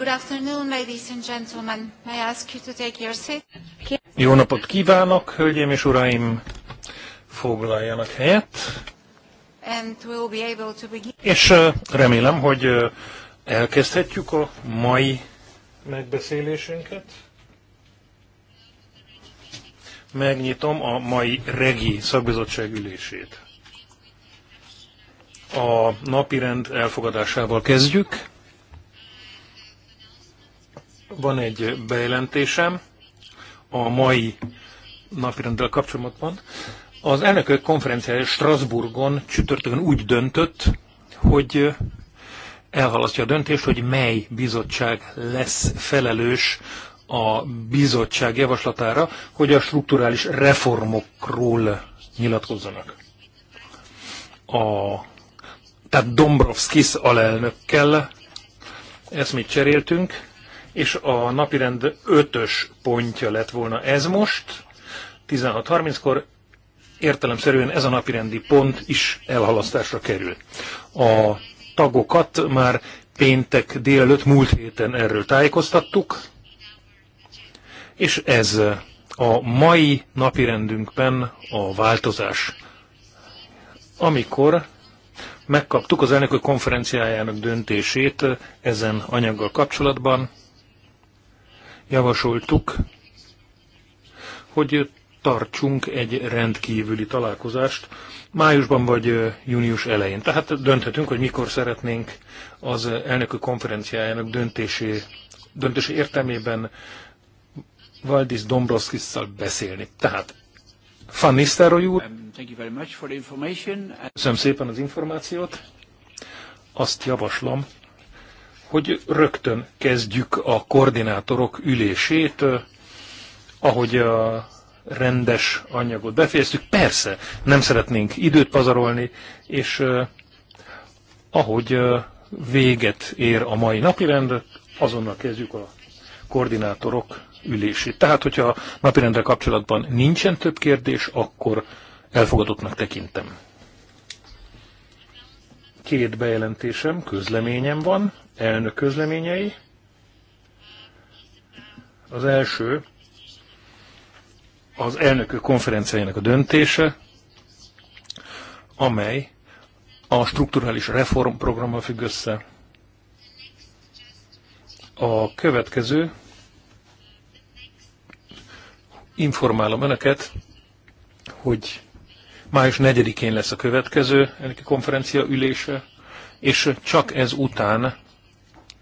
Good afternoon, ladies and gentlemen. May I ask you to take your seat? Jó napot kívánok, hölgyeim és uraim! Foglaljanak helyet. And we'll be able to begin. És remélem, hogy elkezdhetjük a mai megbeszélésünket. Megnyitom a mai regi szakbizottság ülését. A napirend elfogadásával kezdjük. Van egy bejelentésem a mai napirenddel kapcsolatban. Az elnökök konferenciája Strasbourgon csütörtökön úgy döntött, hogy elhalasztja a döntést, hogy mely bizottság lesz felelős a bizottság javaslatára, hogy a strukturális reformokról nyilatkozzanak. A, tehát Dombrovskis alelnökkel mit cseréltünk, és a napirend ötös pontja lett volna ez most, 16.30-kor, értelemszerűen ez a napirendi pont is elhalasztásra kerül. A tagokat már péntek délelőtt, múlt héten erről tájékoztattuk, és ez a mai napirendünkben a változás. Amikor megkaptuk az elnökök konferenciájának döntését ezen anyaggal kapcsolatban, javasoltuk, hogy tartsunk egy rendkívüli találkozást májusban vagy június elején. Tehát dönthetünk, hogy mikor szeretnénk az elnökű konferenciájának döntési, döntési értelmében Valdis Dombrovskisszal beszélni. Tehát Van Nistelrooy úr, um, köszönöm szépen az információt, azt javaslom, hogy rögtön kezdjük a koordinátorok ülését, eh, ahogy a rendes anyagot befejeztük. Persze, nem szeretnénk időt pazarolni, és eh, ahogy eh, véget ér a mai napirend, azonnal kezdjük a koordinátorok ülését. Tehát, hogyha napirendre kapcsolatban nincsen több kérdés, akkor elfogadottnak tekintem két bejelentésem, közleményem van, elnök közleményei. Az első az elnökök konferenciájának a döntése, amely a strukturális reformprogrammal függ össze. A következő, informálom önöket, hogy Május 4-én lesz a következő elnöki konferencia ülése, és csak ez után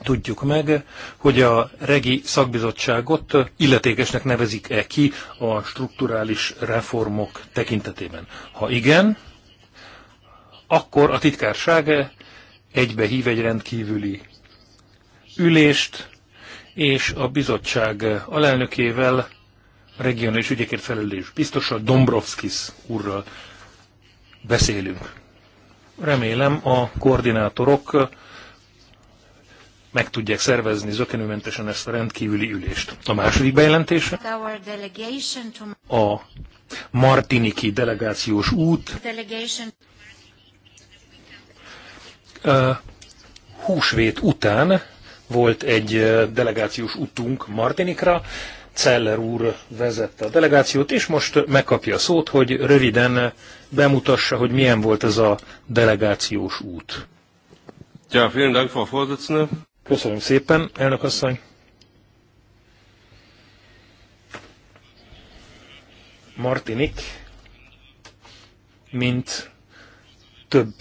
tudjuk meg, hogy a regi szakbizottságot illetékesnek nevezik-e ki a strukturális reformok tekintetében. Ha igen, akkor a titkárság egybe hív egy rendkívüli ülést, és a bizottság alelnökével, regionális ügyekért felelős biztosan Dombrovskis úrral beszélünk. Remélem a koordinátorok meg tudják szervezni zökenőmentesen ezt a rendkívüli ülést. A második bejelentése a Martiniki delegációs út húsvét után volt egy delegációs útunk Martinikra, Celler úr vezette a delegációt, és most megkapja a szót, hogy röviden bemutassa, hogy milyen volt ez a delegációs út. Ja, vielen Dank, Frau Vorsitzende. Köszönöm szépen, elnök asszony. Martinik, mint több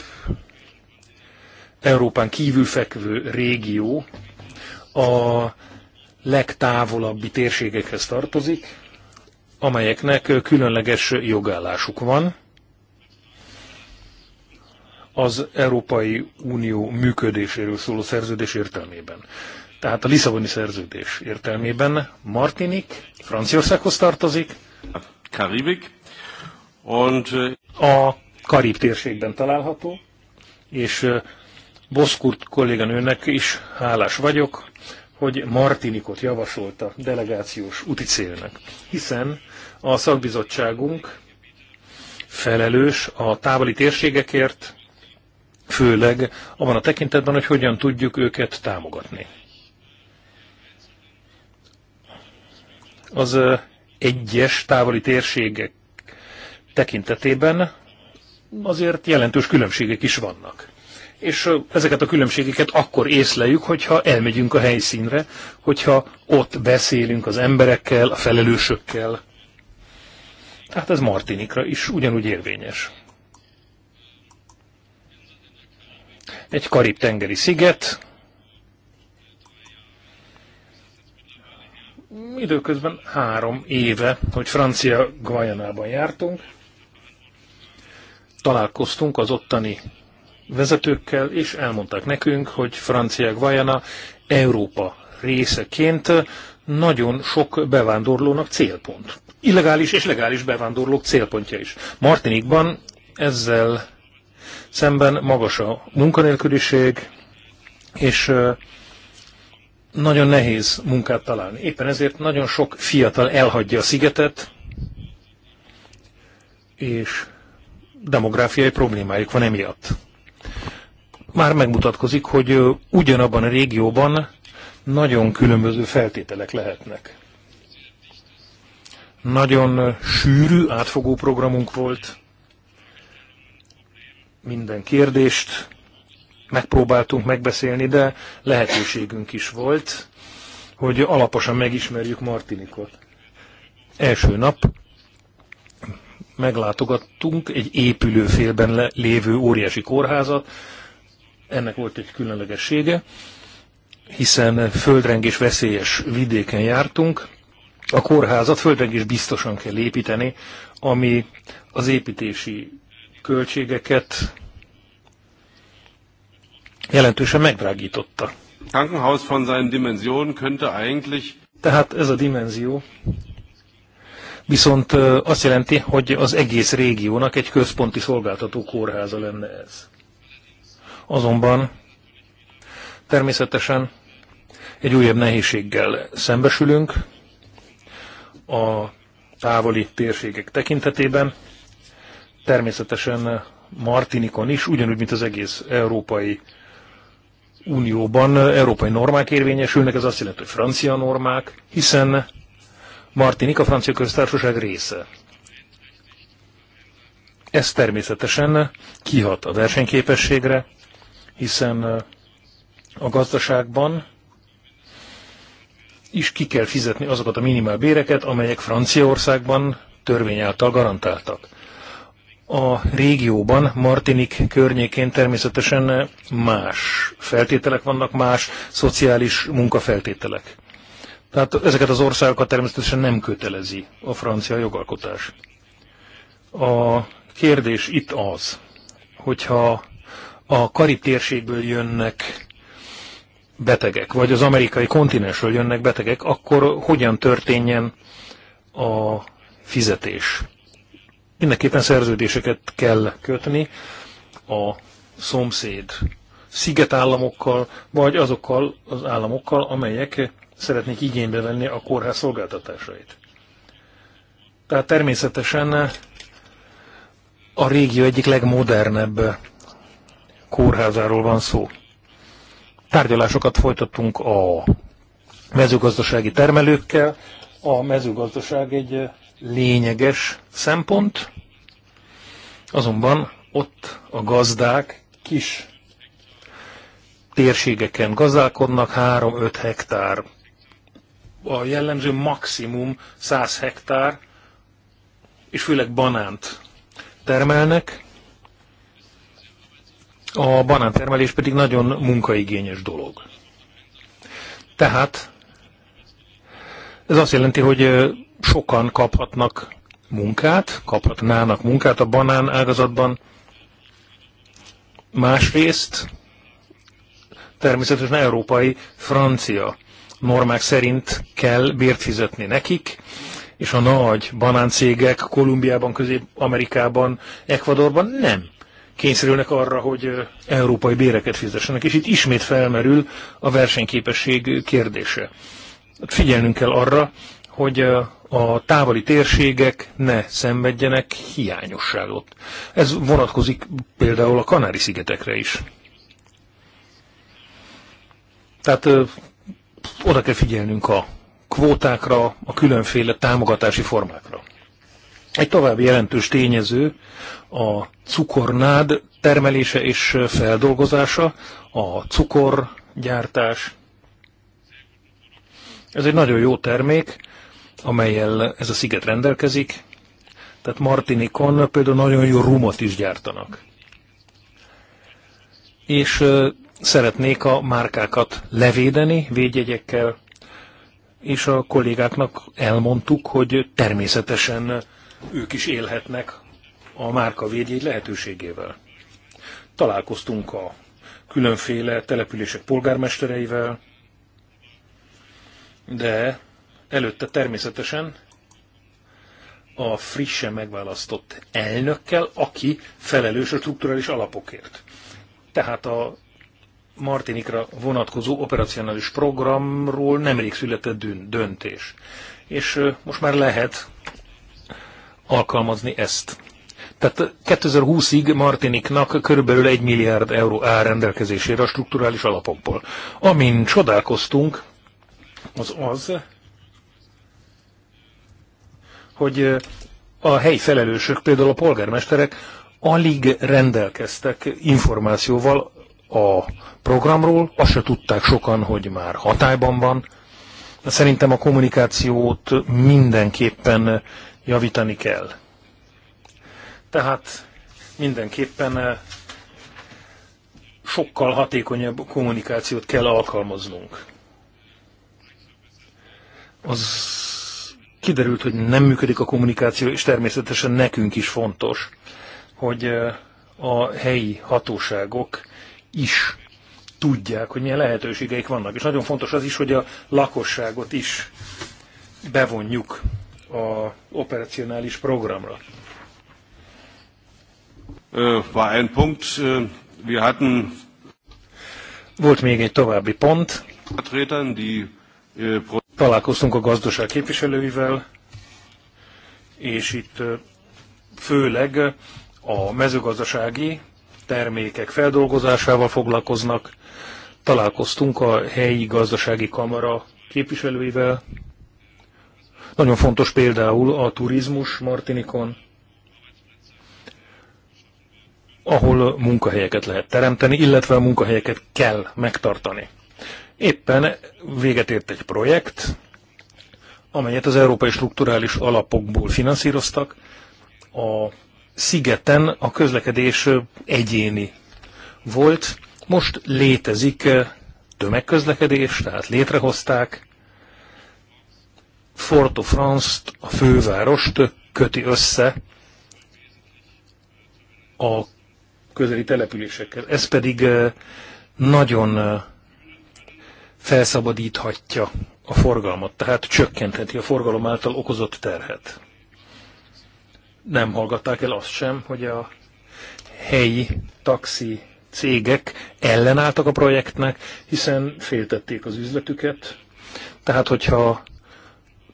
Európán kívül fekvő régió, a legtávolabbi térségekhez tartozik, amelyeknek különleges jogállásuk van. Az Európai Unió működéséről szóló szerződés értelmében. Tehát a Lisszaboni szerződés értelmében Martinik Franciaországhoz tartozik. Karibik. Und, a Karib térségben található, és Boszkurt kolléganőnek is hálás vagyok, hogy Martinikot javasolta delegációs úti célnak, hiszen a szakbizottságunk felelős a távoli térségekért, főleg abban a tekintetben, hogy hogyan tudjuk őket támogatni. Az egyes távoli térségek tekintetében azért jelentős különbségek is vannak és ezeket a különbségeket akkor észleljük, hogyha elmegyünk a helyszínre, hogyha ott beszélünk az emberekkel, a felelősökkel. Tehát ez Martinikra is ugyanúgy érvényes. Egy karib-tengeri sziget. Időközben három éve, hogy Francia Guajanában jártunk, találkoztunk az ottani vezetőkkel, és elmondták nekünk, hogy Francia Guayana Európa részeként nagyon sok bevándorlónak célpont. Illegális és legális bevándorlók célpontja is. Martinikban ezzel szemben magas a munkanélküliség, és nagyon nehéz munkát találni. Éppen ezért nagyon sok fiatal elhagyja a szigetet, és demográfiai problémájuk van emiatt már megmutatkozik, hogy ugyanabban a régióban nagyon különböző feltételek lehetnek. Nagyon sűrű, átfogó programunk volt. Minden kérdést megpróbáltunk megbeszélni, de lehetőségünk is volt, hogy alaposan megismerjük Martinikot. Első nap meglátogattunk egy épülőfélben lévő óriási kórházat, ennek volt egy különlegessége, hiszen földrengés veszélyes vidéken jártunk, a kórházat földrengés biztosan kell építeni, ami az építési költségeket jelentősen megdrágította. Krankenhaus von seinen Dimensionen könnte eigentlich... Tehát ez a dimenzió viszont azt jelenti, hogy az egész régiónak egy központi szolgáltató kórháza lenne ez. Azonban természetesen egy újabb nehézséggel szembesülünk a távoli térségek tekintetében. Természetesen Martinikon is, ugyanúgy, mint az egész Európai Unióban európai normák érvényesülnek, ez azt jelenti, hogy francia normák, hiszen Martinik a francia köztársaság része. Ez természetesen kihat a versenyképességre, hiszen a gazdaságban is ki kell fizetni azokat a minimál béreket, amelyek Franciaországban törvény által garantáltak. A régióban, Martinik környékén természetesen más feltételek vannak, más szociális munkafeltételek. Tehát ezeket az országokat természetesen nem kötelezi a francia jogalkotás. A kérdés itt az, hogyha a karib térségből jönnek betegek, vagy az amerikai kontinensről jönnek betegek, akkor hogyan történjen a fizetés? Mindenképpen szerződéseket kell kötni a szomszéd szigetállamokkal, vagy azokkal az államokkal, amelyek szeretnék igénybe venni a kórház szolgáltatásait. Tehát természetesen a régió egyik legmodernebb kórházáról van szó. Tárgyalásokat folytattunk a mezőgazdasági termelőkkel. A mezőgazdaság egy lényeges szempont, azonban ott a gazdák kis térségeken gazdálkodnak, 3-5 hektár. A jellemző maximum 100 hektár, és főleg banánt termelnek, a banántermelés pedig nagyon munkaigényes dolog. Tehát ez azt jelenti, hogy sokan kaphatnak munkát, kaphatnának munkát a banán ágazatban. Másrészt természetesen európai, francia normák szerint kell bért fizetni nekik, és a nagy banáncégek Kolumbiában, Közép-Amerikában, Ecuadorban nem kényszerülnek arra, hogy európai béreket fizessenek, és itt ismét felmerül a versenyképesség kérdése. Figyelnünk kell arra, hogy a távoli térségek ne szenvedjenek hiányosságot. Ez vonatkozik például a Kanári-szigetekre is. Tehát ö, oda kell figyelnünk a kvótákra, a különféle támogatási formákra. Egy további jelentős tényező a cukornád termelése és feldolgozása, a cukorgyártás. Ez egy nagyon jó termék, amelyel ez a sziget rendelkezik. Tehát Martinikon például nagyon jó rumot is gyártanak. És szeretnék a márkákat levédeni védjegyekkel, és a kollégáknak elmondtuk, hogy természetesen ők is élhetnek a márka védjegy lehetőségével. Találkoztunk a különféle települések polgármestereivel, de előtte természetesen a frissen megválasztott elnökkel, aki felelős a strukturális alapokért. Tehát a Martinikra vonatkozó operacionális programról nemrég született döntés. És most már lehet alkalmazni ezt. Tehát 2020-ig Martiniknak körülbelül 1 milliárd euró áll rendelkezésére a strukturális alapokból. Amin csodálkoztunk, az az, hogy a helyi felelősök, például a polgármesterek alig rendelkeztek információval a programról, azt se tudták sokan, hogy már hatályban van. Szerintem a kommunikációt mindenképpen javítani kell. Tehát mindenképpen eh, sokkal hatékonyabb kommunikációt kell alkalmaznunk. Az kiderült, hogy nem működik a kommunikáció, és természetesen nekünk is fontos, hogy eh, a helyi hatóságok is tudják, hogy milyen lehetőségeik vannak. És nagyon fontos az is, hogy a lakosságot is bevonjuk a operacionális programra. War ein Punkt, äh, wir hatten volt még egy további pont. Äh, Találkoztunk a gazdaság képviselőivel, és itt főleg a mezőgazdasági termékek feldolgozásával foglalkoznak. Találkoztunk a helyi gazdasági kamara képviselőivel, nagyon fontos például a turizmus Martinikon, ahol munkahelyeket lehet teremteni, illetve a munkahelyeket kell megtartani. Éppen véget ért egy projekt, amelyet az európai strukturális alapokból finanszíroztak. A szigeten a közlekedés egyéni volt, most létezik tömegközlekedés, tehát létrehozták Fort france a fővárost köti össze a közeli településekkel. Ez pedig eh, nagyon eh, felszabadíthatja a forgalmat, tehát csökkentheti a forgalom által okozott terhet. Nem hallgatták el azt sem, hogy a helyi taxi cégek ellenálltak a projektnek, hiszen féltették az üzletüket. Tehát, hogyha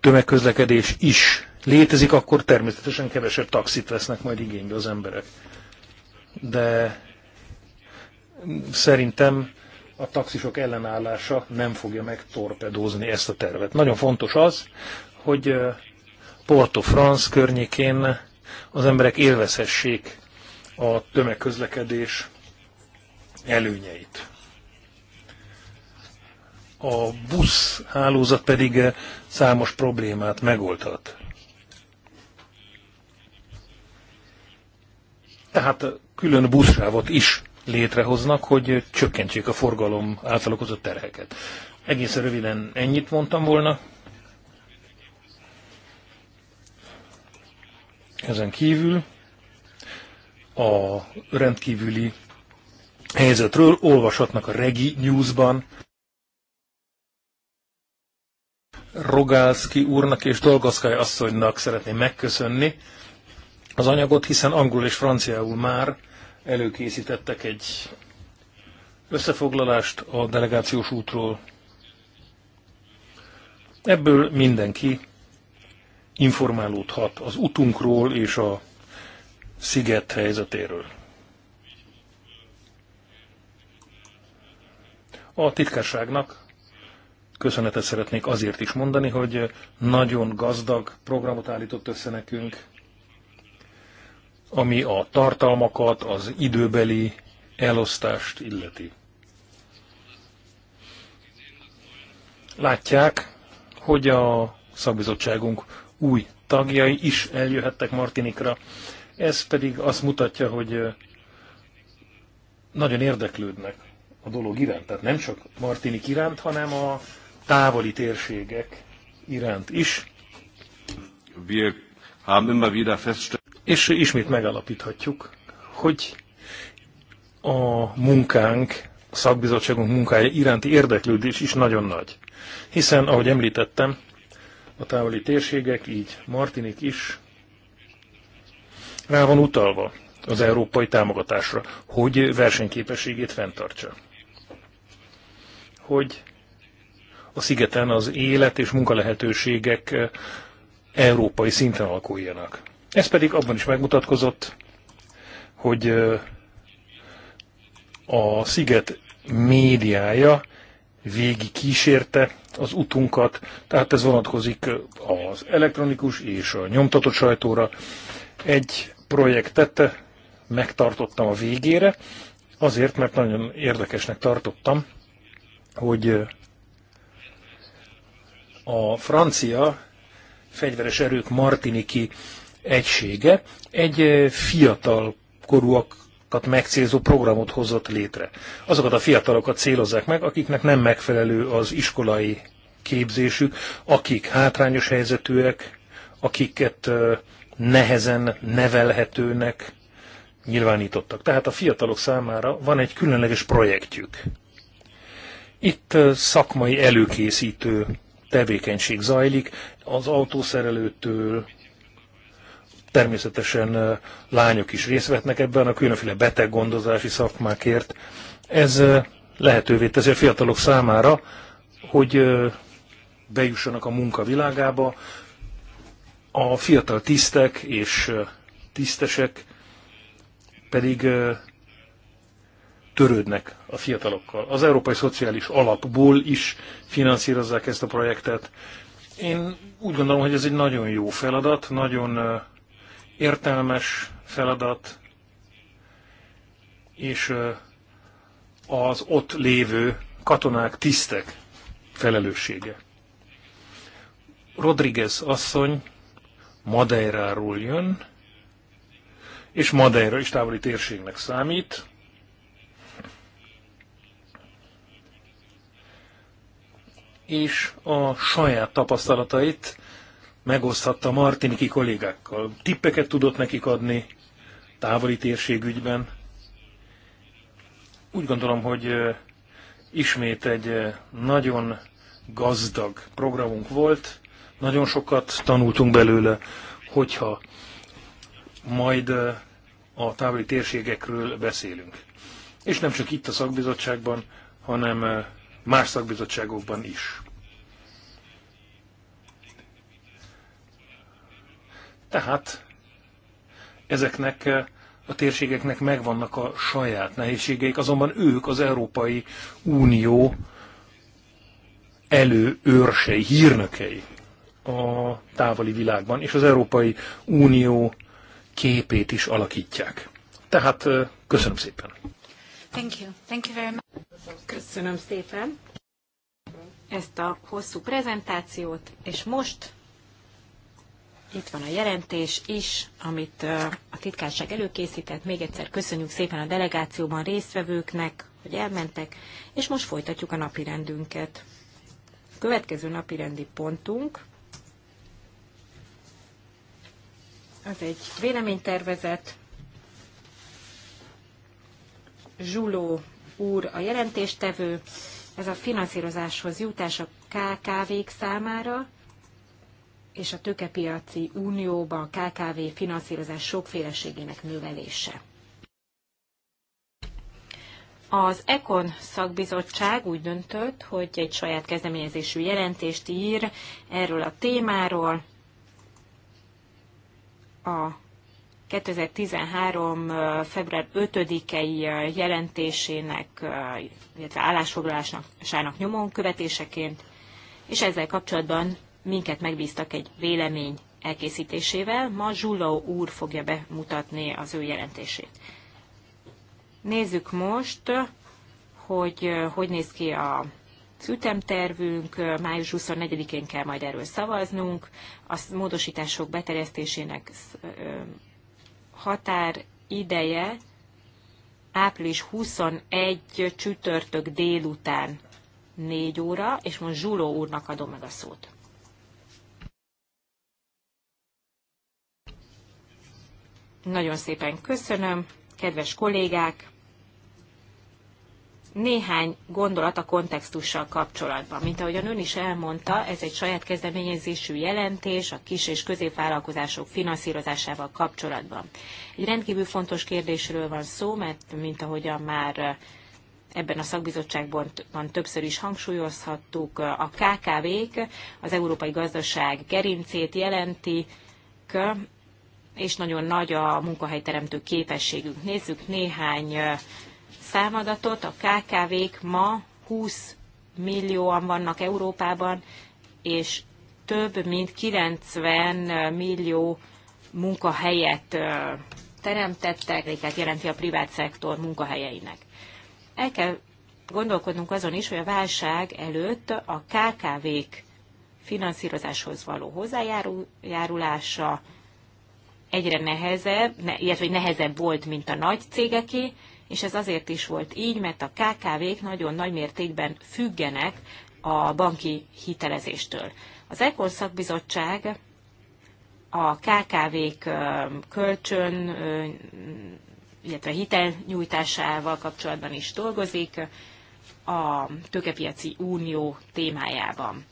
tömegközlekedés is létezik, akkor természetesen kevesebb taxit vesznek majd igénybe az emberek. De szerintem a taxisok ellenállása nem fogja megtorpedózni ezt a tervet. Nagyon fontos az, hogy Porto-France környékén az emberek élvezhessék a tömegközlekedés előnyeit a busz hálózat pedig eh, számos problémát megoldhat. Tehát eh, külön buszsávot is létrehoznak, hogy eh, csökkentsék a forgalom által okozott terheket. Egészen röviden ennyit mondtam volna. Ezen kívül a rendkívüli helyzetről olvashatnak a Regi News-ban. Rogalski úrnak és Dolgoszkai asszonynak szeretném megköszönni az anyagot, hiszen angol és franciául már előkészítettek egy összefoglalást a delegációs útról. Ebből mindenki informálódhat az utunkról és a sziget helyzetéről. A titkárságnak köszönetet szeretnék azért is mondani, hogy nagyon gazdag programot állított össze nekünk, ami a tartalmakat, az időbeli elosztást illeti. Látják, hogy a szakbizottságunk új tagjai is eljöhettek Martinikra. Ez pedig azt mutatja, hogy nagyon érdeklődnek a dolog iránt. Tehát nem csak Martinik iránt, hanem a távoli térségek iránt is. és ismét megalapíthatjuk, hogy a munkánk, a szakbizottságunk munkája iránti érdeklődés is nagyon nagy. Hiszen, ahogy említettem, a távoli térségek, így Martinik is rá van utalva az európai támogatásra, hogy versenyképességét fenntartsa. Hogy a szigeten az élet és munkalehetőségek eh, európai szinten alakuljanak. Ez pedig abban is megmutatkozott, hogy eh, a sziget médiája végig kísérte az utunkat, tehát ez vonatkozik eh, az elektronikus és a nyomtatott sajtóra. Egy projektet megtartottam a végére, azért, mert nagyon érdekesnek tartottam, hogy a francia fegyveres erők Martiniki egysége egy eh, fiatal korúakat megcélzó programot hozott létre. Azokat a fiatalokat célozzák meg, akiknek nem megfelelő az iskolai képzésük, akik hátrányos helyzetűek, akiket eh, nehezen nevelhetőnek nyilvánítottak. Tehát a fiatalok számára van egy különleges projektjük. Itt eh, szakmai előkészítő tevékenység zajlik, az autószerelőtől, természetesen lányok is részt vetnek ebben a különféle beteggondozási szakmákért. Ez lehetővé teszi a fiatalok számára, hogy bejussanak a munka világába. A fiatal tisztek és tisztesek pedig törődnek a fiatalokkal. Az Európai Szociális Alapból is finanszírozzák ezt a projektet. Én úgy gondolom, hogy ez egy nagyon jó feladat, nagyon értelmes feladat, és az ott lévő katonák, tisztek felelőssége. Rodriguez asszony Madeiráról jön, és Madeira is távoli térségnek számít, és a saját tapasztalatait megoszthatta Martiniki kollégákkal. Tippeket tudott nekik adni távoli térségügyben. Úgy gondolom, hogy ismét egy nagyon gazdag programunk volt, nagyon sokat tanultunk belőle, hogyha majd a távoli térségekről beszélünk. És nem csak itt a szakbizottságban, hanem más szakbizottságokban is. Tehát ezeknek eh, a térségeknek megvannak a saját nehézségeik, azonban ők az Európai Unió előőrsei, hírnökei a távoli világban, és az Európai Unió képét is alakítják. Tehát eh, köszönöm szépen! Thank you. Thank you very much. Köszönöm szépen ezt a hosszú prezentációt, és most itt van a jelentés is, amit a titkárság előkészített. Még egyszer köszönjük szépen a delegációban résztvevőknek, hogy elmentek, és most folytatjuk a napi rendünket. A következő napi rendi pontunk az egy véleménytervezet, Zsuló úr a jelentéstevő, ez a finanszírozáshoz jutás a KKV-k számára, és a tőkepiaci unióba a KKV finanszírozás sokféleségének növelése. Az ECON szakbizottság úgy döntött, hogy egy saját kezdeményezésű jelentést ír erről a témáról a 2013. február 5-i jelentésének, illetve állásfoglalásának nyomon követéseként, és ezzel kapcsolatban minket megbíztak egy vélemény elkészítésével. Ma Zsulló úr fogja bemutatni az ő jelentését. Nézzük most, hogy hogy néz ki a ütemtervünk, május 24-én kell majd erről szavaznunk, a módosítások beterjesztésének határ ideje április 21 csütörtök délután 4 óra, és most Zsuló úrnak adom meg a szót. Nagyon szépen köszönöm, kedves kollégák! Néhány gondolat a kontextussal kapcsolatban. Mint ahogy ön is elmondta, ez egy saját kezdeményezésű jelentés a kis és középvállalkozások finanszírozásával kapcsolatban. Egy rendkívül fontos kérdésről van szó, mert mint ahogyan már eh, ebben a szakbizottságban többször is hangsúlyozhattuk, eh, a KKV-k az európai gazdaság gerincét jelentik, és nagyon nagy a munkahelyteremtő képességünk. Nézzük néhány eh, számadatot, a KKV-k ma 20 millióan vannak Európában, és több mint 90 millió munkahelyet teremtettek, tehát jelenti a privát szektor munkahelyeinek. El kell gondolkodnunk azon is, hogy a válság előtt a KKV-k finanszírozáshoz való hozzájárulása egyre nehezebb, illetve nehezebb volt, mint a nagy cégeké, és ez azért is volt így, mert a KKV-k nagyon nagy mértékben függenek a banki hitelezéstől. Az ECOR szakbizottság a KKV-k kölcsön, illetve hitelnyújtásával kapcsolatban is dolgozik a tőkepiaci unió témájában.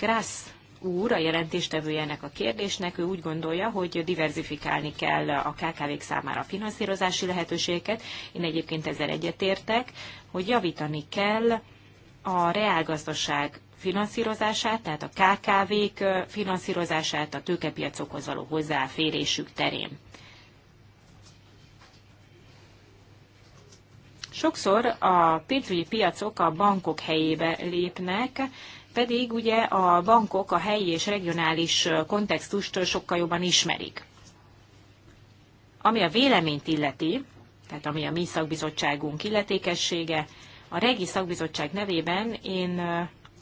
Grász úr, a jelentéstevőjének a kérdésnek, ő úgy gondolja, hogy diversifikálni kell a KKV-k számára a finanszírozási lehetőségeket. Én egyébként ezzel egyetértek, hogy javítani kell a reálgazdaság finanszírozását, tehát a KKV-k finanszírozását a tőkepiacokhoz való hozzáférésük terén. Sokszor a pénzügyi piacok a bankok helyébe lépnek, pedig ugye a bankok a helyi és regionális kontextust sokkal jobban ismerik. Ami a véleményt illeti, tehát ami a mi szakbizottságunk illetékessége, a Regi Szakbizottság nevében én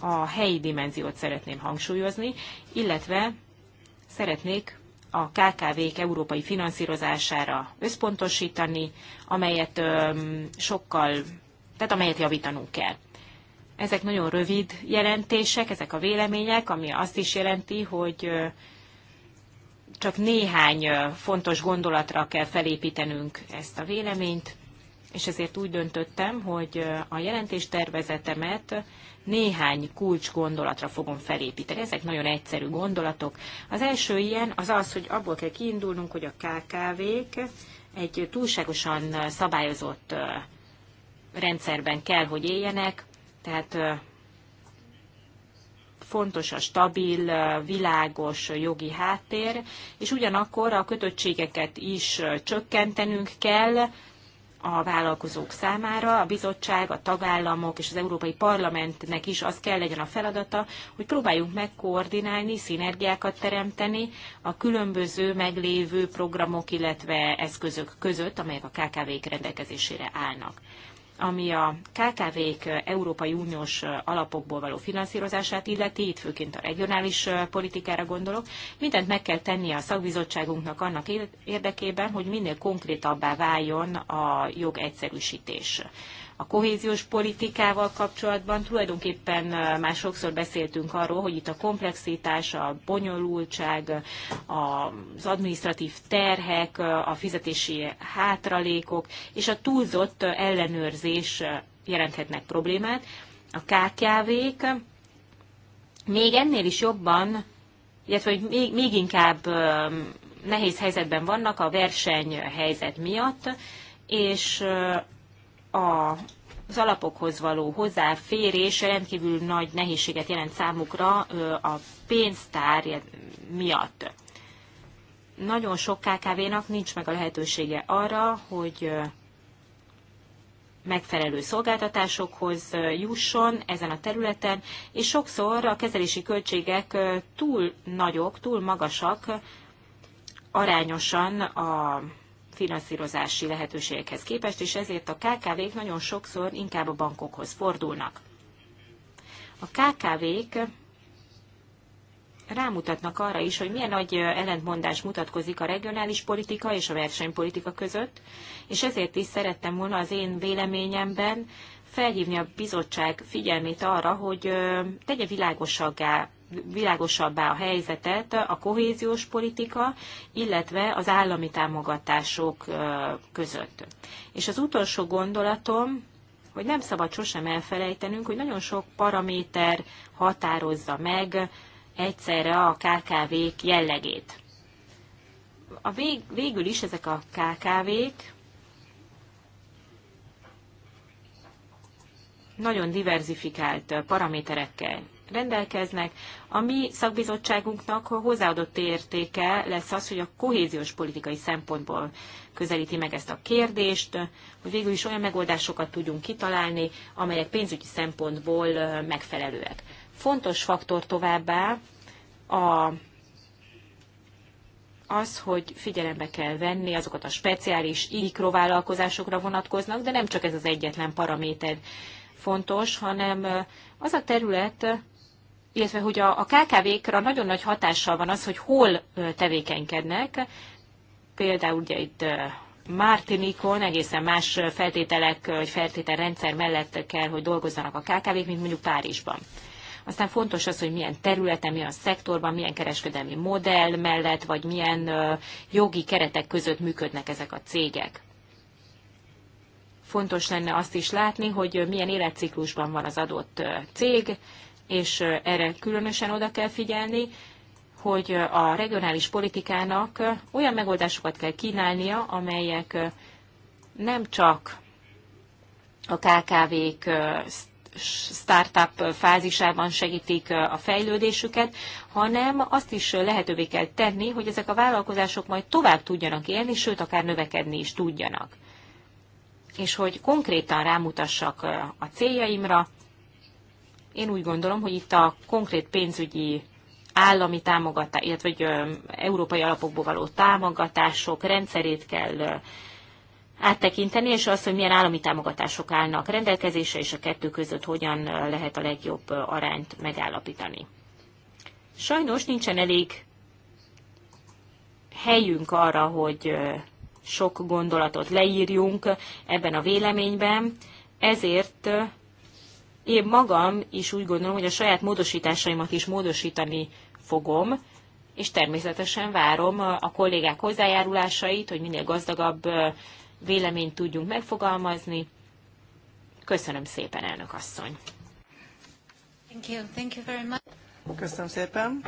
a helyi dimenziót szeretném hangsúlyozni, illetve szeretnék a KKV-k európai finanszírozására összpontosítani, amelyet sokkal, tehát amelyet javítanunk kell. Ezek nagyon rövid jelentések, ezek a vélemények, ami azt is jelenti, hogy csak néhány fontos gondolatra kell felépítenünk ezt a véleményt, és ezért úgy döntöttem, hogy a jelentéstervezetemet néhány kulcs gondolatra fogom felépíteni. Ezek nagyon egyszerű gondolatok. Az első ilyen az az, hogy abból kell kiindulnunk, hogy a KKV-k egy túlságosan szabályozott rendszerben kell, hogy éljenek, tehát fontos a stabil, világos jogi háttér, és ugyanakkor a kötöttségeket is csökkentenünk kell a vállalkozók számára. A bizottság, a tagállamok és az Európai Parlamentnek is az kell legyen a feladata, hogy próbáljunk megkoordinálni, szinergiákat teremteni a különböző meglévő programok, illetve eszközök között, amelyek a KKV-k rendelkezésére állnak ami a KKV-k Európai Uniós alapokból való finanszírozását illeti, itt főként a regionális politikára gondolok, mindent meg kell tenni a szakbizottságunknak annak érdekében, hogy minél konkrétabbá váljon a jog egyszerűsítés a kohéziós politikával kapcsolatban tulajdonképpen már sokszor beszéltünk arról, hogy itt a komplexitás, a bonyolultság, az administratív terhek, a fizetési hátralékok és a túlzott ellenőrzés jelenthetnek problémát. A KKV-k még ennél is jobban, illetve hogy még, még inkább nehéz helyzetben vannak a versenyhelyzet miatt, és a az alapokhoz való hozzáférés rendkívül nagy nehézséget jelent számukra a pénztár miatt. Nagyon sok KKV-nak nincs meg a lehetősége arra, hogy megfelelő szolgáltatásokhoz jusson ezen a területen, és sokszor a kezelési költségek túl nagyok, túl magasak arányosan a finanszírozási lehetőségekhez képest, és ezért a KKV-k nagyon sokszor inkább a bankokhoz fordulnak. A KKV-k rámutatnak arra is, hogy milyen nagy ellentmondás mutatkozik a regionális politika és a versenypolitika között, és ezért is szerettem volna az én véleményemben felhívni a bizottság figyelmét arra, hogy tegye világosaggá világosabbá a helyzetet a kohéziós politika, illetve az állami támogatások között. És az utolsó gondolatom, hogy nem szabad sosem elfelejtenünk, hogy nagyon sok paraméter határozza meg egyszerre a KKV-k jellegét. A vég, végül is ezek a KKV-k nagyon diverzifikált paraméterekkel rendelkeznek. A mi szakbizottságunknak hozzáadott értéke lesz az, hogy a kohéziós politikai szempontból közelíti meg ezt a kérdést, hogy végül is olyan megoldásokat tudjunk kitalálni, amelyek pénzügyi szempontból megfelelőek. Fontos faktor továbbá a az, hogy figyelembe kell venni azokat a speciális mikrovállalkozásokra vonatkoznak, de nem csak ez az egyetlen paraméter fontos, hanem az a terület, illetve hogy a, a KKV-kra nagyon nagy hatással van az, hogy hol tevékenykednek. Például ugye itt Martinikon egészen más feltételek vagy feltételrendszer mellett kell, hogy dolgozzanak a KKV-k, mint mondjuk Párizsban. Aztán fontos az, hogy milyen területen, milyen szektorban, milyen kereskedelmi modell mellett, vagy milyen jogi keretek között működnek ezek a cégek. Fontos lenne azt is látni, hogy milyen életciklusban van az adott cég, és erre különösen oda kell figyelni, hogy a regionális politikának olyan megoldásokat kell kínálnia, amelyek nem csak a KKV-k startup fázisában segítik a fejlődésüket, hanem azt is lehetővé kell tenni, hogy ezek a vállalkozások majd tovább tudjanak élni, sőt, akár növekedni is tudjanak. És hogy konkrétan rámutassak a céljaimra, én úgy gondolom, hogy itt a konkrét pénzügyi állami támogatás, illetve hogy európai alapokból való támogatások rendszerét kell áttekinteni, és az, hogy milyen állami támogatások állnak rendelkezésre, és a kettő között hogyan lehet a legjobb arányt megállapítani. Sajnos nincsen elég helyünk arra, hogy sok gondolatot leírjunk ebben a véleményben, ezért én magam is úgy gondolom, hogy a saját módosításaimat is módosítani fogom, és természetesen várom a kollégák hozzájárulásait, hogy minél gazdagabb véleményt tudjunk megfogalmazni. Köszönöm szépen, elnök asszony! Thank you. Thank you very much. Köszönöm szépen!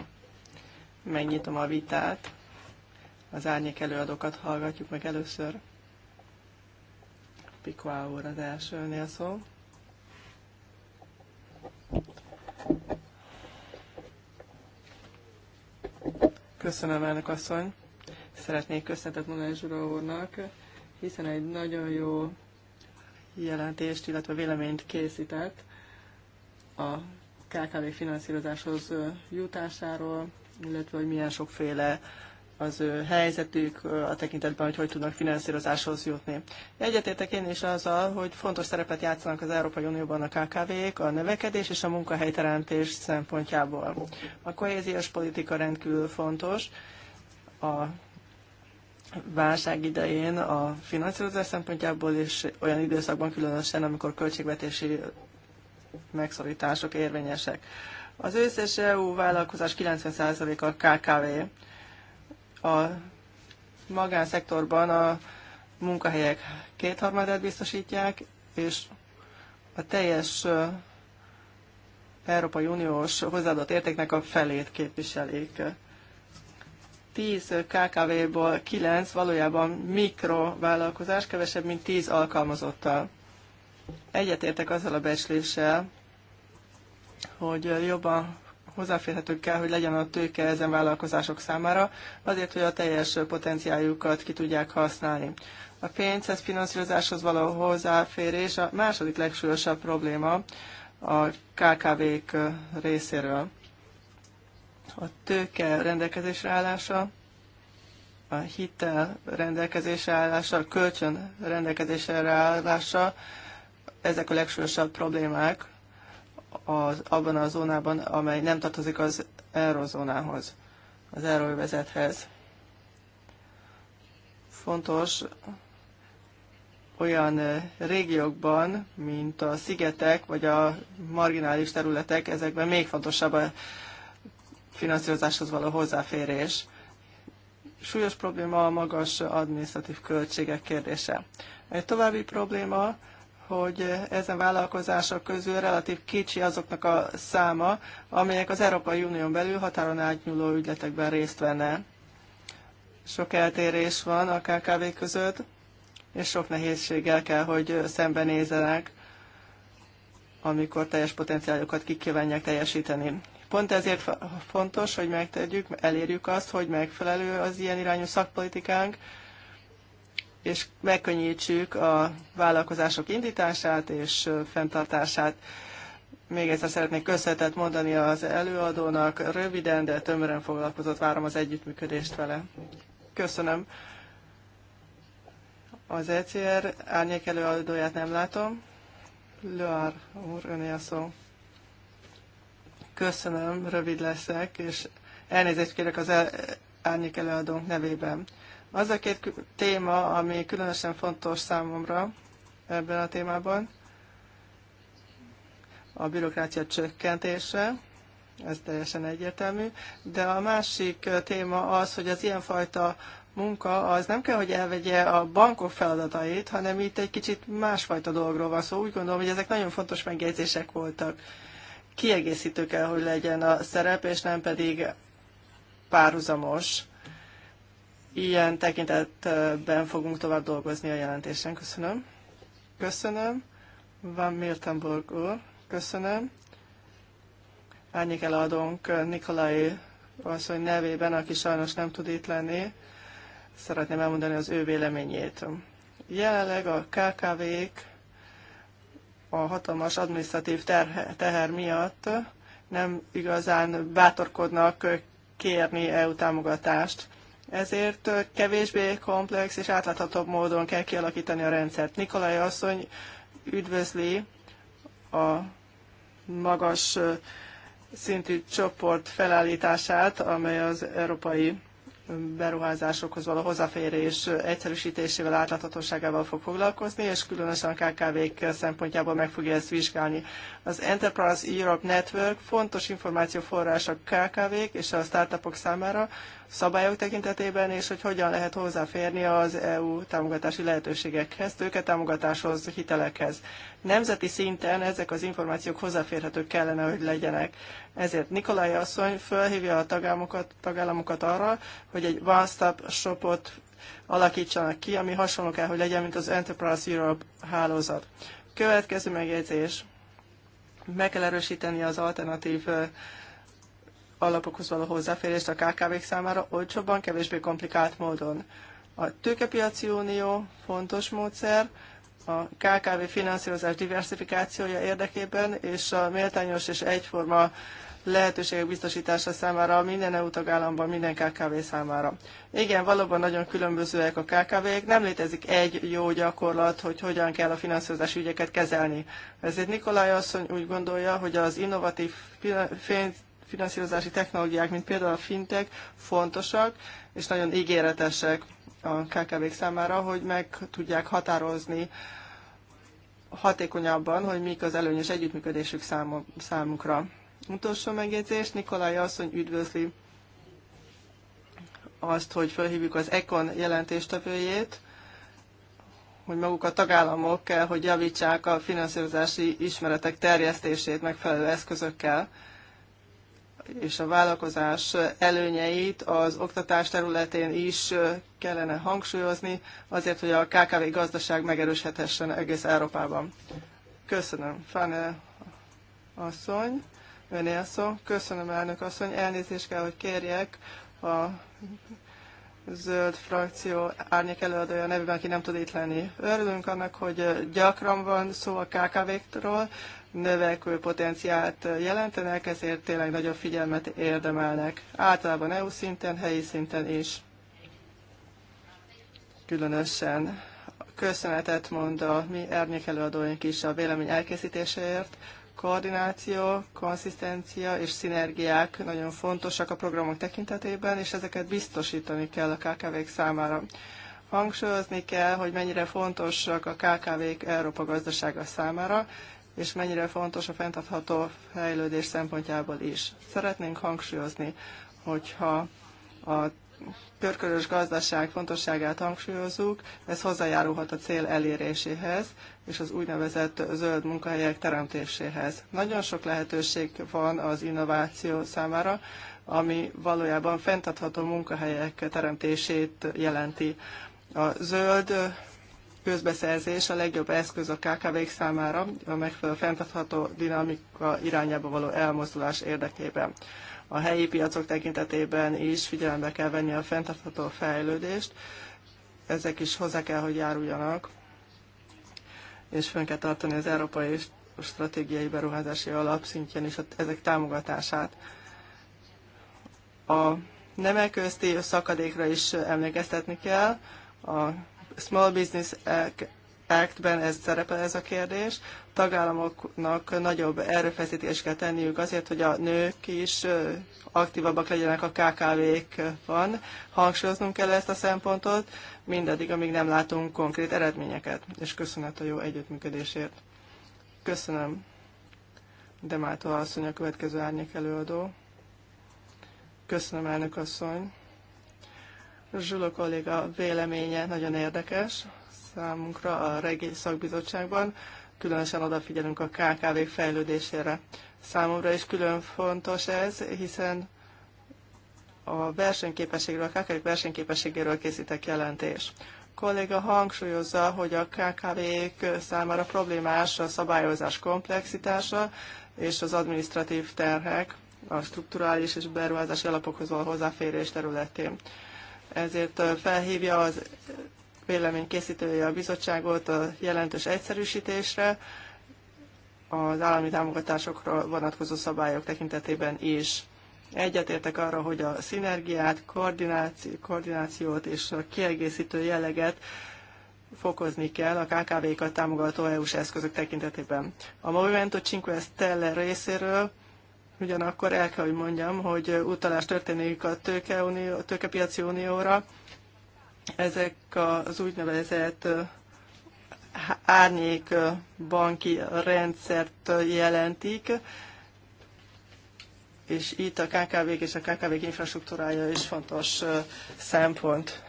Megnyitom a vitát. Az árnyék előadókat hallgatjuk meg először. Pikoá úr az elsőnél szó. Köszönöm, elnök asszony. Szeretnék köszönetet mondani Zsura úrnak, hiszen egy nagyon jó jelentést, illetve véleményt készített a KKV finanszírozáshoz jutásáról, illetve hogy milyen sokféle az ő helyzetük a tekintetben, hogy hogy tudnak finanszírozáshoz jutni. Egyetértek én is azzal, hogy fontos szerepet játszanak az Európai Unióban a KKV-k, a növekedés és a munkahelyteremtés szempontjából. A kohéziós politika rendkívül fontos. A válság idején a finanszírozás szempontjából, és olyan időszakban különösen, amikor költségvetési megszorítások érvényesek. Az összes EU vállalkozás 90%-a KKV a magánszektorban a munkahelyek kétharmadát biztosítják, és a teljes Európai Uniós hozzáadott értéknek a felét képviselik. 10 KKV-ból 9 valójában mikrovállalkozás, kevesebb, mint 10 alkalmazottal. Egyetértek azzal a becsléssel, hogy jobban hozzáférhető kell, hogy legyen a tőke ezen vállalkozások számára, azért, hogy a teljes potenciáljukat ki tudják használni. A pénzhez, finanszírozáshoz való hozzáférés a második legsúlyosabb probléma a KKV-k részéről. A tőke rendelkezésre állása, a hitel rendelkezésre állása, a kölcsön rendelkezésre állása, ezek a legsúlyosabb problémák, az, abban a zónában, amely nem tartozik az eurozónához, az euróvezethez. Fontos olyan régiókban, mint a szigetek vagy a marginális területek, ezekben még fontosabb a finanszírozáshoz való hozzáférés. Súlyos probléma a magas adminisztratív költségek kérdése. Egy további probléma hogy ezen vállalkozások közül relatív kicsi azoknak a száma, amelyek az Európai Unión belül határon átnyúló ügyletekben részt venne. Sok eltérés van a KKV között, és sok nehézséggel kell, hogy szembenézzenek, amikor teljes potenciáljukat kikívánják teljesíteni. Pont ezért fontos, hogy megtegyük, elérjük azt, hogy megfelelő az ilyen irányú szakpolitikánk, és megkönnyítsük a vállalkozások indítását és fenntartását. Még egyszer szeretnék köszönetet mondani az előadónak, röviden, de tömören foglalkozott, várom az együttműködést vele. Köszönöm. Az ECR árnyék előadóját nem látom. Löár úr, öné a szó. Köszönöm, rövid leszek, és elnézést kérek az el, árnyék előadónk nevében. Az a két téma, ami különösen fontos számomra ebben a témában, a bürokrácia csökkentése, ez teljesen egyértelmű, de a másik téma az, hogy az ilyenfajta munka az nem kell, hogy elvegye a bankok feladatait, hanem itt egy kicsit másfajta dologról van szó. Szóval úgy gondolom, hogy ezek nagyon fontos megjegyzések voltak. Kiegészítő kell, hogy legyen a szerep, és nem pedig párhuzamos. Ilyen tekintetben fogunk tovább dolgozni a jelentésen. Köszönöm. Köszönöm. Van Miltenburg úr. Köszönöm. Árnyék eladónk Nikolai asszony nevében, aki sajnos nem tud itt lenni, szeretném elmondani az ő véleményét. Jelenleg a KKV-k a hatalmas administratív teher miatt nem igazán bátorkodnak kérni EU támogatást. Ezért kevésbé komplex és átláthatóbb módon kell kialakítani a rendszert. Nikolaj asszony üdvözli a magas szintű csoport felállítását, amely az európai beruházásokhoz való hozzáférés egyszerűsítésével, átláthatóságával fog foglalkozni, és különösen a KKV-k szempontjából meg fogja ezt vizsgálni. Az Enterprise Europe Network fontos információforrás a KKV-k és a startupok számára, szabályok tekintetében, és hogy hogyan lehet hozzáférni az EU támogatási lehetőségekhez, tőketámogatáshoz, hitelekhez. Nemzeti szinten ezek az információk hozzáférhetők kellene, hogy legyenek. Ezért Nikolai asszony felhívja a tagállamokat, tagállamokat arra, hogy egy one-stop shopot alakítsanak ki, ami hasonló kell, hogy legyen, mint az Enterprise Europe hálózat. Következő megjegyzés. Meg kell erősíteni az alternatív alapokhoz való hozzáférést a KKV-k számára olcsóbban, kevésbé komplikált módon. A tőkepiaci unió fontos módszer, a KKV finanszírozás diversifikációja érdekében, és a méltányos és egyforma lehetőségek biztosítása számára minden EU tagállamban, minden KKV számára. Igen, valóban nagyon különbözőek a KKV-ek, nem létezik egy jó gyakorlat, hogy hogyan kell a finanszírozási ügyeket kezelni. Ezért Nikolaj asszony úgy gondolja, hogy az innovatív finanszírozási technológiák, mint például a fintek fontosak, és nagyon ígéretesek a KKV-k számára, hogy meg tudják határozni hatékonyabban, hogy mik az előnyös együttműködésük számukra. Utolsó megjegyzés, Nikolaj asszony üdvözli azt, hogy felhívjuk az ECON jelentéstevőjét, hogy maguk a tagállamok kell, hogy javítsák a finanszírozási ismeretek terjesztését megfelelő eszközökkel és a vállalkozás előnyeit az oktatás területén is kellene hangsúlyozni, azért, hogy a KKV gazdaság megerősíthessen egész Európában. Köszönöm, Fane asszony, öné szó. Köszönöm, elnök asszony. Elnézést kell, hogy kérjek a zöld frakció árnyék előadója nevében, aki nem tud itt lenni. Örülünk annak, hogy gyakran van szó a KKV-król, növekvő potenciált jelentenek, ezért tényleg nagyobb figyelmet érdemelnek. Általában EU szinten, helyi szinten is. Különösen köszönetet mond a mi árnyékelőadóink is a vélemény elkészítéséért. Koordináció, konszisztencia és szinergiák nagyon fontosak a programok tekintetében, és ezeket biztosítani kell a KKV-k számára. Hangsúlyozni kell, hogy mennyire fontosak a KKV-k Európa gazdasága számára, és mennyire fontos a fenntartható fejlődés szempontjából is. Szeretnénk hangsúlyozni, hogyha a körkörös gazdaság fontosságát hangsúlyozzuk, ez hozzájárulhat a cél eléréséhez és az úgynevezett zöld munkahelyek teremtéséhez. Nagyon sok lehetőség van az innováció számára, ami valójában fenntartható munkahelyek teremtését jelenti. A zöld közbeszerzés a legjobb eszköz a KKV-k számára a megfelelő fenntartható dinamika irányába való elmozdulás érdekében. A helyi piacok tekintetében is figyelembe kell venni a fenntartható fejlődést, ezek is hozzá kell, hogy járuljanak, és fönn kell tartani az európai stratégiai beruházási alapszintjén is ezek támogatását. A nemek közti szakadékra is emlékeztetni kell, a Small Business Act-ben ez szerepel ez a kérdés. Tagállamoknak nagyobb erőfeszítést kell tenniük azért, hogy a nők is aktívabbak legyenek a kkv van. Hangsúlyoznunk kell ezt a szempontot, mindaddig, amíg nem látunk konkrét eredményeket. És köszönet a jó együttműködésért. Köszönöm. Demától asszony a következő árnyék előadó. Köszönöm, elnök asszony. Zsulo kolléga véleménye nagyon érdekes számunkra a regi szakbizottságban. Különösen odafigyelünk a KKV fejlődésére. Számomra is külön fontos ez, hiszen a versenyképességről, a KKV versenyképességéről készítek jelentést. A kolléga hangsúlyozza, hogy a KKV-k számára problémás a szabályozás komplexitása és az administratív terhek a strukturális és beruházási alapokhoz való hozzáférés területén ezért felhívja az vélemény készítője a bizottságot a jelentős egyszerűsítésre, az állami támogatásokra vonatkozó szabályok tekintetében is. Egyetértek arra, hogy a szinergiát, koordináció, koordinációt és a kiegészítő jelleget fokozni kell a KKV-kat támogató EU-s eszközök tekintetében. A Movimento Cinque Stelle részéről Ugyanakkor el kell, hogy mondjam, hogy utalás történik a tőkepiaci a tőke unióra. Ezek az úgynevezett árnyék banki rendszert jelentik, és itt a KKV-k és a KKV-k infrastruktúrája is fontos szempont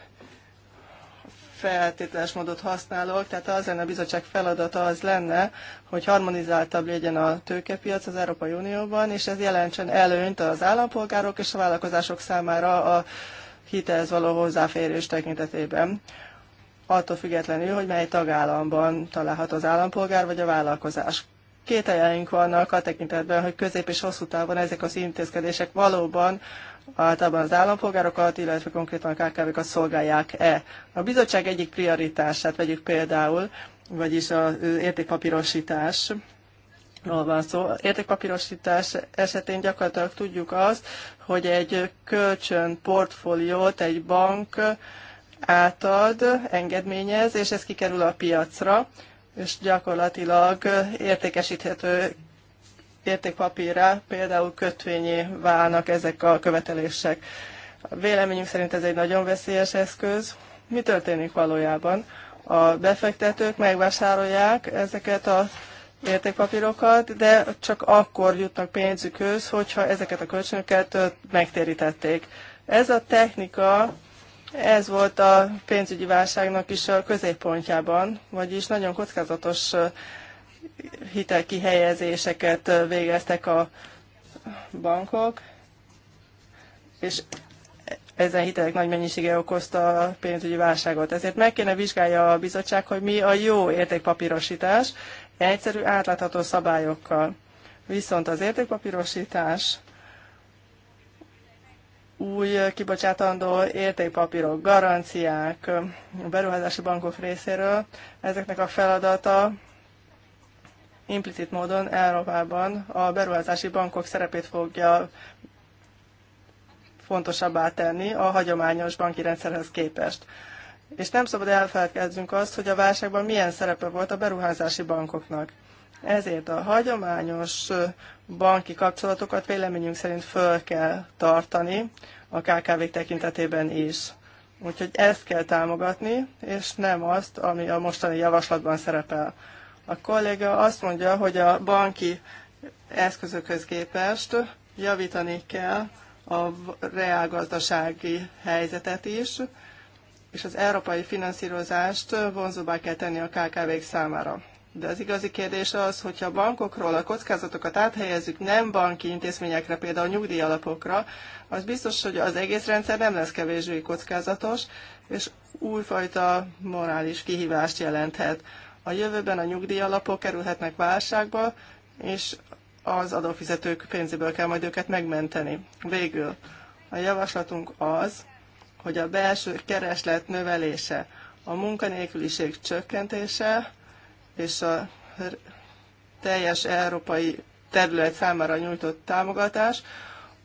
feltételes módot használok, tehát az lenne a bizottság feladata az lenne, hogy harmonizáltabb legyen a tőkepiac az Európai Unióban, és ez jelentsen előnyt az állampolgárok és a vállalkozások számára a hitelhez való hozzáférés tekintetében attól függetlenül, hogy mely tagállamban található az állampolgár vagy a vállalkozás. Két vannak a tekintetben, hogy közép és hosszú távon ezek az intézkedések valóban általában az állampolgárokat, illetve konkrétan a KKV-kat szolgálják-e. A bizottság egyik prioritását vegyük például, vagyis az értékpapírosítás, van szó. Értékpapírosítás esetén gyakorlatilag tudjuk azt, hogy egy kölcsön portfóliót egy bank átad, engedményez, és ez kikerül a piacra, és gyakorlatilag értékesíthető értékpapírra, például kötvényé válnak ezek a követelések. A véleményünk szerint ez egy nagyon veszélyes eszköz. Mi történik valójában? A befektetők megvásárolják ezeket a értékpapírokat, de csak akkor jutnak pénzükhöz, hogyha ezeket a kölcsönöket megtérítették. Ez a technika, ez volt a pénzügyi válságnak is a középpontjában, vagyis nagyon kockázatos hitelkihelyezéseket végeztek a bankok, és ezen hitelek nagy mennyisége okozta a pénzügyi válságot. Ezért meg kéne vizsgálja a bizottság, hogy mi a jó értékpapírosítás egyszerű átlátható szabályokkal. Viszont az értékpapírosítás új kibocsátandó értékpapírok, garanciák, beruházási bankok részéről, ezeknek a feladata implicit módon Európában a beruházási bankok szerepét fogja fontosabbá tenni a hagyományos banki rendszerhez képest. És nem szabad elfelelkezzünk azt, hogy a válságban milyen szerepe volt a beruházási bankoknak. Ezért a hagyományos banki kapcsolatokat véleményünk szerint föl kell tartani a kkv tekintetében is. Úgyhogy ezt kell támogatni, és nem azt, ami a mostani javaslatban szerepel. A kolléga azt mondja, hogy a banki eszközökhöz képest javítani kell a reálgazdasági helyzetet is, és az európai finanszírozást vonzóbbá kell tenni a KKV-k számára. De az igazi kérdés az, hogyha a bankokról a kockázatokat áthelyezzük nem banki intézményekre, például nyugdíjalapokra, az biztos, hogy az egész rendszer nem lesz kevésbé kockázatos, és újfajta morális kihívást jelenthet a jövőben a nyugdíjalapok kerülhetnek válságba, és az adófizetők pénzéből kell majd őket megmenteni. Végül a javaslatunk az, hogy a belső kereslet növelése, a munkanélküliség csökkentése és a teljes európai terület számára nyújtott támogatás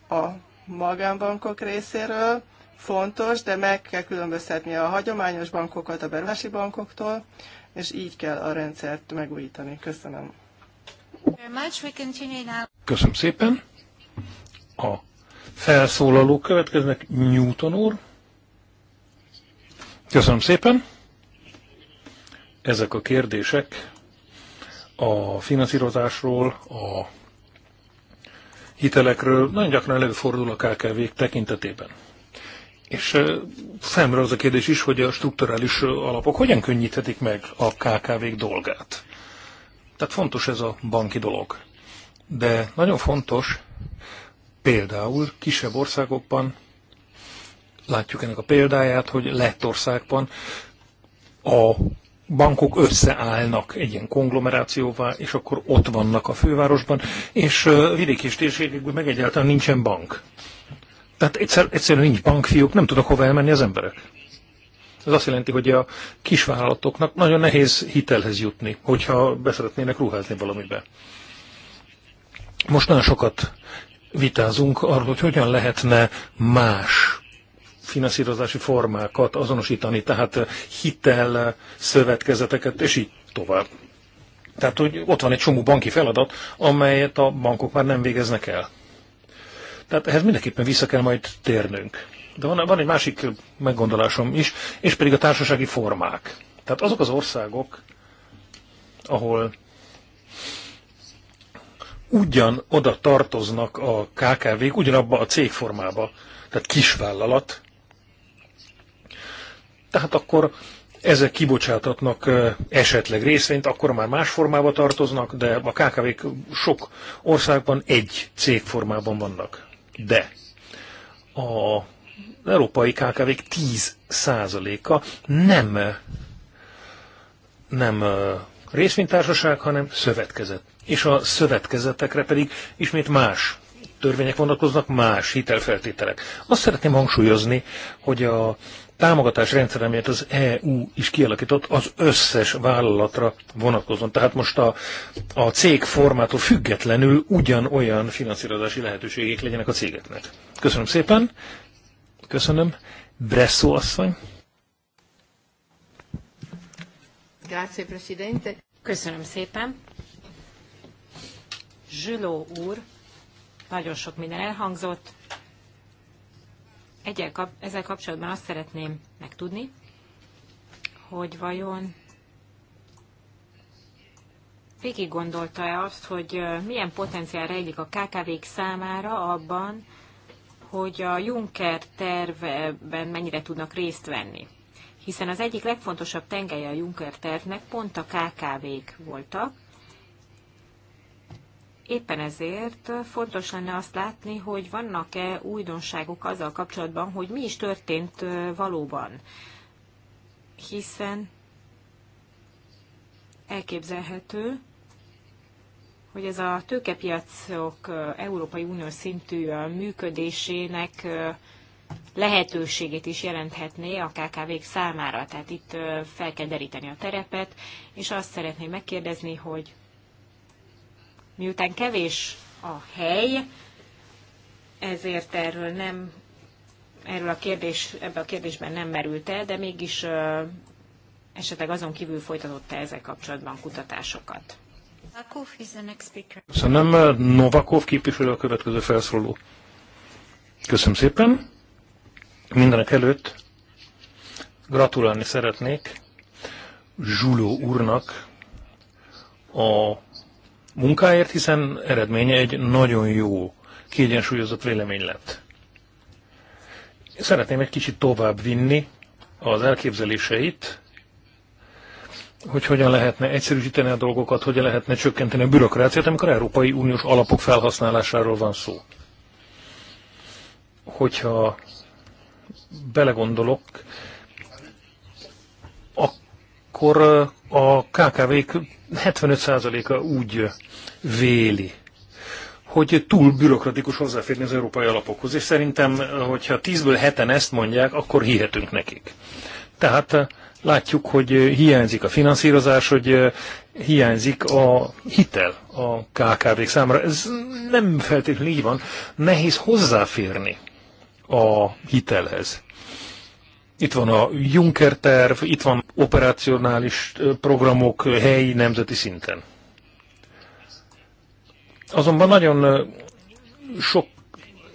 a magánbankok részéről fontos, de meg kell különböztetni a hagyományos bankokat a beruhási bankoktól, és így kell a rendszert megújítani. Köszönöm. Köszönöm szépen. A felszólaló következnek. Newton úr. Köszönöm szépen. Ezek a kérdések a finanszírozásról, a hitelekről nagyon gyakran előfordul a KKV-k tekintetében. És számra az a kérdés is, hogy a strukturális alapok hogyan könnyíthetik meg a KKV-k dolgát. Tehát fontos ez a banki dolog. De nagyon fontos, például kisebb országokban, látjuk ennek a példáját, hogy Lettországban a bankok összeállnak egy ilyen konglomerációvá, és akkor ott vannak a fővárosban, és vidéki és térségekben meg egyáltalán nincsen bank. Tehát egyszer, egyszerűen nincs bankfiók, nem tudok hova elmenni az emberek. Ez azt jelenti, hogy a kisvállalatoknak nagyon nehéz hitelhez jutni, hogyha beszeretnének ruházni valamibe. Most nagyon sokat vitázunk arról, hogy hogyan lehetne más finanszírozási formákat azonosítani, tehát hitel, szövetkezeteket, és így tovább. Tehát, hogy ott van egy csomó banki feladat, amelyet a bankok már nem végeznek el. Tehát ehhez mindenképpen vissza kell majd térnünk. De van, van egy másik meggondolásom is, és pedig a társasági formák. Tehát azok az országok, ahol ugyan oda tartoznak a KKV-k, ugyanabba a cégformába, tehát kisvállalat, tehát akkor ezek kibocsátatnak esetleg részvényt, akkor már más formába tartoznak, de a KKV-k sok országban egy cégformában vannak de a európai KKV-k 10%-a nem, nem részvénytársaság, hanem szövetkezet. És a szövetkezetekre pedig ismét más törvények vonatkoznak, más hitelfeltételek. Azt szeretném hangsúlyozni, hogy a támogatás rendszeremért az EU is kialakított az összes vállalatra vonatkozóan. Tehát most a, a cég formától függetlenül ugyanolyan finanszírozási lehetőségek legyenek a cégeknek. Köszönöm szépen. Köszönöm. Bresszó asszony. Grazie, Presidente. Köszönöm szépen. Zsüló úr, nagyon sok minden elhangzott, egyel kap, ezzel kapcsolatban azt szeretném megtudni, hogy vajon végig gondolta-e azt, hogy milyen potenciál rejlik a KKV-k számára abban, hogy a Juncker tervben mennyire tudnak részt venni. Hiszen az egyik legfontosabb tengelye a Juncker tervnek pont a KKV-k voltak, Éppen ezért fontos lenne azt látni, hogy vannak-e újdonságok azzal kapcsolatban, hogy mi is történt valóban. Hiszen elképzelhető, hogy ez a tőkepiacok Európai Unió szintű működésének lehetőségét is jelenthetné a KKV-k számára. Tehát itt fel kell deríteni a terepet, és azt szeretném megkérdezni, hogy Miután kevés a hely, ezért erről nem, erről a kérdés, ebbe a kérdésben nem merült el, de mégis esetleg azon kívül folytatott-e ezzel kapcsolatban kutatásokat. Köszönöm. Novakov képviselő a következő felszóló. Köszönöm szépen. Mindenek előtt gratulálni szeretnék Zsuló úrnak a munkáért, hiszen eredménye egy nagyon jó, kiegyensúlyozott vélemény lett. Szeretném egy kicsit tovább vinni az elképzeléseit, hogy hogyan lehetne egyszerűsíteni a dolgokat, hogyan lehetne csökkenteni a bürokráciát, amikor Európai Uniós alapok felhasználásáról van szó. Hogyha belegondolok, akkor a KKV-k 75%-a úgy véli, hogy túl bürokratikus hozzáférni az európai alapokhoz, és szerintem, hogyha 10-ből 7-en ezt mondják, akkor hihetünk nekik. Tehát eh, látjuk, hogy eh, hiányzik a finanszírozás, hogy eh, hiányzik a hitel a KKV-k számára. Ez nem feltétlenül így van. Nehéz hozzáférni a hitelhez. Itt van a Juncker terv, itt van operacionális programok helyi, nemzeti szinten. Azonban nagyon sok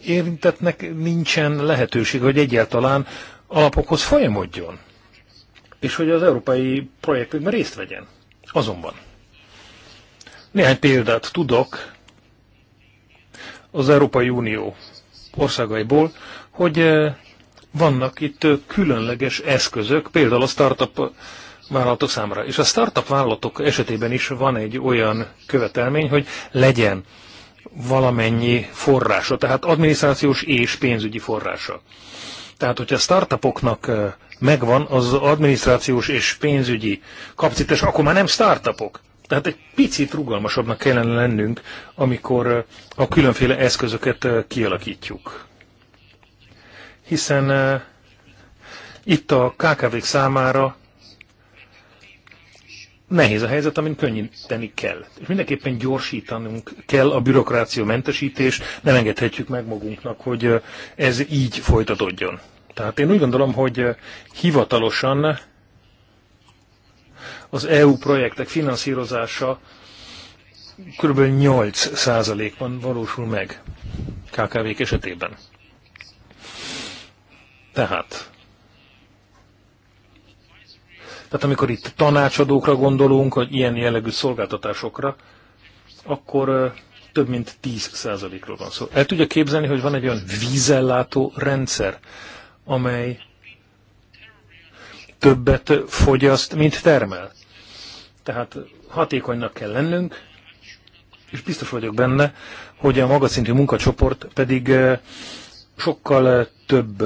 érintetnek nincsen lehetőség, hogy egyáltalán alapokhoz folyamodjon, és hogy az európai projektekben részt vegyen. Azonban néhány példát tudok az Európai Unió országaiból, hogy vannak itt különleges eszközök, például a startup vállalatok számára. És a startup vállalatok esetében is van egy olyan követelmény, hogy legyen valamennyi forrása, tehát adminisztrációs és pénzügyi forrása. Tehát, hogyha a startupoknak megvan az adminisztrációs és pénzügyi kapacitás, akkor már nem startupok. Tehát egy picit rugalmasabbnak kellene lennünk, amikor a különféle eszközöket kialakítjuk hiszen eh, itt a KKV-k számára nehéz a helyzet, amin könnyíteni kell. És mindenképpen gyorsítanunk kell a bürokráció mentesítés, nem engedhetjük meg magunknak, hogy eh, ez így folytatódjon. Tehát én úgy gondolom, hogy eh, hivatalosan az EU projektek finanszírozása kb. 8%-ban valósul meg KKV-k esetében. Tehát, tehát amikor itt tanácsadókra gondolunk, hogy ilyen jellegű szolgáltatásokra, akkor több mint 10%-ról van szó. El tudja képzelni, hogy van egy olyan vízellátó rendszer, amely többet fogyaszt, mint termel. Tehát hatékonynak kell lennünk, és biztos vagyok benne, hogy a magaszintű munkacsoport pedig sokkal több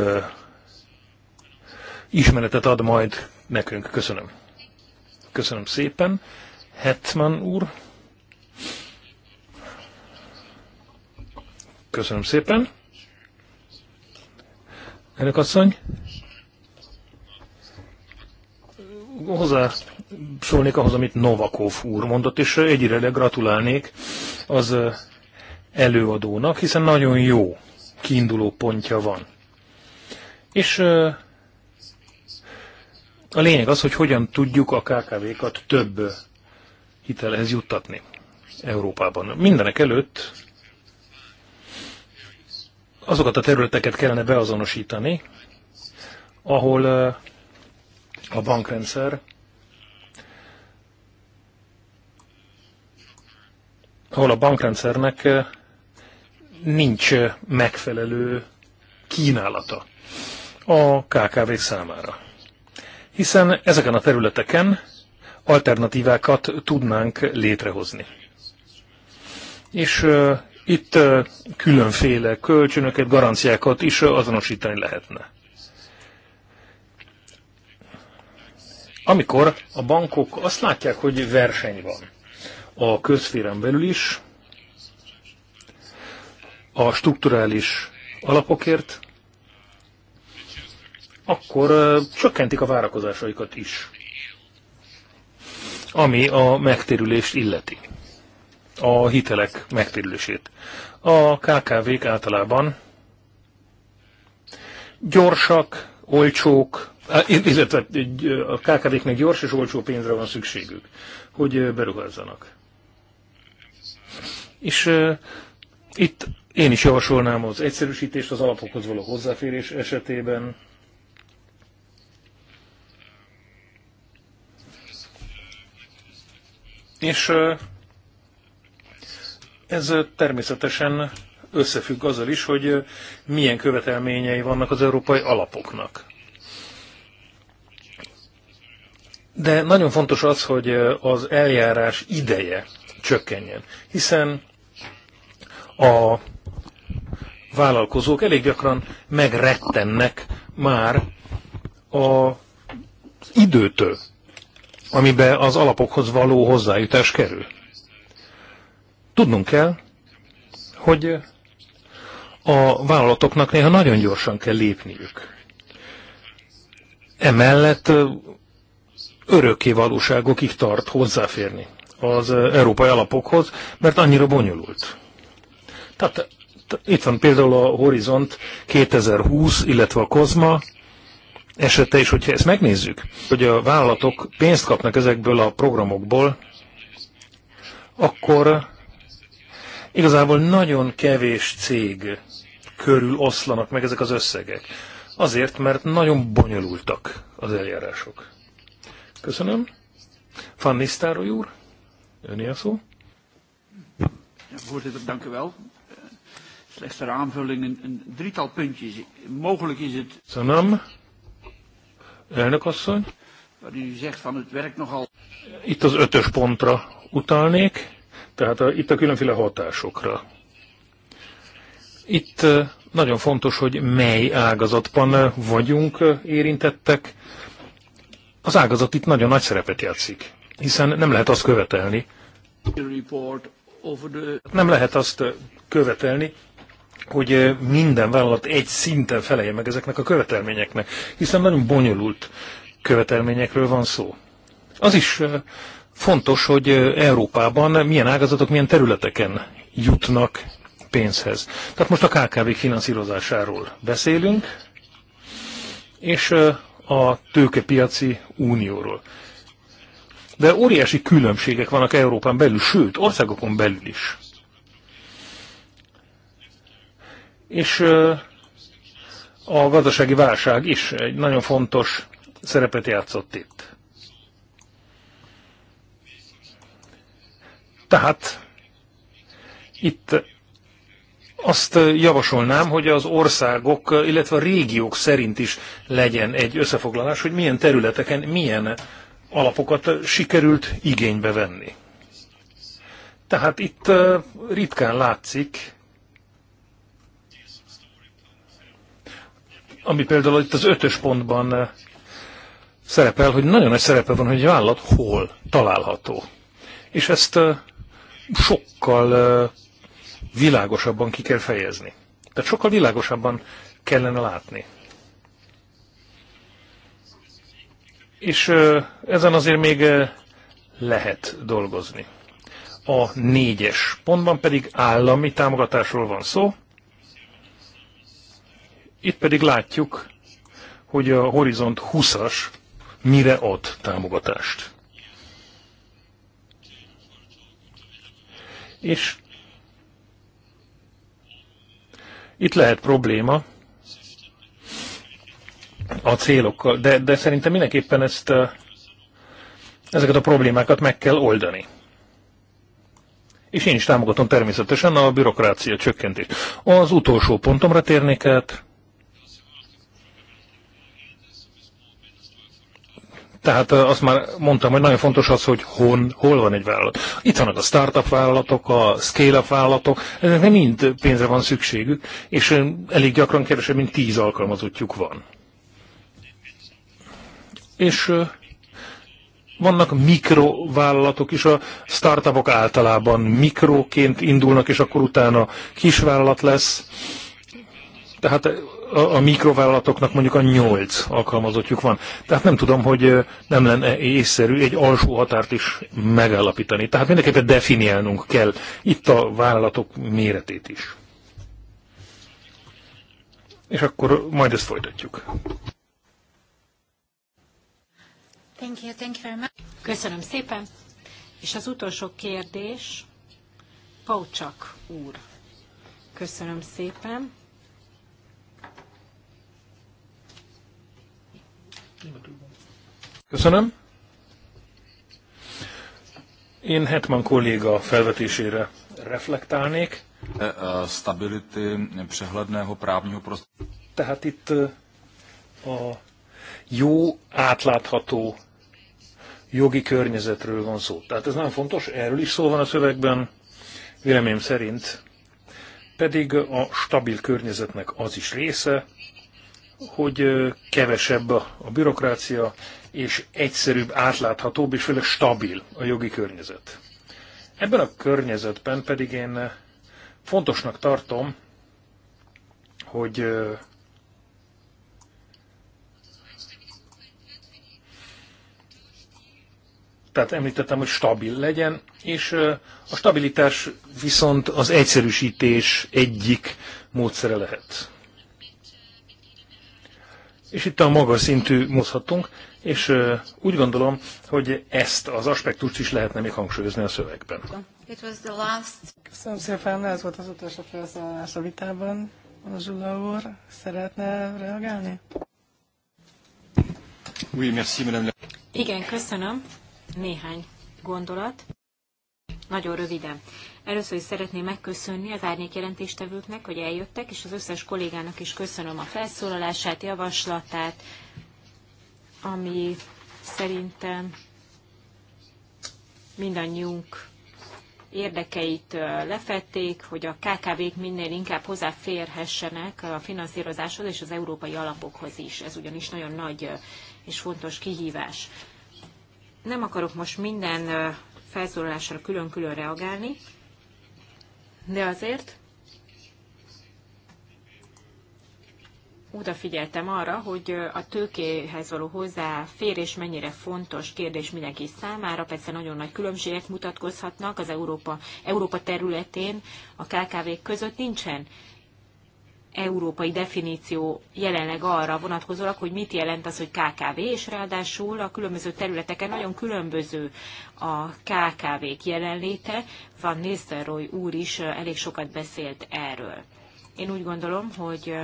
ismeretet ad majd nekünk. Köszönöm. Köszönöm szépen. Hetman úr. Köszönöm szépen. Elnök asszony. Hozzá szólnék ahhoz, amit Novakov úr mondott, és egyre gratulálnék az előadónak, hiszen nagyon jó kiinduló pontja van. És a lényeg az, hogy hogyan tudjuk a KKV-kat több hitelhez juttatni Európában. Mindenek előtt azokat a területeket kellene beazonosítani, ahol eh, a bankrendszer ahol a bankrendszernek eh, nincs eh, megfelelő kínálata a KKV számára hiszen ezeken a területeken alternatívákat tudnánk létrehozni. És uh, itt uh, különféle kölcsönöket, garanciákat is uh, azonosítani lehetne. Amikor a bankok azt látják, hogy verseny van a közféren belül is, a strukturális alapokért, akkor csökkentik a várakozásaikat is, ami a megtérülést illeti, a hitelek megtérülését. A KKV-k általában gyorsak, olcsók, illetve a KKV-knek gyors és olcsó pénzre van szükségük, hogy beruházzanak. És uh, itt én is javasolnám az egyszerűsítést az alapokhoz való hozzáférés esetében, És ez természetesen összefügg azzal is, hogy milyen követelményei vannak az európai alapoknak. De nagyon fontos az, hogy az eljárás ideje csökkenjen, hiszen a vállalkozók elég gyakran megrettennek már az időtől, amibe az alapokhoz való hozzájutás kerül. Tudnunk kell, hogy a vállalatoknak néha nagyon gyorsan kell lépniük. Emellett örökké valóságokig tart hozzáférni az európai alapokhoz, mert annyira bonyolult. Tehát itt van például a Horizont 2020, illetve a Kozma, esete is, hogyha ezt megnézzük, hogy a vállalatok pénzt kapnak ezekből a programokból, akkor igazából nagyon kevés cég körül oszlanak meg ezek az összegek. Azért, mert nagyon bonyolultak az eljárások. Köszönöm. Van Nisztároly úr, öné a szó. Voorzitter, dank u wel. Eh, slechts ter aanvulling een, een drietal puntjes. Mogelijk is het... Köszönöm. Elnök asszony? Itt az ötös pontra utalnék, tehát a, itt a különféle hatásokra. Itt nagyon fontos, hogy mely ágazatban vagyunk érintettek. Az ágazat itt nagyon nagy szerepet játszik, hiszen nem lehet azt követelni. Nem lehet azt követelni, hogy minden vállalat egy szinten felelje meg ezeknek a követelményeknek, hiszen nagyon bonyolult követelményekről van szó. Az is fontos, hogy Európában milyen ágazatok, milyen területeken jutnak pénzhez. Tehát most a KKV finanszírozásáról beszélünk, és a tőkepiaci unióról. De óriási különbségek vannak Európán belül, sőt, országokon belül is. És a gazdasági válság is egy nagyon fontos szerepet játszott itt. Tehát itt azt javasolnám, hogy az országok, illetve a régiók szerint is legyen egy összefoglalás, hogy milyen területeken milyen alapokat sikerült igénybe venni. Tehát itt ritkán látszik ami például itt az ötös pontban eh, szerepel, hogy nagyon nagy szerepe van, hogy egy vállalat hol található. És ezt eh, sokkal eh, világosabban ki kell fejezni. Tehát sokkal világosabban kellene látni. És ezen azért még lehet dolgozni. A négyes pontban pedig állami támogatásról van szó, itt pedig látjuk, hogy a Horizont 20-as mire ad támogatást. És itt lehet probléma a célokkal, de, de szerintem mindenképpen ezt, eh, ezeket a problémákat meg kell oldani. És én is támogatom természetesen a bürokrácia csökkentést. Az utolsó pontomra térnék át. Tehát azt már mondtam, hogy nagyon fontos az, hogy hon, hol van egy vállalat. Itt vannak a startup vállalatok, a scale-up vállalatok, ezeknek mind pénzre van szükségük, és elég gyakran kevesebb, mint tíz alkalmazottjuk van. És vannak mikrovállalatok is, a startupok általában mikroként indulnak, és akkor utána kisvállalat lesz. Tehát a, mikrovállalatoknak mondjuk a nyolc alkalmazottjuk van. Tehát nem tudom, hogy nem lenne észszerű egy alsó határt is megállapítani. Tehát mindenképpen definiálnunk kell itt a vállalatok méretét is. És akkor majd ezt folytatjuk. Thank you, thank you very much. Köszönöm szépen. És az utolsó kérdés, Paucsak úr. Köszönöm szépen. Köszönöm. Én Hetman kolléga felvetésére reflektálnék. E, e, stability přehledného právního prostředí. Tehát itt e, a jó, átlátható jogi környezetről van szó. Tehát ez nagyon fontos, erről is szó van a szövegben, véleményem szerint. Pedig a stabil környezetnek az is része, hogy kevesebb a bürokrácia, és egyszerűbb, átláthatóbb, és főleg stabil a jogi környezet. Ebben a környezetben pedig én fontosnak tartom, hogy tehát említettem, hogy stabil legyen, és a stabilitás viszont az egyszerűsítés egyik módszere lehet és itt a magas szintű mozhatunk, és úgy gondolom, hogy ezt az aspektust is lehetne még hangsúlyozni a szövegben. It was the last... Köszönöm szépen, ez volt az utolsó felszállás a vitában. Zsula úr, szeretne reagálni? Oui, merci, madame. Igen, köszönöm. Néhány gondolat. Nagyon röviden. Először is szeretném megköszönni az árnyék jelentéstevőknek, hogy eljöttek, és az összes kollégának is köszönöm a felszólalását, javaslatát, ami szerintem mindannyiunk érdekeit lefették, hogy a KKV-k minél inkább hozzáférhessenek a finanszírozáshoz és az európai alapokhoz is. Ez ugyanis nagyon nagy és fontos kihívás. Nem akarok most minden felszólalásra külön-külön reagálni, de azért odafigyeltem arra, hogy a tőkéhez való hozzáférés mennyire fontos kérdés mindenki számára. Persze nagyon nagy különbségek mutatkozhatnak az Európa, Európa területén, a KKV-k között nincsen európai definíció jelenleg arra vonatkozólag, hogy mit jelent az, hogy KKV, és ráadásul a különböző területeken nagyon különböző a KKV-k jelenléte. Van Nistelrooy úr is elég sokat beszélt erről. Én úgy gondolom, hogy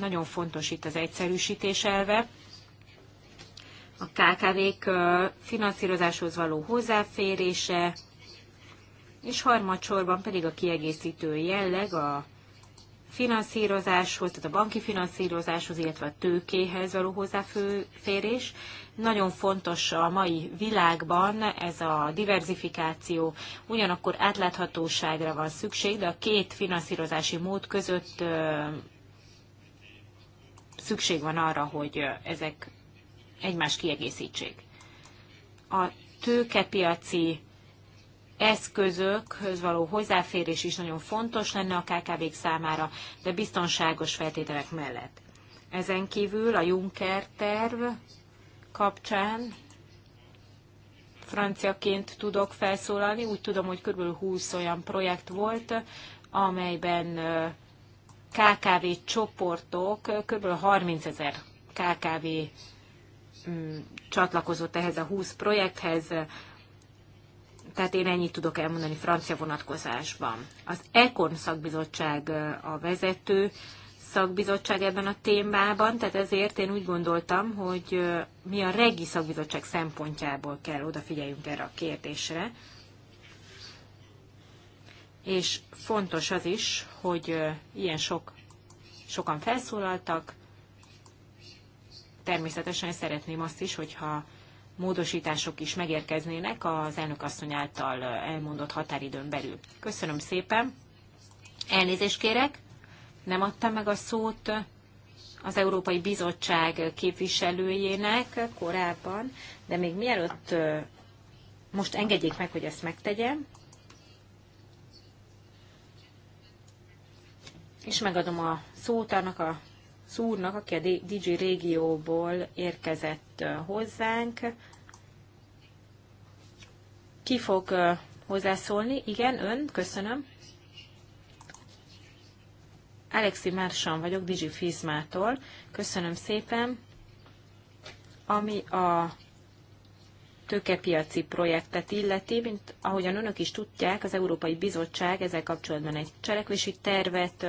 nagyon fontos itt az egyszerűsítés elve, a KKV-k finanszírozáshoz való hozzáférése, és harmadsorban pedig a kiegészítő jelleg, a finanszírozáshoz, tehát a banki finanszírozáshoz, illetve a tőkéhez való hozzáférés. Nagyon fontos a mai világban ez a diversifikáció, ugyanakkor átláthatóságra van szükség, de a két finanszírozási mód között szükség van arra, hogy ezek egymást kiegészítsék. A tőkepiaci eszközökhöz való hozzáférés is nagyon fontos lenne a KKV-k számára, de biztonságos feltételek mellett. Ezen kívül a Juncker terv kapcsán franciaként tudok felszólalni. Úgy tudom, hogy kb. 20 olyan projekt volt, amelyben KKV csoportok, kb. 30 ezer KKV mm, csatlakozott ehhez a 20 projekthez, tehát én ennyit tudok elmondani francia vonatkozásban. Az ECON szakbizottság a vezető szakbizottság ebben a témában, tehát ezért én úgy gondoltam, hogy mi a regi szakbizottság szempontjából kell odafigyeljünk erre a kérdésre. És fontos az is, hogy ilyen sok, sokan felszólaltak, természetesen szeretném azt is, hogyha módosítások is megérkeznének az elnök asszony által elmondott határidőn belül. Köszönöm szépen. Elnézést kérek, nem adtam meg a szót az Európai Bizottság képviselőjének korábban, de még mielőtt most engedjék meg, hogy ezt megtegyem, és megadom a szót annak a szúrnak, aki a DG régióból érkezett hozzánk. Ki fog hozzászólni? Igen, ön, köszönöm. Alexi Mársan vagyok, Digi Fizmától. Köszönöm szépen. Ami a tőkepiaci projektet illeti, mint ahogyan önök is tudják, az Európai Bizottság ezzel kapcsolatban egy cselekvési tervet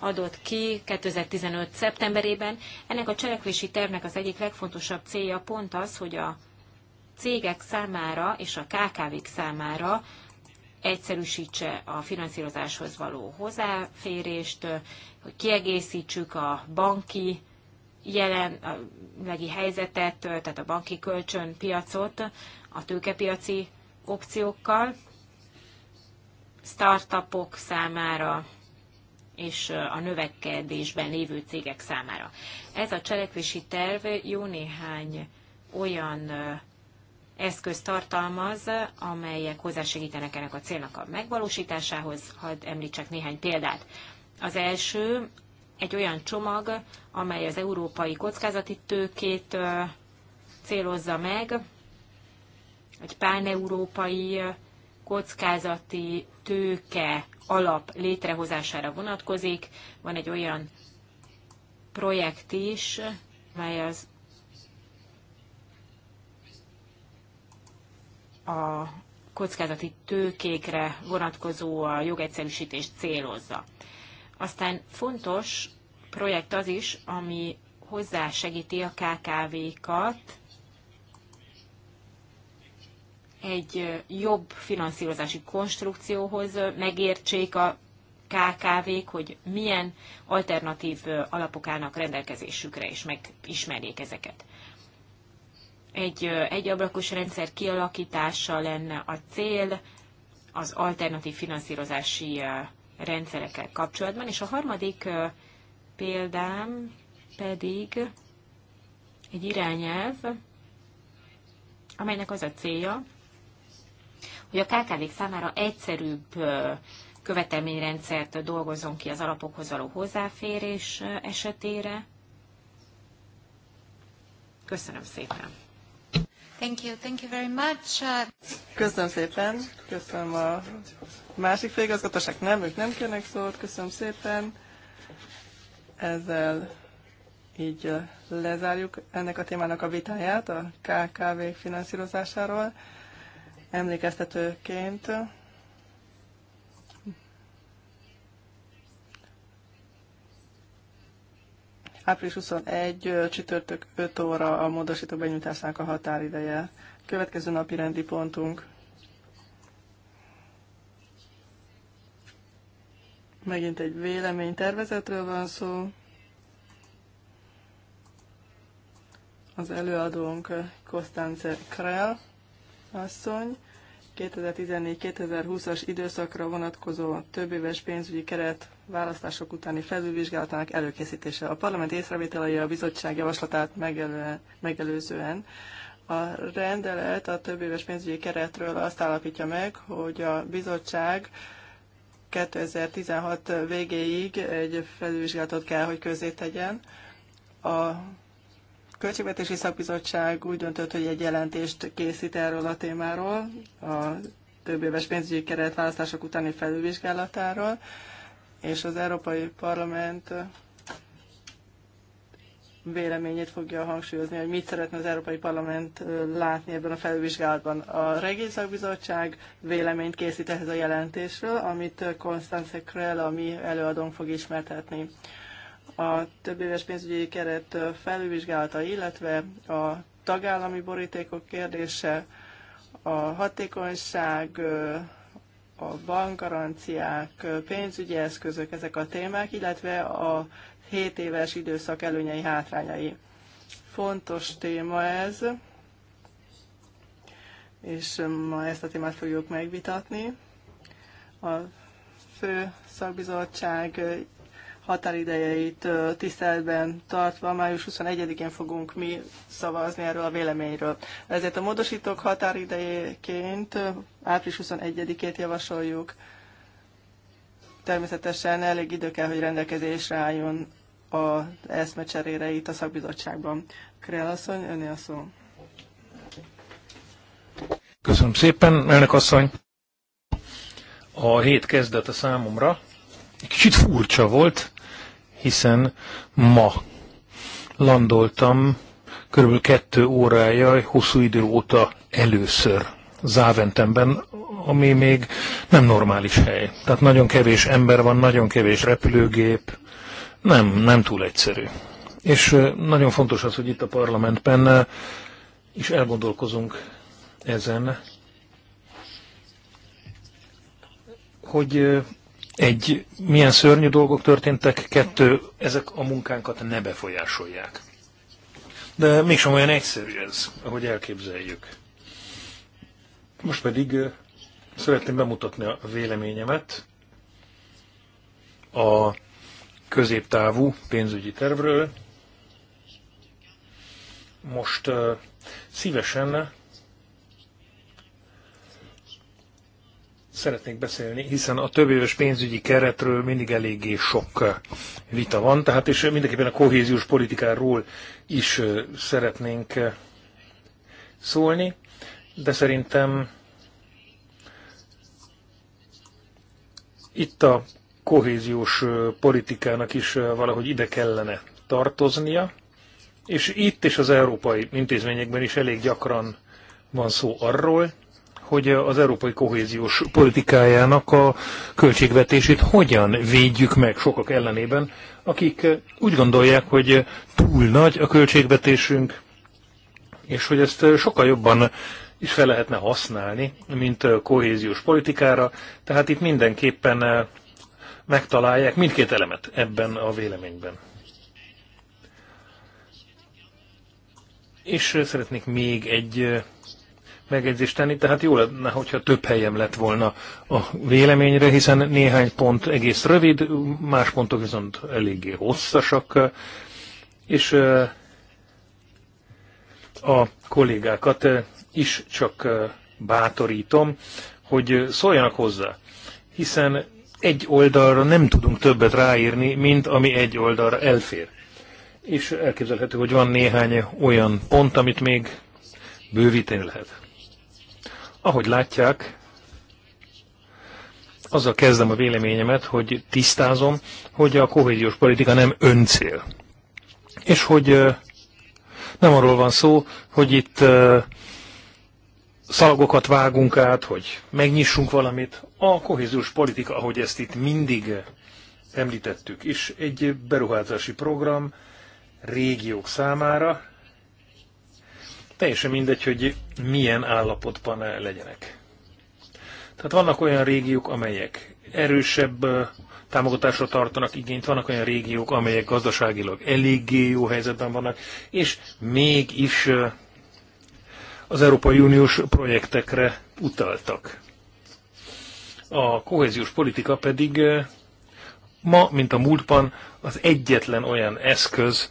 adott ki 2015. szeptemberében. Ennek a cselekvési tervnek az egyik legfontosabb célja pont az, hogy a cégek számára és a KKV-k számára egyszerűsítse a finanszírozáshoz való hozzáférést, hogy kiegészítsük a banki jelenlegi helyzetet, tehát a banki kölcsönpiacot a tőkepiaci opciókkal, startupok számára és a növekedésben lévő cégek számára. Ez a cselekvési terv jó néhány olyan eszköz tartalmaz, amelyek hozzásegítenek ennek a célnak a megvalósításához. Hadd említsek néhány példát. Az első egy olyan csomag, amely az európai kockázati tőkét célozza meg, egy páneurópai kockázati tőke alap létrehozására vonatkozik. Van egy olyan projekt is, mely az a kockázati tőkékre vonatkozó a jogegyszerűsítést célozza. Aztán fontos projekt az is, ami hozzásegíti a KKV-kat egy jobb finanszírozási konstrukcióhoz megértsék a KKV-k, hogy milyen alternatív alapok állnak rendelkezésükre, és megismerjék ezeket. Egy egyablakos rendszer kialakítása lenne a cél az alternatív finanszírozási rendszerekkel kapcsolatban, és a harmadik példám pedig egy irányelv, amelynek az a célja, hogy a kkv számára egyszerűbb követelményrendszert dolgozzon ki az alapokhoz való hozzáférés esetére. Köszönöm szépen! Thank you, thank you very much. Uh, köszönöm szépen, köszönöm a másik főigazgatóság, nem, ők nem kérnek szót, köszönöm szépen. Ezzel így lezárjuk ennek a témának a vitáját a KKV finanszírozásáról emlékeztetőként. Április 21 csütörtök 5 óra a módosító benyújtásnak a határideje. Következő napi rendi pontunk. Megint egy véleménytervezetről van szó. Az előadónk Konstance Krell asszony. 2014-2020-as időszakra vonatkozó több éves pénzügyi keret választások utáni felülvizsgálatának előkészítése. A parlament észrevételei a bizottság javaslatát megelőzően. A rendelet a több éves pénzügyi keretről azt állapítja meg, hogy a bizottság 2016 végéig egy felülvizsgálatot kell, hogy közzétegyen. tegyen. A Költségvetési Szakbizottság úgy döntött, hogy egy jelentést készít erről a témáról, a több éves pénzügyi keret választások utáni felülvizsgálatáról, és az Európai Parlament véleményét fogja hangsúlyozni, hogy mit szeretne az Európai Parlament látni ebben a felülvizsgálatban. A Regészakbizottság véleményt készít ehhez a jelentésről, amit Constance Krell, a mi előadónk fog ismertetni a több éves pénzügyi keret felülvizsgálata, illetve a tagállami borítékok kérdése, a hatékonyság, a bankgaranciák, pénzügyi eszközök, ezek a témák, illetve a 7 éves időszak előnyei, hátrányai. Fontos téma ez, és ma ezt a témát fogjuk megvitatni. A fő szakbizottság határidejeit tiszteletben tartva május 21-én fogunk mi szavazni erről a véleményről. Ezért a módosítók határidejéként április 21-ét javasoljuk. Természetesen elég idő kell, hogy rendelkezésre álljon az eszmecserére itt a szakbizottságban. Krell asszony, öné a szó. Köszönöm szépen, elnök asszony. A hét kezdete számomra egy kicsit furcsa volt, hiszen ma landoltam körülbelül kettő órája, hosszú idő óta először Záventemben, ami még nem normális hely. Tehát nagyon kevés ember van, nagyon kevés repülőgép, nem, nem túl egyszerű. És nagyon fontos az, hogy itt a parlamentben is elgondolkozunk ezen, hogy egy, milyen szörnyű dolgok történtek, kettő, ezek a munkánkat ne befolyásolják. De mégsem olyan egyszerű ez, ahogy elképzeljük. Most pedig szeretném bemutatni a véleményemet a középtávú pénzügyi tervről. Most szívesen szeretnék beszélni, hiszen a éves pénzügyi keretről mindig eléggé sok vita van, tehát és mindenképpen a kohéziós politikáról is szeretnénk szólni, de szerintem itt a kohéziós politikának is valahogy ide kellene tartoznia, és itt és az európai intézményekben is elég gyakran van szó arról, hogy az európai kohéziós politikájának a költségvetését hogyan védjük meg sokak ellenében, akik úgy gondolják, hogy túl nagy a költségvetésünk, és hogy ezt sokkal jobban is fel lehetne használni, mint kohéziós politikára. Tehát itt mindenképpen megtalálják mindkét elemet ebben a véleményben. És szeretnék még egy megjegyzést tenni, tehát jó lenne, hogyha több helyem lett volna a véleményre, hiszen néhány pont egész rövid, más pontok viszont eléggé hosszasak, és eh, a kollégákat eh, is csak eh, bátorítom, hogy szóljanak hozzá, hiszen egy oldalra nem tudunk többet ráírni, mint ami egy oldalra elfér. És elképzelhető, hogy van néhány olyan pont, amit még bővíteni lehet. Ahogy látják, azzal kezdem a véleményemet, hogy tisztázom, hogy a kohéziós politika nem öncél. És hogy nem arról van szó, hogy itt szalagokat vágunk át, hogy megnyissunk valamit. A kohéziós politika, ahogy ezt itt mindig említettük is, egy beruházási program régiók számára, teljesen mindegy, hogy milyen állapotban legyenek. Tehát vannak olyan régiók, amelyek erősebb támogatásra tartanak igényt, vannak olyan régiók, amelyek gazdaságilag eléggé jó helyzetben vannak, és mégis az Európai Uniós projektekre utaltak. A kohéziós politika pedig ma, mint a múltban, az egyetlen olyan eszköz,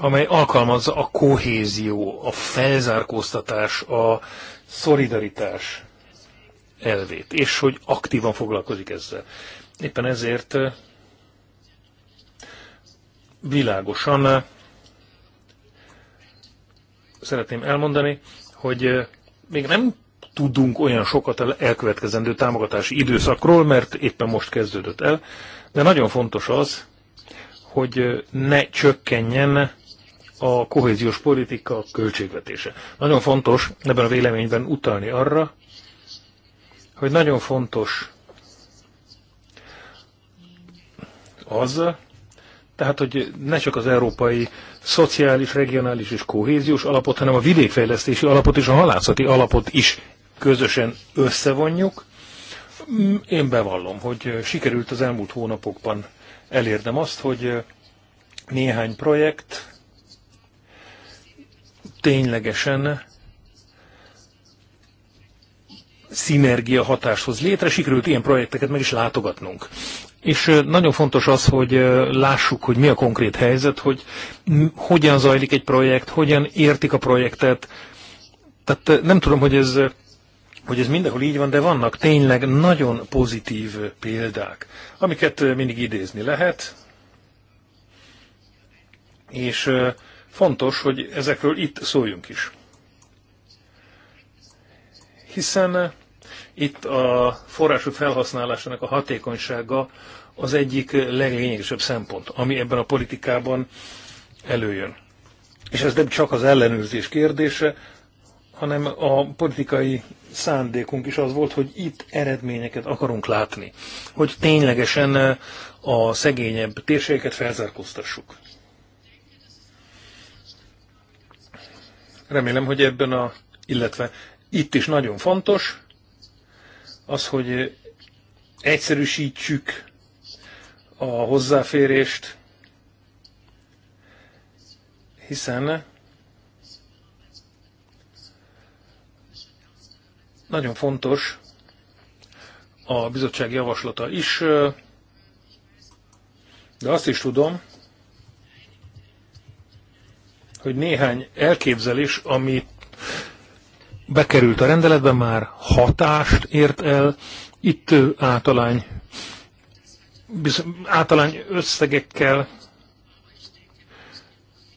amely alkalmazza a kohézió, a felzárkóztatás, a szolidaritás elvét, és hogy aktívan foglalkozik ezzel. Éppen ezért eh, világosan eh, szeretném elmondani, hogy eh, még nem tudunk olyan sokat elkövetkezendő támogatási időszakról, mert éppen most kezdődött el, de nagyon fontos az, hogy ne csökkenjen a kohéziós politika költségvetése. Nagyon fontos ebben a véleményben utalni arra, hogy nagyon fontos az, tehát hogy ne csak az európai szociális, regionális és kohéziós alapot, hanem a vidékfejlesztési alapot és a halászati alapot is közösen összevonjuk. Én bevallom, hogy sikerült az elmúlt hónapokban elérnem azt, hogy néhány projekt ténylegesen szinergia hatáshoz létre, sikerült ilyen projekteket meg is látogatnunk. És nagyon fontos az, hogy lássuk, hogy mi a konkrét helyzet, hogy hogyan zajlik egy projekt, hogyan értik a projektet. Tehát nem tudom, hogy ez, hogy ez mindenhol így van, de vannak tényleg nagyon pozitív példák, amiket mindig idézni lehet. És Fontos, hogy ezekről itt szóljunk is. Hiszen itt a források felhasználásának a hatékonysága az egyik leglényegesebb szempont, ami ebben a politikában előjön. És ez nem csak az ellenőrzés kérdése, hanem a politikai szándékunk is az volt, hogy itt eredményeket akarunk látni, hogy ténylegesen a szegényebb térségeket felzárkóztassuk. Remélem, hogy ebben a, illetve itt is nagyon fontos az, hogy egyszerűsítsük a hozzáférést, hiszen nagyon fontos a bizottság javaslata is, de azt is tudom, hogy néhány elképzelés, amit bekerült a rendeletbe, már hatást ért el. Itt általány, általány összegekkel,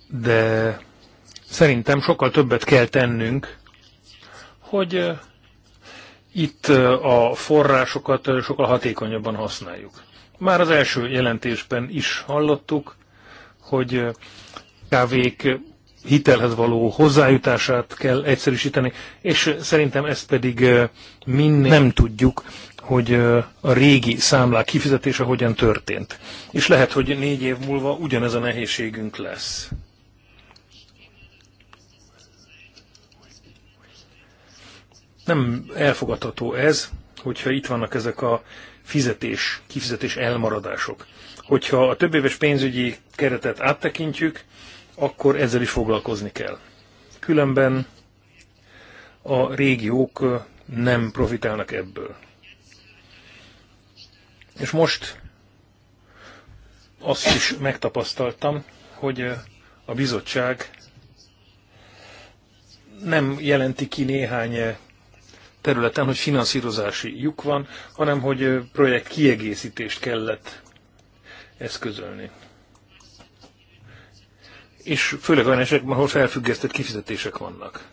de szerintem sokkal többet kell tennünk, hogy itt a forrásokat sokkal hatékonyabban használjuk. Már az első jelentésben is hallottuk, hogy kávék hitelhez való hozzájutását kell egyszerűsíteni, és szerintem ezt pedig mind nem tudjuk, hogy a régi számlák kifizetése hogyan történt. És lehet, hogy négy év múlva ugyanez a nehézségünk lesz. Nem elfogadható ez, hogyha itt vannak ezek a fizetés, kifizetés elmaradások. Hogyha a többéves pénzügyi keretet áttekintjük, akkor ezzel is foglalkozni kell. Különben a régiók nem profitálnak ebből. És most azt is megtapasztaltam, hogy a bizottság nem jelenti ki néhány területen, hogy finanszírozási lyuk van, hanem hogy projekt kiegészítést kellett eszközölni és főleg olyan esetekben, ahol felfüggesztett kifizetések vannak.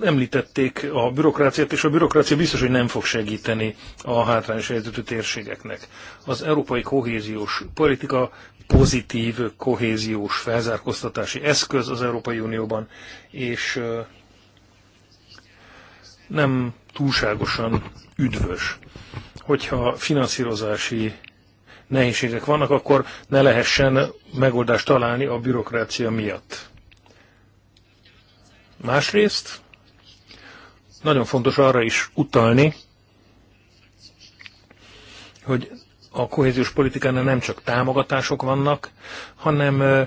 Említették a bürokráciát, és a bürokrácia biztos, hogy nem fog segíteni a hátrányos helyzetű térségeknek. Az európai kohéziós politika pozitív kohéziós felzárkóztatási eszköz az Európai Unióban, és nem túlságosan üdvös, hogyha finanszírozási nehézségek vannak, akkor ne lehessen megoldást találni a bürokrácia miatt. Másrészt nagyon fontos arra is utalni, hogy a kohéziós politikánál nem csak támogatások vannak, hanem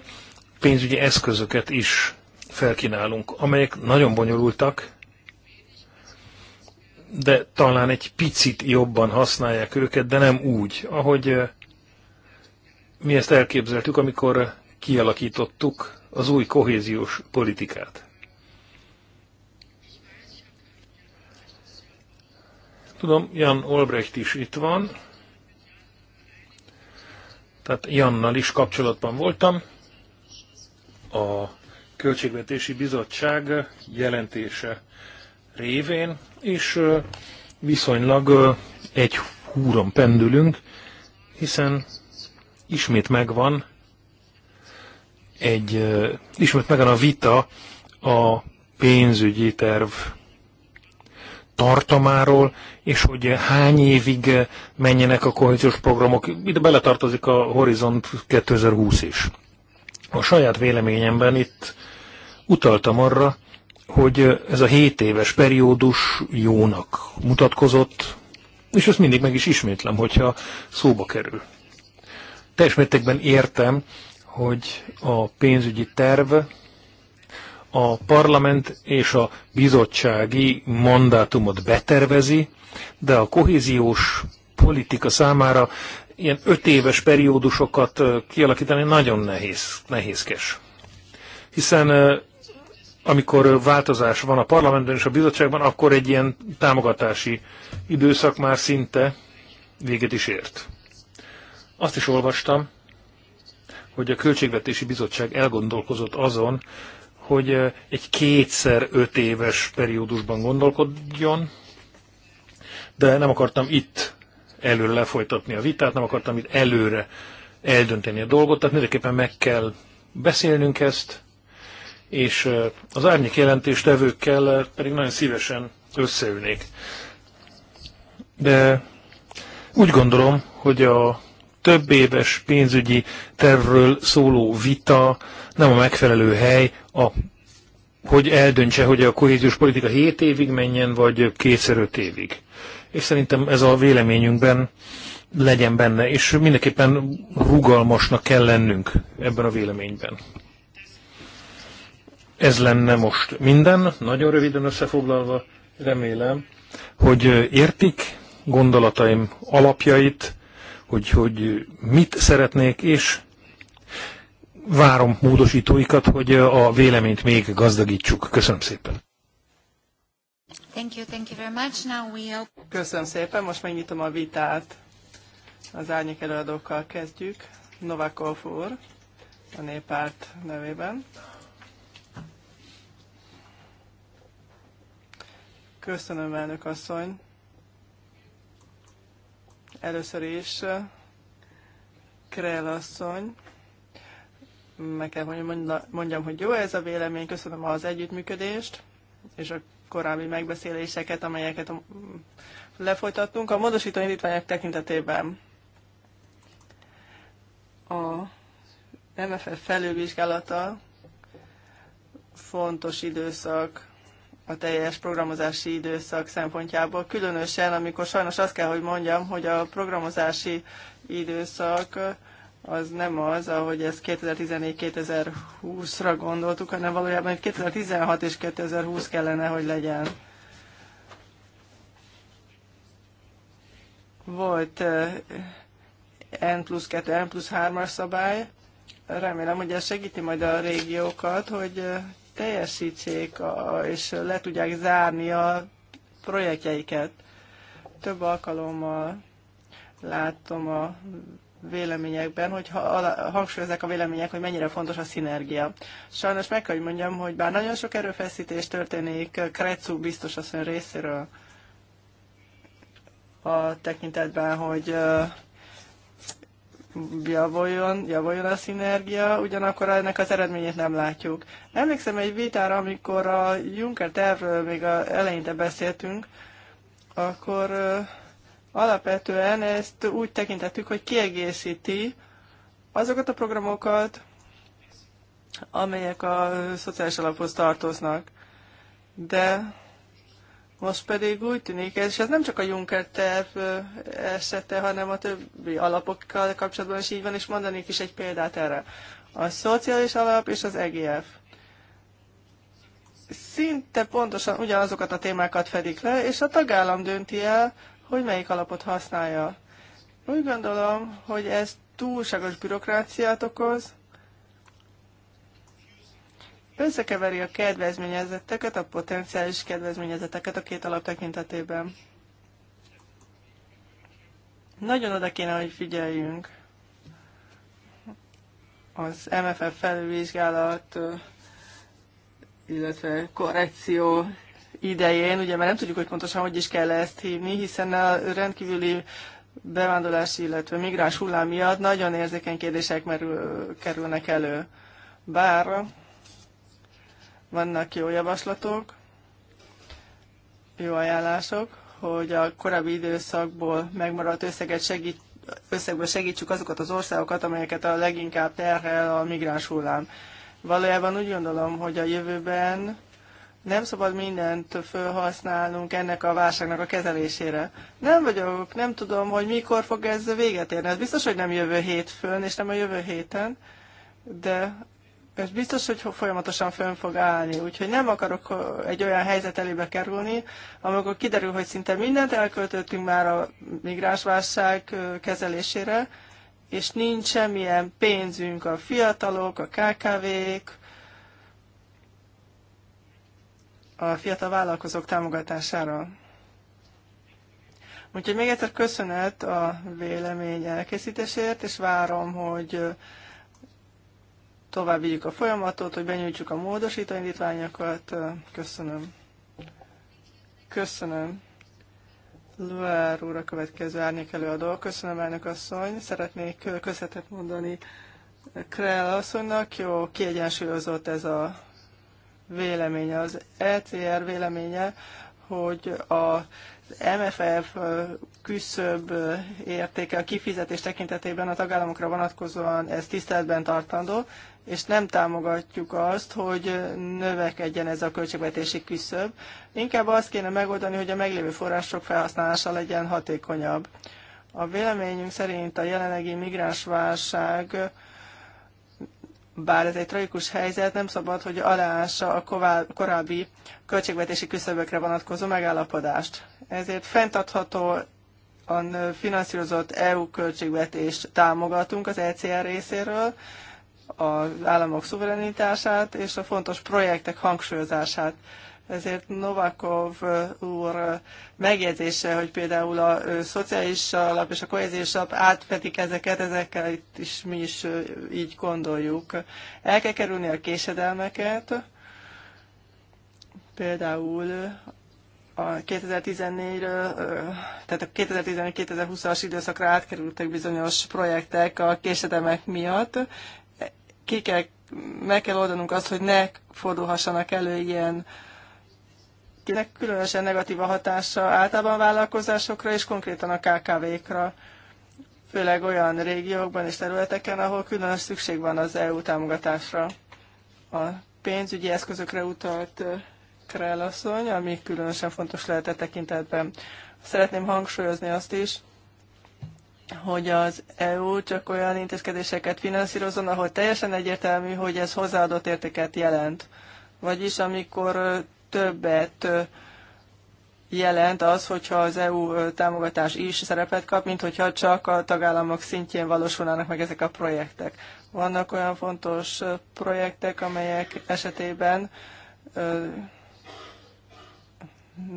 pénzügyi eszközöket is felkínálunk, amelyek nagyon bonyolultak, de talán egy picit jobban használják őket, de nem úgy, ahogy mi ezt elképzeltük, amikor kialakítottuk az új kohéziós politikát. Tudom, Jan Olbrecht is itt van, tehát Jannal is kapcsolatban voltam. A Költségvetési Bizottság jelentése révén, és viszonylag egy húron pendülünk, hiszen ismét megvan egy, ismét megvan a vita a pénzügyi terv tartamáról, és hogy hány évig menjenek a kohéziós programok. Ide beletartozik a Horizont 2020 is. A saját véleményemben itt utaltam arra, hogy ez a 7 éves periódus jónak mutatkozott, és ezt mindig meg is ismétlem, hogyha szóba kerül teljes mértékben értem, hogy a pénzügyi terv a parlament és a bizottsági mandátumot betervezi, de a kohéziós politika számára ilyen öt éves periódusokat kialakítani nagyon nehéz, nehézkes. Hiszen amikor változás van a parlamentben és a bizottságban, akkor egy ilyen támogatási időszak már szinte véget is ért. Azt is olvastam, hogy a Költségvetési Bizottság elgondolkozott azon, hogy eh, egy kétszer öt éves periódusban gondolkodjon, de nem akartam itt előre lefolytatni a vitát, nem akartam itt előre eldönteni a dolgot, tehát mindenképpen meg kell beszélnünk ezt, és eh, az árnyék jelentéstevőkkel eh, pedig nagyon szívesen összeülnék. De úgy gondolom, hogy a több éves pénzügyi tervről szóló vita nem a megfelelő hely, a, hogy eldöntse, hogy a kohéziós politika 7 évig menjen, vagy kétszer 5 évig. És szerintem ez a véleményünkben legyen benne, és mindenképpen rugalmasnak kell lennünk ebben a véleményben. Ez lenne most minden, nagyon röviden összefoglalva, remélem, hogy értik gondolataim alapjait, hogy, hogy mit szeretnék, és várom módosítóikat, hogy a véleményt még gazdagítsuk. Köszönöm szépen. Thank you, thank you very much. Now we Köszönöm szépen, most megnyitom a vitát. Az árnyék előadókkal kezdjük. Novakov úr, a néppárt nevében. Köszönöm, elnök asszony. Először is Krell asszony, meg kell mondjam, mondjam, hogy jó ez a vélemény, köszönöm az együttműködést, és a korábbi megbeszéléseket, amelyeket lefolytattunk. A módosító indítványok tekintetében a MFF felülvizsgálata fontos időszak a teljes programozási időszak szempontjából, különösen amikor sajnos azt kell, hogy mondjam, hogy a programozási időszak az nem az, ahogy ezt 2014-2020-ra gondoltuk, hanem valójában 2016 és 2020 kellene, hogy legyen. Volt eh, N plusz 2, N plusz 3-as szabály. Remélem, hogy ez segíti majd a régiókat, hogy eh, teljesítsék a, és le tudják zárni a projektjeiket. Több alkalommal látom a véleményekben, hogy hangsúlyozzák a vélemények, hogy mennyire fontos a szinergia. Sajnos meg kell, hogy mondjam, hogy bár nagyon sok erőfeszítés történik Kretszú biztos asszony részéről a tekintetben, hogy javuljon, javuljon a szinergia, ugyanakkor ennek az eredményét nem látjuk. Emlékszem egy vitára, amikor a Juncker tervről még a eleinte beszéltünk, akkor alapvetően ezt úgy tekintettük, hogy kiegészíti azokat a programokat, amelyek a szociális alaphoz tartoznak. De most pedig úgy tűnik, és ez nem csak a Juncker terv esete, hanem a többi alapokkal kapcsolatban is így van, és mondanék is egy példát erre. A szociális alap és az EGF szinte pontosan ugyanazokat a témákat fedik le, és a tagállam dönti el, hogy melyik alapot használja. Úgy gondolom, hogy ez túlságos bürokráciát okoz, összekeveri a kedvezményezetteket, a potenciális kedvezményezetteket a két alap tekintetében. Nagyon oda kéne, hogy figyeljünk az MFF felülvizsgálat, illetve korrekció idején, ugye már nem tudjuk, hogy pontosan hogy is kell ezt hívni, hiszen a rendkívüli bevándorlási, illetve migráns hullám miatt nagyon érzékeny kérdések merül, kerülnek elő. Bár vannak jó javaslatok, jó ajánlások, hogy a korábbi időszakból megmaradt összeget segít, összegből segítsük azokat az országokat, amelyeket a leginkább terhel a migráns hullám. Valójában úgy gondolom, hogy a jövőben nem szabad mindent felhasználnunk ennek a válságnak a kezelésére. Nem vagyok, nem tudom, hogy mikor fog ez véget érni. Ez biztos, hogy nem jövő hétfőn, és nem a jövő héten, de ez biztos, hogy folyamatosan fönn fog állni. Úgyhogy nem akarok egy olyan helyzet elébe kerülni, amikor kiderül, hogy szinte mindent elköltöttünk már a migránsválság kezelésére, és nincs semmilyen pénzünk a fiatalok, a KKV-k, a fiatal vállalkozók támogatására. Úgyhogy még egyszer köszönet a vélemény elkészítésért, és várom, hogy tovább vigyük a folyamatot, hogy benyújtsuk a módosító indítványokat. Köszönöm. Köszönöm. Luár úr a következő árnyék előadó. Köszönöm, elnök asszony. Szeretnék köszönetet mondani Krell asszonynak. Jó, kiegyensúlyozott ez a véleménye. Az ECR véleménye, hogy a MFF küszöbb értéke a kifizetés tekintetében a tagállamokra vonatkozóan ez tiszteletben tartandó, és nem támogatjuk azt, hogy növekedjen ez a költségvetési küszöb. Inkább azt kéne megoldani, hogy a meglévő források felhasználása legyen hatékonyabb. A véleményünk szerint a jelenlegi migránsválság bár ez egy tragikus helyzet, nem szabad, hogy aláássa a korábbi költségvetési küszöbökre vonatkozó megállapodást. Ezért fenntartható a finanszírozott EU költségvetést támogatunk az ECR részéről, az államok szuverenitását és a fontos projektek hangsúlyozását. Ezért Novakov úr megjegyzése, hogy például a szociális alap és a kohéziós alap átfetik ezeket, ezekkel itt is mi is így gondoljuk. El kell kerülni a késedelmeket, például a 2014-ről, tehát a 2014-2020-as időszakra átkerültek bizonyos projektek a késedemek miatt. Ki kell, meg kell oldanunk azt, hogy ne fordulhassanak elő ilyen uh, kinek különösen negatív a hatása általában vállalkozásokra és konkrétan a KKV-kra, főleg olyan régiókban és területeken, ahol különös szükség van az EU támogatásra. A pénzügyi eszközökre utalt Krell asszony, ami különösen fontos a e tekintetben. Szeretném hangsúlyozni azt is, hogy az EU csak olyan intézkedéseket finanszírozon, ahol teljesen egyértelmű, hogy ez hozzáadott értéket jelent. Vagyis amikor többet jelent az, hogyha az EU támogatás is szerepet kap, mint hogyha csak a tagállamok szintjén valósulnának meg ezek a projektek. Vannak olyan fontos projektek, amelyek esetében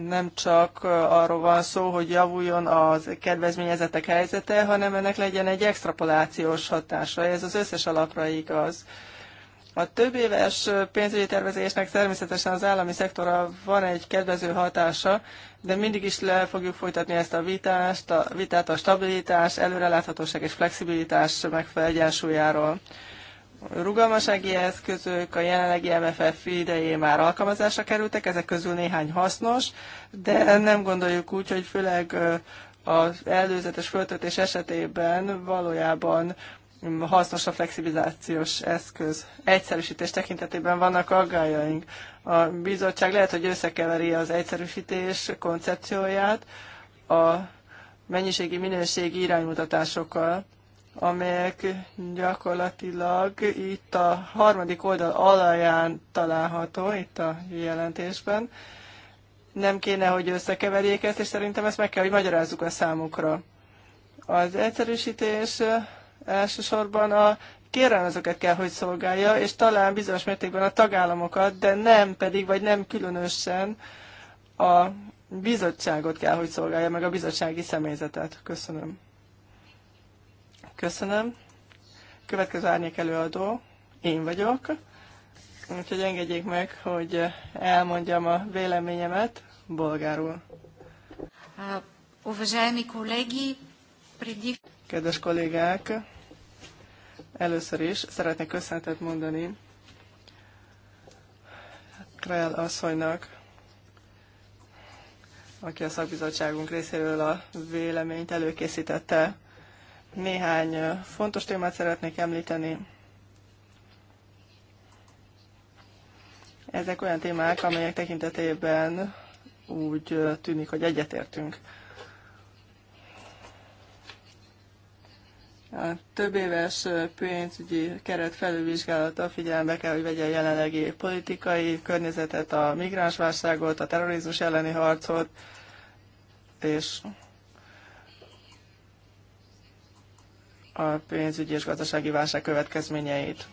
nem csak arról van szó, hogy javuljon az kedvezményezetek helyzete, hanem ennek legyen egy extrapolációs hatása. Ez az összes alapra igaz. A több éves pénzügyi tervezésnek természetesen az állami szektora van egy kedvező hatása, de mindig is le fogjuk folytatni ezt a vitást, a vitát a stabilitás, előreláthatóság és flexibilitás megfelelő egyensúlyáról. A rugalmasági eszközök a jelenlegi MFF idején már alkalmazásra kerültek, ezek közül néhány hasznos, de nem gondoljuk úgy, hogy főleg az előzetes föltöltés esetében valójában hasznos a flexibilizációs eszköz. Egyszerűsítés tekintetében vannak aggájaink. A bizottság lehet, hogy összekeveri az egyszerűsítés koncepcióját a mennyiségi minőségi iránymutatásokkal, amelyek gyakorlatilag itt a harmadik oldal alaján található, itt a jelentésben. Nem kéne, hogy összekeverjék ezt, és szerintem ezt meg kell, hogy magyarázzuk a számukra. Az egyszerűsítés Elsősorban a kérelmezőket kell, hogy szolgálja, és talán bizonyos mértékben a tagállamokat, de nem pedig, vagy nem különösen a bizottságot kell, hogy szolgálja, meg a bizottsági személyzetet. Köszönöm. Köszönöm. Következő árnyék előadó, én vagyok. Úgyhogy engedjék meg, hogy elmondjam a véleményemet bolgárul. Uh, Kedves kollégák, Először is szeretnék köszönetet mondani Krell asszonynak, aki a szakbizottságunk részéről a véleményt előkészítette. Néhány fontos témát szeretnék említeni. Ezek olyan témák, amelyek tekintetében úgy tűnik, hogy egyetértünk. A több éves pénzügyi keret felülvizsgálata figyelembe kell, hogy vegye a jelenlegi politikai környezetet, a migránsválságot, a terrorizmus elleni harcot, és a pénzügyi és gazdasági válság következményeit.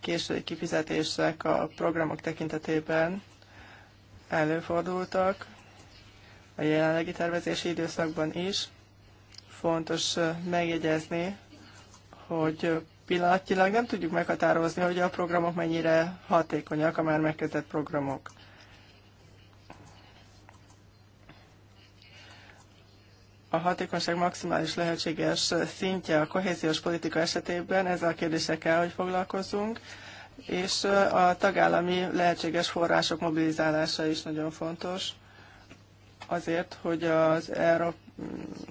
Késői kifizetések a programok tekintetében előfordultak a jelenlegi tervezési időszakban is, fontos megjegyezni, hogy pillanatilag nem tudjuk meghatározni, hogy a programok mennyire hatékonyak, a már megkötött programok. a hatékonyság maximális lehetséges szintje a kohéziós politika esetében, ezzel a kérdésekkel, hogy foglalkozunk, és a tagállami lehetséges források mobilizálása is nagyon fontos, azért, hogy az Európa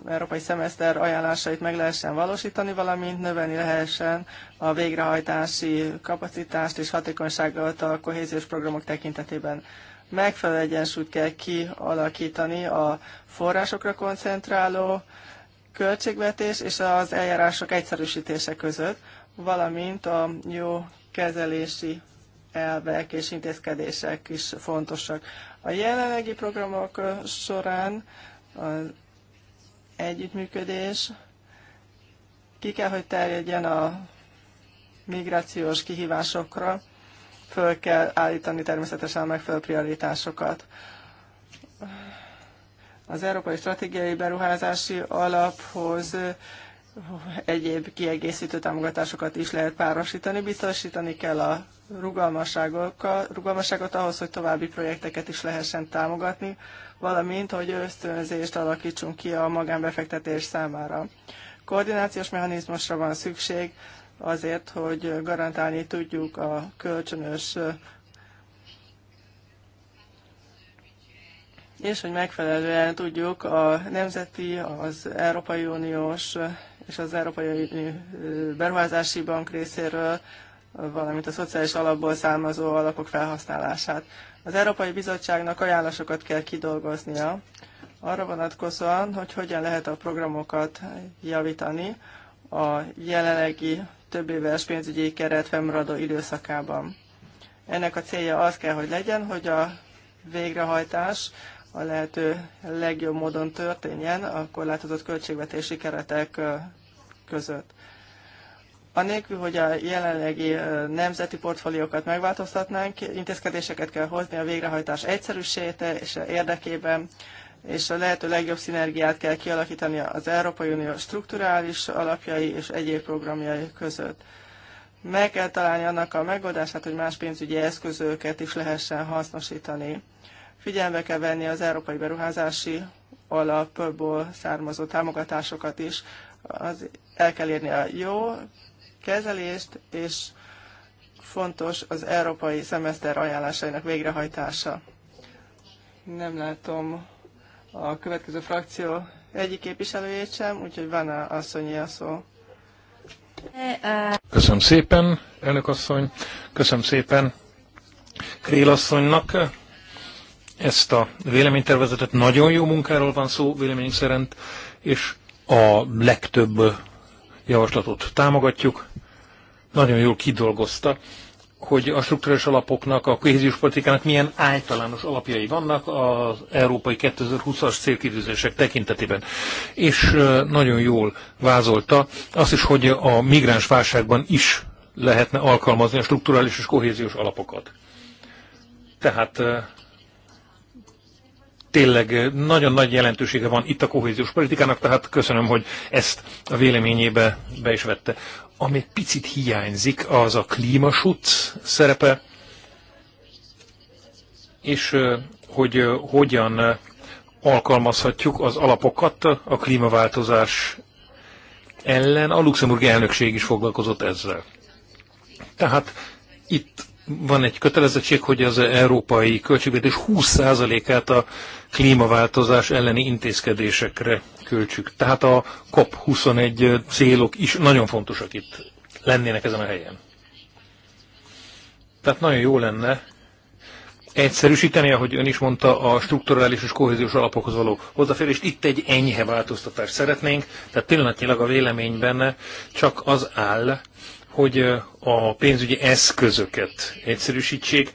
európai szemeszter ajánlásait meg lehessen valósítani, valamint növelni lehessen a végrehajtási kapacitást és hatékonyságot a kohéziós programok tekintetében. Megfelelő egyensúlyt kell kialakítani a forrásokra koncentráló költségvetés és az eljárások egyszerűsítése között, valamint a jó kezelési elvek és intézkedések is fontosak. A jelenlegi programok során az együttműködés ki kell, hogy terjedjen a migrációs kihívásokra, föl kell állítani természetesen a megfelelő prioritásokat. Az Európai Stratégiai Beruházási Alaphoz egyéb kiegészítő támogatásokat is lehet párosítani. Biztosítani kell a rugalmasságot ahhoz, hogy további projekteket is lehessen támogatni, valamint, hogy ösztönzést alakítsunk ki a magánbefektetés számára. Koordinációs mechanizmusra van szükség azért, hogy garantálni tudjuk a kölcsönös és hogy megfelelően tudjuk a nemzeti, az Európai Uniós és az Európai Beruházási Bank részéről, valamint a szociális alapból származó alapok felhasználását. Az Európai Bizottságnak ajánlásokat kell kidolgoznia arra vonatkozóan, hogy hogyan lehet a programokat javítani a jelenlegi több éves pénzügyi keret fennmaradó időszakában. Ennek a célja az kell, hogy legyen, hogy a végrehajtás a lehető legjobb módon történjen a korlátozott költségvetési keretek között. Anélkül, hogy a jelenlegi nemzeti portfóliókat megváltoztatnánk, intézkedéseket kell hozni a végrehajtás eh, és érdekében, és a lehető legjobb szinergiát kell kialakítani az Európai Unió strukturális alapjai és egyéb programjai között. Meg kell találni annak a megoldását, hogy más pénzügyi eszközöket is lehessen hasznosítani. Figyelme kell venni az Európai Beruházási Alapból származó támogatásokat is. Az, el kell érni a jó kezelést, és fontos az európai szemeszter ajánlásainak végrehajtása. Nem látom a következő frakció egyik képviselőjét sem, úgyhogy van a asszonyi a szó. Köszönöm szépen, elnök asszony, köszönöm szépen Krél asszonynak ezt a véleménytervezetet. Nagyon jó munkáról van szó vélemény szerint, és a legtöbb javaslatot támogatjuk. Nagyon jól kidolgozta, hogy a struktúrás alapoknak, a kohéziós politikának milyen általános alapjai vannak az európai 2020-as célkidőzések tekintetében. És nagyon jól vázolta azt is, hogy a migráns válságban is lehetne alkalmazni a strukturális és kohéziós alapokat. Tehát tényleg eh, nagyon nagy jelentősége van itt a kohéziós politikának, tehát köszönöm, hogy ezt a véleményébe be is vette. Ami picit hiányzik, az a klímasut szerepe, és eh, hogy eh, hogyan alkalmazhatjuk az alapokat a klímaváltozás ellen. A luxemburgi elnökség is foglalkozott ezzel. Tehát itt van egy kötelezettség, hogy az európai költségvetés 20%-át a klímaváltozás elleni intézkedésekre költsük. Tehát a COP21 célok is nagyon fontosak itt lennének ezen a helyen. Tehát nagyon jó lenne egyszerűsíteni, ahogy ön is mondta, a strukturális és kohéziós alapokhoz való hozzáférést. Itt egy enyhe változtatást szeretnénk, tehát pillanatnyilag a véleményben csak az áll, hogy a pénzügyi eszközöket egyszerűsítsék,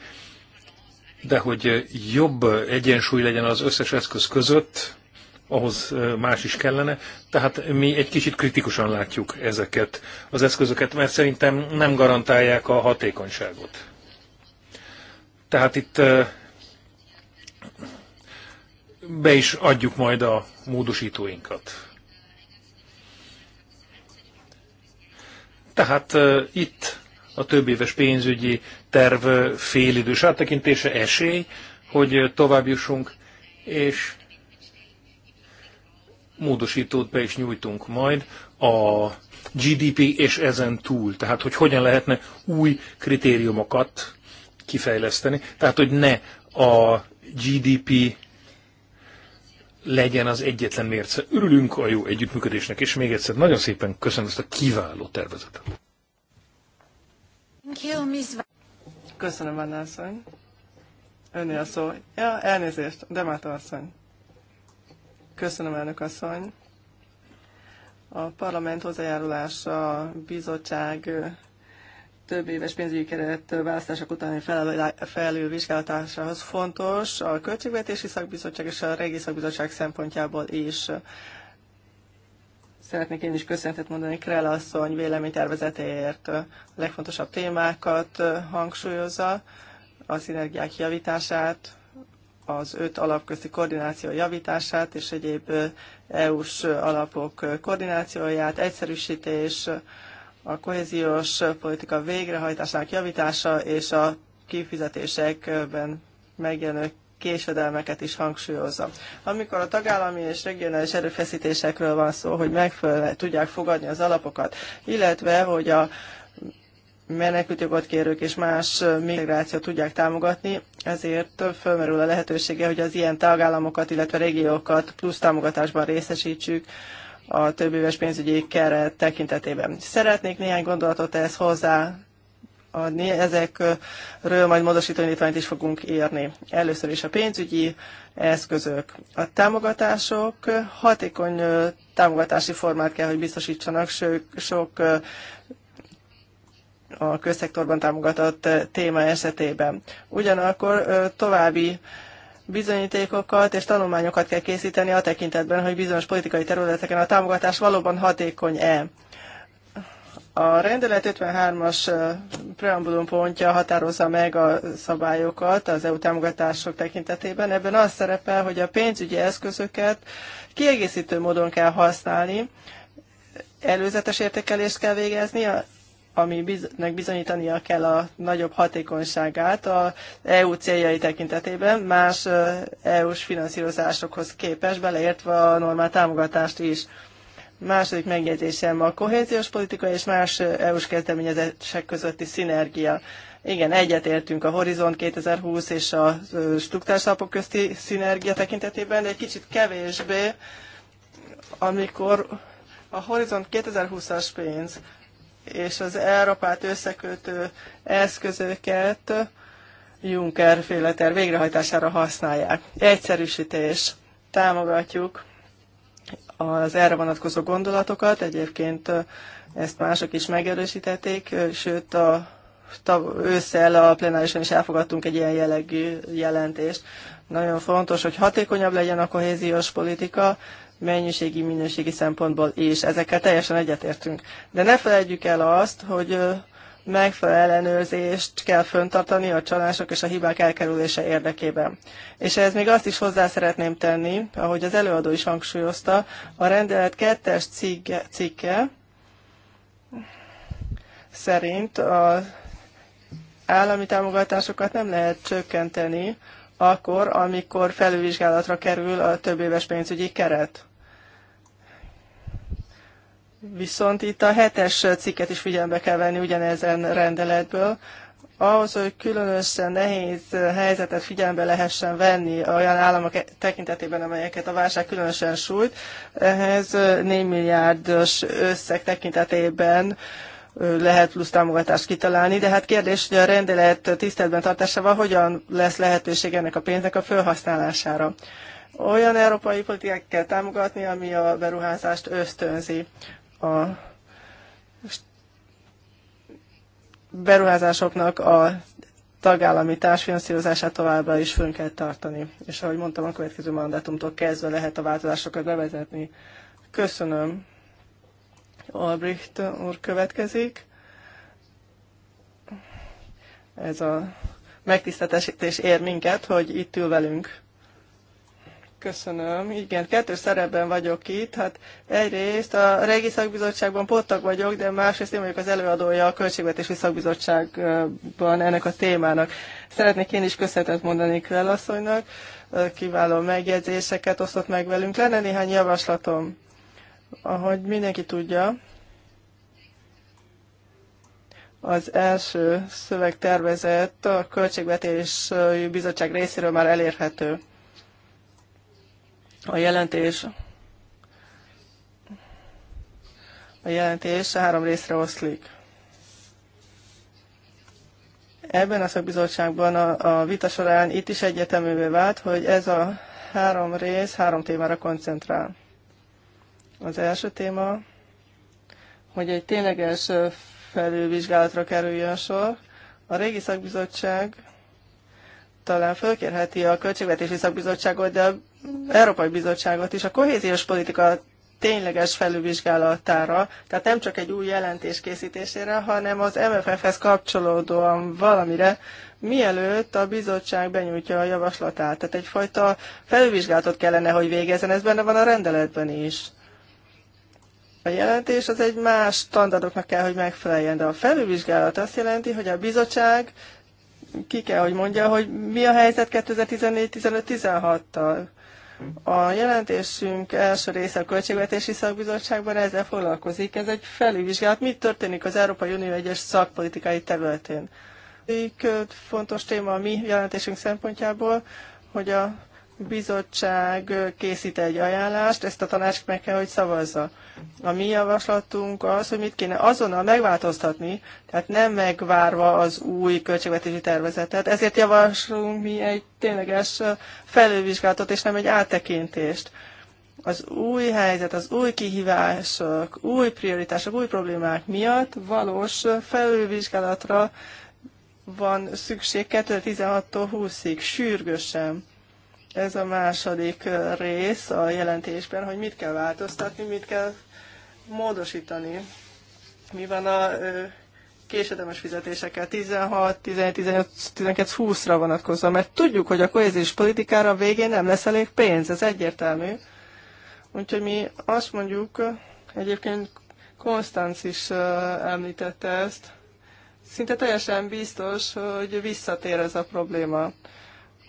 de hogy jobb egyensúly legyen az összes eszköz között, ahhoz más is kellene. Tehát mi egy kicsit kritikusan látjuk ezeket az eszközöket, mert szerintem nem garantálják a hatékonyságot. Tehát itt be is adjuk majd a módosítóinkat. Tehát itt a több éves pénzügyi terv félidős áttekintése esély, hogy tovább jussunk, és módosítót be is nyújtunk majd a GDP és ezen túl, tehát hogy hogyan lehetne új kritériumokat kifejleszteni, tehát hogy ne a GDP legyen az egyetlen mérce. Örülünk a jó együttműködésnek, és még egyszer nagyon szépen köszönöm ezt a kiváló tervezetet. Köszönöm, Anna asszony. Önné a szó. Ja, elnézést, Demáta asszony. Köszönöm, elnök asszony. A parlament hozzájárulása a bizottság több éves pénzügyi keret választások utáni felülvizsgálatásához fontos a Költségvetési Szakbizottság és a regi Szakbizottság szempontjából is. Szeretnék én is köszönetet mondani Krell asszony véleménytervezetéért. A legfontosabb témákat hangsúlyozza, a szinergiák javítását, az öt alapközi koordináció javítását és egyéb EU-s alapok koordinációját, egyszerűsítés, a kohéziós politika végrehajtásának javítása és a kifizetésekben megjelenő késedelmeket is hangsúlyozza. Amikor a tagállami és regionális erőfeszítésekről van szó, hogy megfelelően tudják fogadni az alapokat, illetve hogy a menekültjogot kérők és más migrációt tudják támogatni, ezért fölmerül a lehetősége, hogy az ilyen tagállamokat, illetve régiókat plusz támogatásban részesítsük a több éves pénzügyi keret tekintetében. Szeretnék néhány gondolatot ehhez hozzá adni. Ezekről majd módosító indítványt is fogunk érni. Először is a pénzügyi eszközök. A támogatások hatékony támogatási formát kell, hogy biztosítsanak, sok, sok a közszektorban támogatott téma esetében. Ugyanakkor további bizonyítékokat és tanulmányokat kell készíteni a tekintetben, hogy bizonyos politikai területeken a támogatás valóban hatékony-e. A rendelet 53-as preambulum pontja határozza meg a szabályokat az EU támogatások tekintetében. Ebben az szerepel, hogy a pénzügyi eszközöket kiegészítő módon kell használni, előzetes értékelést kell végezni, aminek bizonyítania kell a nagyobb hatékonyságát az EU céljai tekintetében, más EU-s finanszírozásokhoz képes, beleértve a normál támogatást is. Második megjegyzésem a kohéziós politika és más EU-s kezdeményezések közötti szinergia. Igen, egyetértünk a Horizont 2020 és a struktúrás közti szinergia tekintetében, de egy kicsit kevésbé, amikor a Horizont 2020-as pénz és az Európát összekötő eszközöket Juncker féle terv végrehajtására használják. Egyszerűsítés. Támogatjuk az erre vonatkozó gondolatokat. Egyébként ezt mások is megerősítették, sőt a ősszel a plenárison is elfogadtunk egy ilyen jellegű jelentést. Nagyon fontos, hogy hatékonyabb legyen a kohéziós politika, mennyiségi, minőségi szempontból is. Ezekkel teljesen egyetértünk. De ne felejtjük el azt, hogy megfelelő ellenőrzést kell föntartani a csalások és a hibák elkerülése érdekében. És ez még azt is hozzá szeretném tenni, ahogy az előadó is hangsúlyozta, a rendelet kettes cikke, cikke szerint az állami támogatásokat nem lehet csökkenteni akkor, amikor felülvizsgálatra kerül a több éves pénzügyi keret. Viszont itt a hetes cikket is figyelembe kell venni ugyanezen rendeletből, ahhoz, hogy különösen nehéz helyzetet figyelembe lehessen venni olyan államok e- tekintetében, amelyeket a válság különösen sújt, ehhez 4 milliárdos összeg tekintetében lehet plusz támogatást kitalálni, de hát kérdés, hogy a rendelet tiszteletben tartásával hogyan lesz lehetőség ennek a pénznek a felhasználására. Olyan európai politikát kell támogatni, ami a beruházást ösztönzi a beruházásoknak a tagállami társfinanszírozását továbbra is fönn kell tartani. És ahogy mondtam, a következő mandátumtól kezdve lehet a változásokat bevezetni. Köszönöm. Albrecht úr következik. Ez a megtiszteltetés ér minket, hogy itt ül velünk. Köszönöm. Igen, kettő szerepben vagyok itt. Hát egyrészt a Régi Szakbizottságban pottak vagyok, de másrészt én vagyok az előadója a Költségvetési Szakbizottságban ennek a témának. Szeretnék én is köszönetet mondani Krell Kiváló megjegyzéseket osztott meg velünk. Lenne néhány javaslatom, ahogy mindenki tudja. Az első szövegtervezet a Költségvetési Bizottság részéről már elérhető a jelentés a jelentés három részre oszlik. Ebben a szakbizottságban a, a vita során itt is egyeteművé vált, hogy ez a három rész három témára koncentrál. Az első téma, hogy egy tényleges felülvizsgálatra kerüljön sor. A régi szakbizottság talán fölkérheti a költségvetési szakbizottságot, de a Európai Bizottságot is a kohéziós politika tényleges felülvizsgálatára, tehát nem csak egy új jelentés készítésére, hanem az MFF-hez kapcsolódóan valamire, mielőtt a bizottság benyújtja a javaslatát. Tehát egyfajta felülvizsgálatot kellene, hogy végezzen, ez benne van a rendeletben is. A jelentés az egy más standardoknak kell, hogy megfeleljen, de a felülvizsgálat azt jelenti, hogy a bizottság ki kell, hogy mondja, hogy mi a helyzet 2014-15-16-tal a jelentésünk első része a Költségvetési Szakbizottságban ezzel foglalkozik. Ez egy felülvizsgálat, mi történik az Európai Unió egyes szakpolitikai területén. Egyik fontos téma a mi jelentésünk szempontjából, hogy a bizottság készít egy ajánlást, ezt a tanács meg kell, hogy szavazza. A mi javaslatunk az, hogy mit kéne azonnal megváltoztatni, tehát nem megvárva az új költségvetési tervezetet. Ezért javaslunk mi egy tényleges felülvizsgálatot, és nem egy áttekintést. Az új helyzet, az új kihívások, új prioritások, új problémák miatt valós felülvizsgálatra van szükség 2016-tól 20-ig, sürgősen ez a második rész a jelentésben, hogy mit kell változtatni, mit kell módosítani. Mi van a késedemes fizetésekkel 16, 11, 18, 19, 20-ra vonatkozva, mert tudjuk, hogy a kohézis politikára végén nem lesz elég pénz, ez egyértelmű. Úgyhogy mi azt mondjuk, egyébként Konstanz is említette ezt, szinte teljesen biztos, hogy visszatér ez a probléma.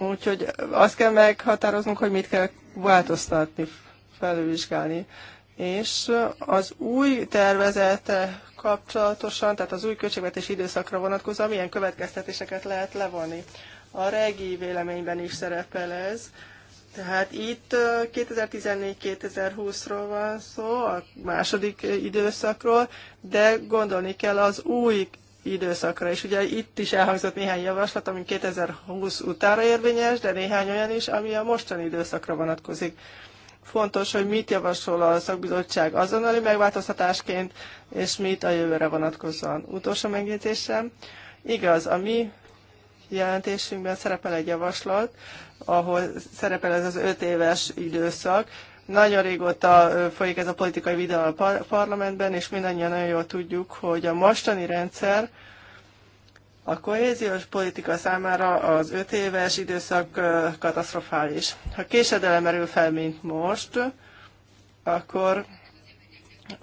Úgyhogy azt kell meghatároznunk, hogy mit kell változtatni, felülvizsgálni. És az új tervezete kapcsolatosan, tehát az új költségvetési időszakra vonatkozóan milyen következtetéseket lehet levonni. A regi véleményben is szerepel ez. Tehát itt 2014-2020-ról van szó, a második időszakról, de gondolni kell az új időszakra. És ugye itt is elhangzott néhány javaslat, ami 2020 utára érvényes, de néhány olyan is, ami a mostani időszakra vonatkozik. Fontos, hogy mit javasol a szakbizottság azonnali megváltoztatásként, és mit a jövőre vonatkozóan. Utolsó megjegyzésem. Igaz, a mi jelentésünkben szerepel egy javaslat, ahol szerepel ez az öt éves időszak, nagyon régóta folyik ez a politikai videó a par- parlamentben, és mindannyian nagyon jól tudjuk, hogy a mostani rendszer a kohéziós politika számára az öt éves időszak katasztrofális. Ha késedelem merül fel, mint most, akkor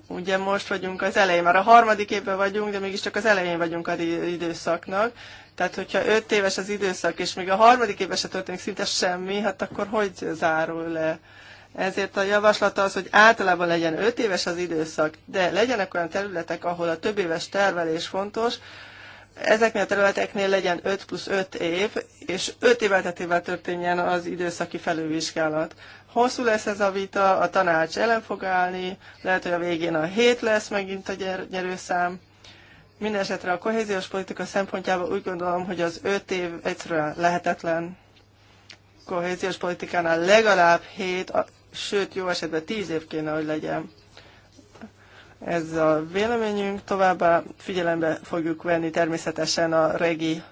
ugye most vagyunk az elején, már a harmadik évben vagyunk, de mégiscsak az elején vagyunk az időszaknak. Tehát, hogyha öt éves az időszak, és még a harmadik évben se történik szinte semmi, hát akkor hogy zárul le ezért a javaslat az, hogy általában legyen 5 éves az időszak, de legyenek olyan területek, ahol a több éves tervelés fontos, ezeknél a területeknél legyen 5 plusz 5 év, és 5 éveltetével történjen az időszaki felülvizsgálat. Hosszú lesz ez a vita, a tanács ellen fog állni, lehet, hogy a végén a 7 lesz megint a nyer- nyerőszám. Mindenesetre a kohéziós politika szempontjából úgy gondolom, hogy az 5 év egyszerűen lehetetlen kohéziós politikánál legalább 7, sőt, jó esetben tíz év kéne, hogy legyen. Ez a véleményünk, továbbá figyelembe fogjuk venni természetesen a regi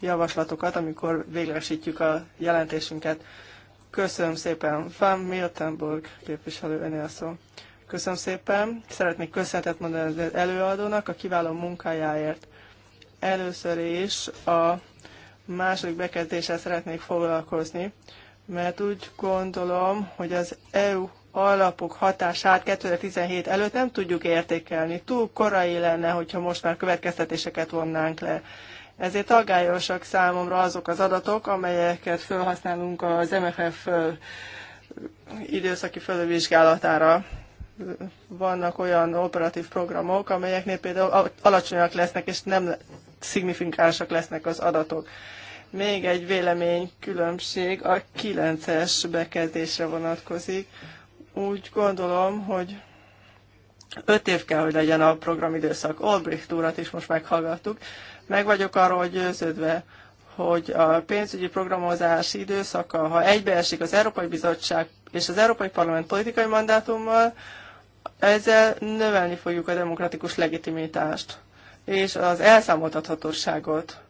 javaslatokat, amikor véglegesítjük a jelentésünket. Köszönöm szépen, Van Miltenburg képviselő, a szó. Köszönöm szépen, szeretnék köszönetet mondani az előadónak a kiváló munkájáért. Először is a második bekezdéssel szeretnék foglalkozni mert úgy gondolom, hogy az EU alapok hatását 2017 előtt nem tudjuk értékelni. Túl korai lenne, hogyha most már következtetéseket vonnánk le. Ezért aggályosak számomra azok az adatok, amelyeket felhasználunk az MFF időszaki fölvizsgálatára. Vannak olyan operatív programok, amelyeknél például alacsonyak lesznek, és nem szignifikánsak lesznek az adatok. Még egy vélemény különbség a 9-es bekezdésre vonatkozik. Úgy gondolom, hogy öt év kell, hogy legyen a programidőszak. Albrecht úrat is most meghallgattuk. Meg vagyok arról győződve, hogy a pénzügyi programozás időszaka, ha egybeesik az Európai Bizottság és az Európai Parlament politikai mandátummal, ezzel növelni fogjuk a demokratikus legitimitást és az elszámoltathatóságot.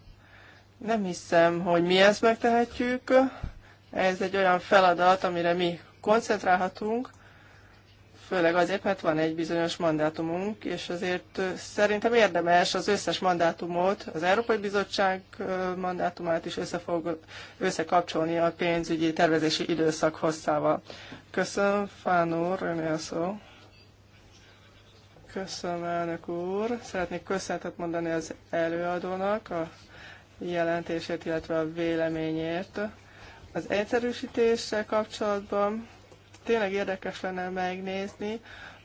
Nem hiszem, hogy mi ezt megtehetjük. Ez egy olyan feladat, amire mi koncentrálhatunk, főleg azért, mert van egy bizonyos mandátumunk, és azért szerintem érdemes az összes mandátumot, az Európai Bizottság mandátumát is összefog, összekapcsolni a pénzügyi tervezési időszak hosszával. Köszönöm, Fán úr, önél szó. Köszönöm, elnök úr. Szeretnék köszönetet mondani az előadónak a jelentését, illetve a véleményért. Az egyszerűsítéssel kapcsolatban tényleg érdekes lenne megnézni,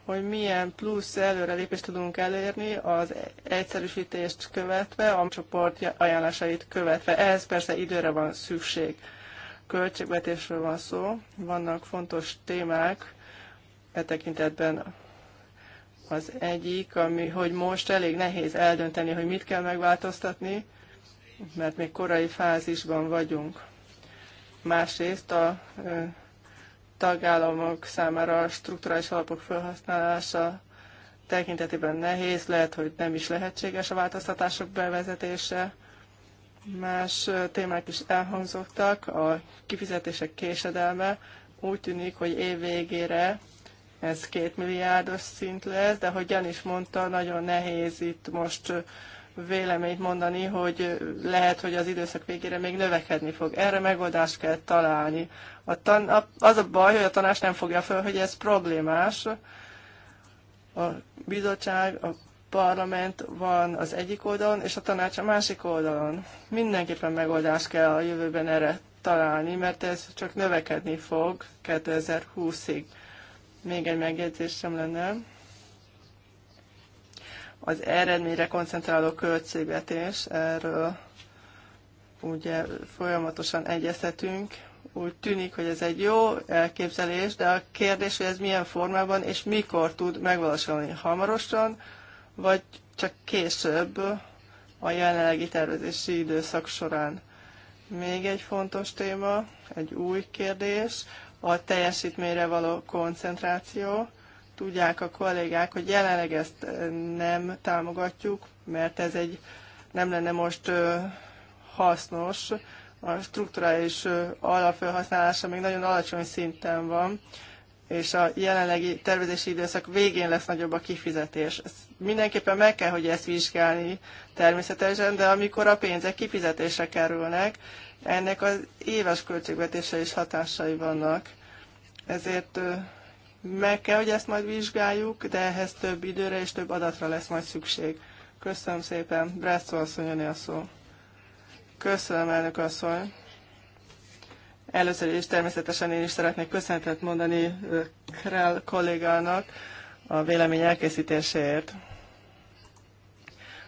hogy milyen plusz előrelépést tudunk elérni az egyszerűsítést követve, a csoport ajánlásait követve. Ehhez persze időre van szükség. Költségvetésről van szó, vannak fontos témák e tekintetben. Az egyik, ami, hogy most elég nehéz eldönteni, hogy mit kell megváltoztatni, mert még korai fázisban vagyunk. Másrészt a tagállamok számára a strukturális alapok felhasználása tekintetében nehéz, lehet, hogy nem is lehetséges a változtatások bevezetése. Más témák is elhangzottak, a kifizetések késedelme. Úgy tűnik, hogy év végére ez két milliárdos szint lesz, de hogy Jan is mondta, nagyon nehéz itt most véleményt mondani, hogy lehet, hogy az időszak végére még növekedni fog. Erre megoldást kell találni. A tan- a, az a baj, hogy a tanács nem fogja fel, hogy ez problémás. A bizottság, a parlament van az egyik oldalon, és a tanács a másik oldalon. Mindenképpen megoldást kell a jövőben erre találni, mert ez csak növekedni fog 2020-ig. Még egy megjegyzésem lenne az eredményre koncentráló költségvetés, erről ugye folyamatosan egyeztetünk, úgy tűnik, hogy ez egy jó elképzelés, de a kérdés, hogy ez milyen formában és mikor tud megvalósulni hamarosan, vagy csak később a jelenlegi tervezési időszak során. Még egy fontos téma, egy új kérdés, a teljesítményre való koncentráció. Tudják a kollégák, hogy jelenleg ezt nem támogatjuk, mert ez egy nem lenne most hasznos. A strukturális alapfelhasználása még nagyon alacsony szinten van, és a jelenlegi tervezési időszak végén lesz nagyobb a kifizetés. Ezt mindenképpen meg kell, hogy ezt vizsgálni természetesen, de amikor a pénzek kifizetése kerülnek, ennek az éves költségvetése is hatásai vannak. Ezért meg kell, hogy ezt majd vizsgáljuk, de ehhez több időre és több adatra lesz majd szükség. Köszönöm szépen. Brászó asszony, a szó. Köszönöm, elnök asszony. Először is természetesen én is szeretnék köszönetet mondani Krell kollégának a vélemény elkészítéséért.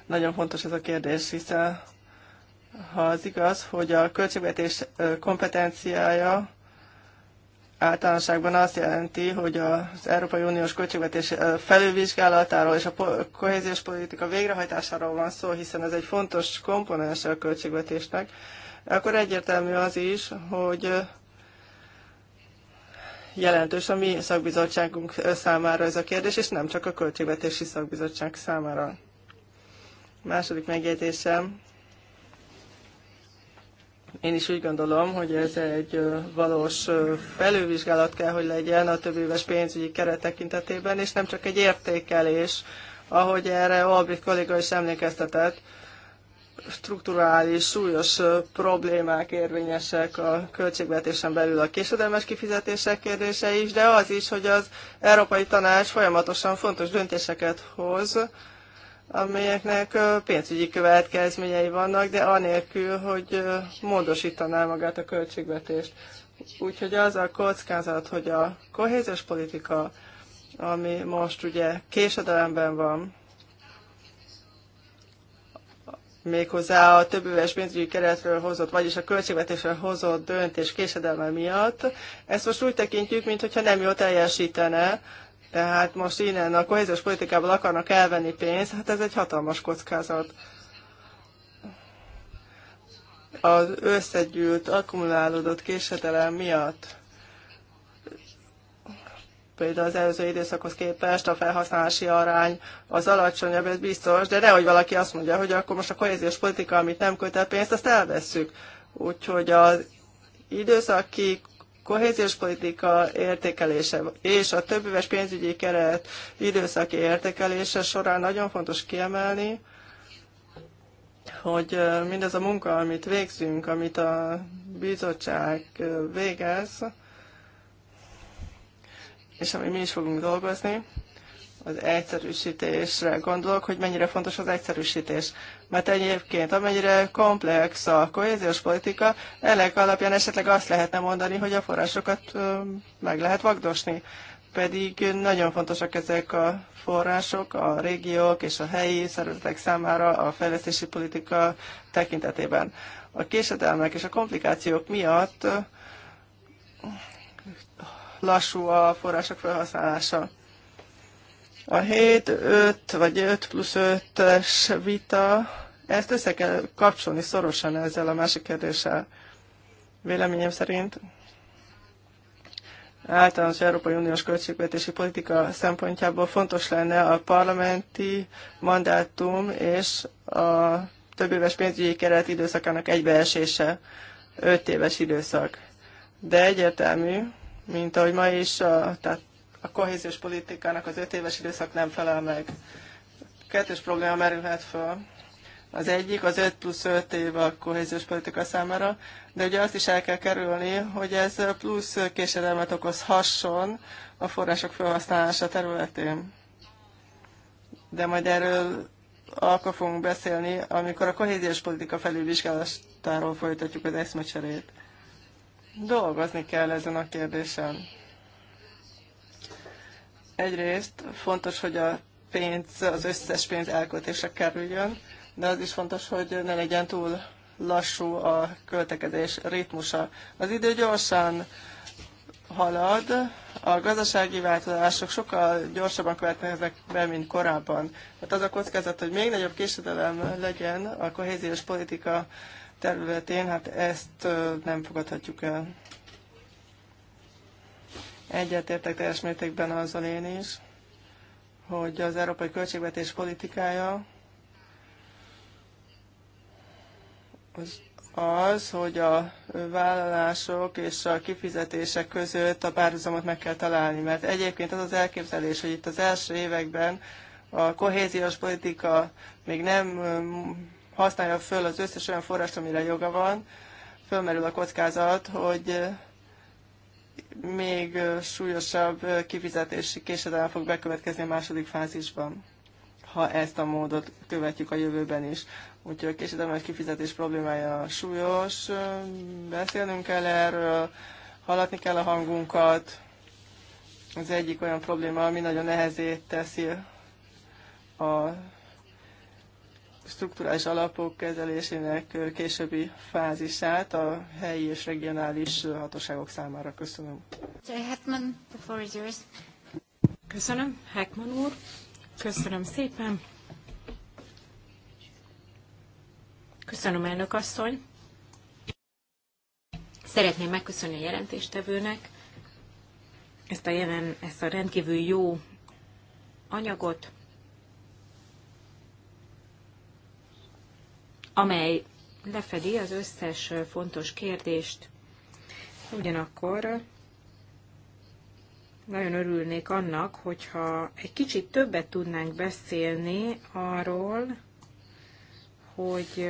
Nagyon fontos ez a kérdés, hiszen ha az igaz, hogy a költségvetés kompetenciája általánosságban azt jelenti, hogy az Európai Uniós költségvetés felülvizsgálatáról és a kohéziós politika végrehajtásáról van szó, hiszen ez egy fontos komponens a költségvetésnek, akkor egyértelmű az is, hogy jelentős a mi szakbizottságunk számára ez a kérdés, és nem csak a költségvetési szakbizottság számára. Második megjegyzésem, én is úgy gondolom, hogy ez egy valós felülvizsgálat kell, hogy legyen a több éves pénzügyi keret tekintetében, és nem csak egy értékelés, ahogy erre Albrecht kolléga is emlékeztetett, strukturális, súlyos problémák érvényesek a költségvetésen belül a késedelmes kifizetések kérdése is, de az is, hogy az Európai Tanács folyamatosan fontos döntéseket hoz, amelyeknek pénzügyi következményei vannak, de anélkül, hogy módosítaná magát a költségvetést. Úgyhogy az a kockázat, hogy a kohéziós politika, ami most ugye késedelemben van, méghozzá a több éves pénzügyi keretről hozott, vagyis a költségvetésről hozott döntés késedelme miatt. Ezt most úgy tekintjük, mintha nem jól teljesítene, tehát most innen a kohéziós politikából akarnak elvenni pénzt, hát ez egy hatalmas kockázat. Az összegyűlt, akkumulálódott késhetelem miatt például az előző időszakhoz képest a felhasználási arány az alacsonyabb, ez biztos, de nehogy valaki azt mondja, hogy akkor most a kohéziós politika, amit nem költ el pénzt, azt elvesszük. Úgyhogy az időszaki kohéziós politika értékelése és a éves pénzügyi keret időszaki értékelése során nagyon fontos kiemelni, hogy mindez a munka, amit végzünk, amit a bizottság végez, és ami mi is fogunk dolgozni, az egyszerűsítésre gondolok, hogy mennyire fontos az egyszerűsítés. Mert egyébként, amennyire komplex a kohéziós politika, ennek alapján esetleg azt lehetne mondani, hogy a forrásokat meg lehet vagdosni. Pedig nagyon fontosak ezek a források a régiók és a helyi szervezetek számára a fejlesztési politika tekintetében. A késedelmek és a komplikációk miatt lassú a források felhasználása. A 7, 5 vagy 5 plusz 5-es vita, ezt össze kell kapcsolni szorosan ezzel a másik kérdéssel. Véleményem szerint általános Európai Uniós költségvetési politika szempontjából fontos lenne a parlamenti mandátum és a több éves pénzügyi keret időszakának egybeesése, 5 éves időszak. De egyértelmű, mint ahogy ma is, a, tehát a kohéziós politikának az öt éves időszak nem felel meg. Kettős probléma merülhet föl. Az egyik az 5 plusz 5 év a kohéziós politika számára, de ugye azt is el kell kerülni, hogy ez plusz késedelmet okozhasson a források felhasználása területén. De majd erről akkor fogunk beszélni, amikor a kohéziós politika felülvizsgálatáról folytatjuk az eszmecserét. Dolgozni kell ezen a kérdésen. Egyrészt fontos, hogy a pénz, az összes pénz elköltése kerüljön, de az is fontos, hogy ne legyen túl lassú a költekezés ritmusa. Az idő gyorsan halad, a gazdasági változások sokkal gyorsabban következnek be, mint korábban. Hát az a kockázat, hogy még nagyobb késedelem legyen a kohéziós politika területén, hát ezt nem fogadhatjuk el. Egyetértek teljes mértékben azzal én is, hogy az európai költségvetés politikája az, az, hogy a vállalások és a kifizetések között a párhuzamot meg kell találni. Mert egyébként az az elképzelés, hogy itt az első években a kohéziós politika még nem um, használja föl az összes olyan forrást, amire joga van, fölmerül a kockázat, hogy még súlyosabb kifizetési késedelem fog bekövetkezni a második fázisban, ha ezt a módot követjük a jövőben is. Úgyhogy a késedelmes kifizetés problémája súlyos, beszélnünk kell erről, hallatni kell a hangunkat. Az egyik olyan probléma, ami nagyon nehezét teszi a Struktúrális alapok kezelésének későbbi fázisát a helyi és regionális hatóságok számára. Köszönöm. Köszönöm, Heckman úr. Köszönöm szépen. Köszönöm, elnök asszony. Szeretném megköszönni a jelentéstevőnek ezt a, jelen, ezt a rendkívül jó anyagot, amely lefedi az összes fontos kérdést. Ugyanakkor nagyon örülnék annak, hogyha egy kicsit többet tudnánk beszélni arról, hogy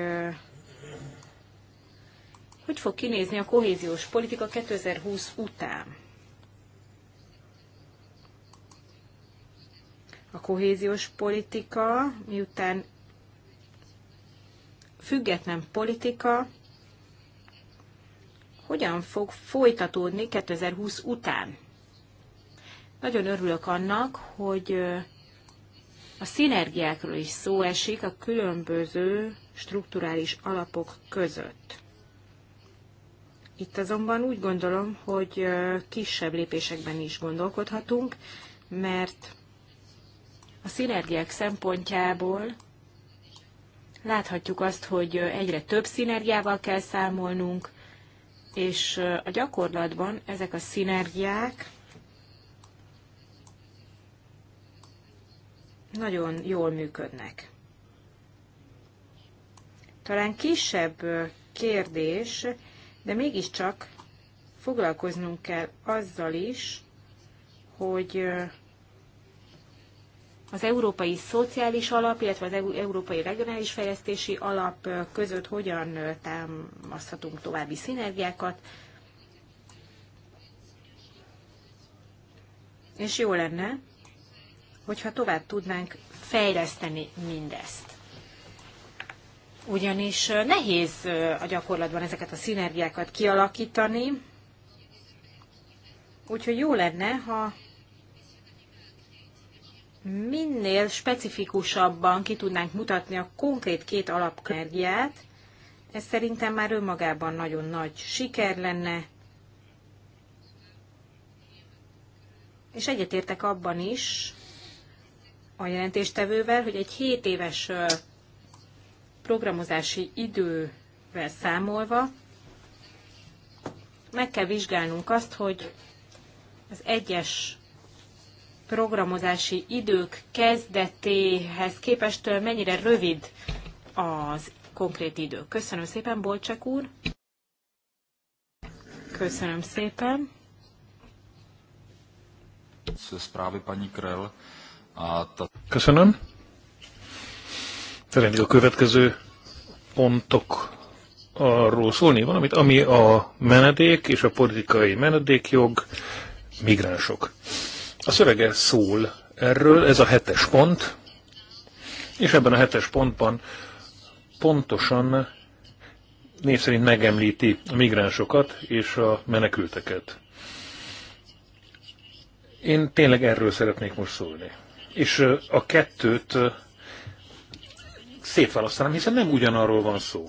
hogy fog kinézni a kohéziós politika 2020 után. A kohéziós politika, miután független politika hogyan fog folytatódni 2020 után. Nagyon örülök annak, hogy a szinergiákról is szó esik a különböző strukturális alapok között. Itt azonban úgy gondolom, hogy kisebb lépésekben is gondolkodhatunk, mert a szinergiák szempontjából Láthatjuk azt, hogy egyre több szinergiával kell számolnunk, és a gyakorlatban ezek a szinergiák nagyon jól működnek. Talán kisebb kérdés, de mégiscsak foglalkoznunk kell azzal is, hogy az Európai Szociális Alap, illetve az Európai Regionális Fejlesztési Alap között hogyan támaszthatunk további szinergiákat. És jó lenne, hogyha tovább tudnánk fejleszteni mindezt. Ugyanis nehéz a gyakorlatban ezeket a szinergiákat kialakítani, úgyhogy jó lenne, ha minél specifikusabban ki tudnánk mutatni a konkrét két alapkártyát, ez szerintem már önmagában nagyon nagy siker lenne. És egyetértek abban is a jelentéstevővel, hogy egy 7 éves programozási idővel számolva meg kell vizsgálnunk azt, hogy az egyes programozási idők kezdetéhez képest mennyire rövid az konkrét idő. Köszönöm szépen, Bolcsek úr! Köszönöm szépen! Köszönöm! Szeretnék a következő pontok arról szólni valamit, ami a menedék és a politikai menedékjog migránsok. A szövege szól erről, ez a hetes pont, és ebben a hetes pontban pontosan név szerint megemlíti a migránsokat és a menekülteket. Én tényleg erről szeretnék most szólni. És a kettőt szétválasztanám, hiszen nem ugyanarról van szó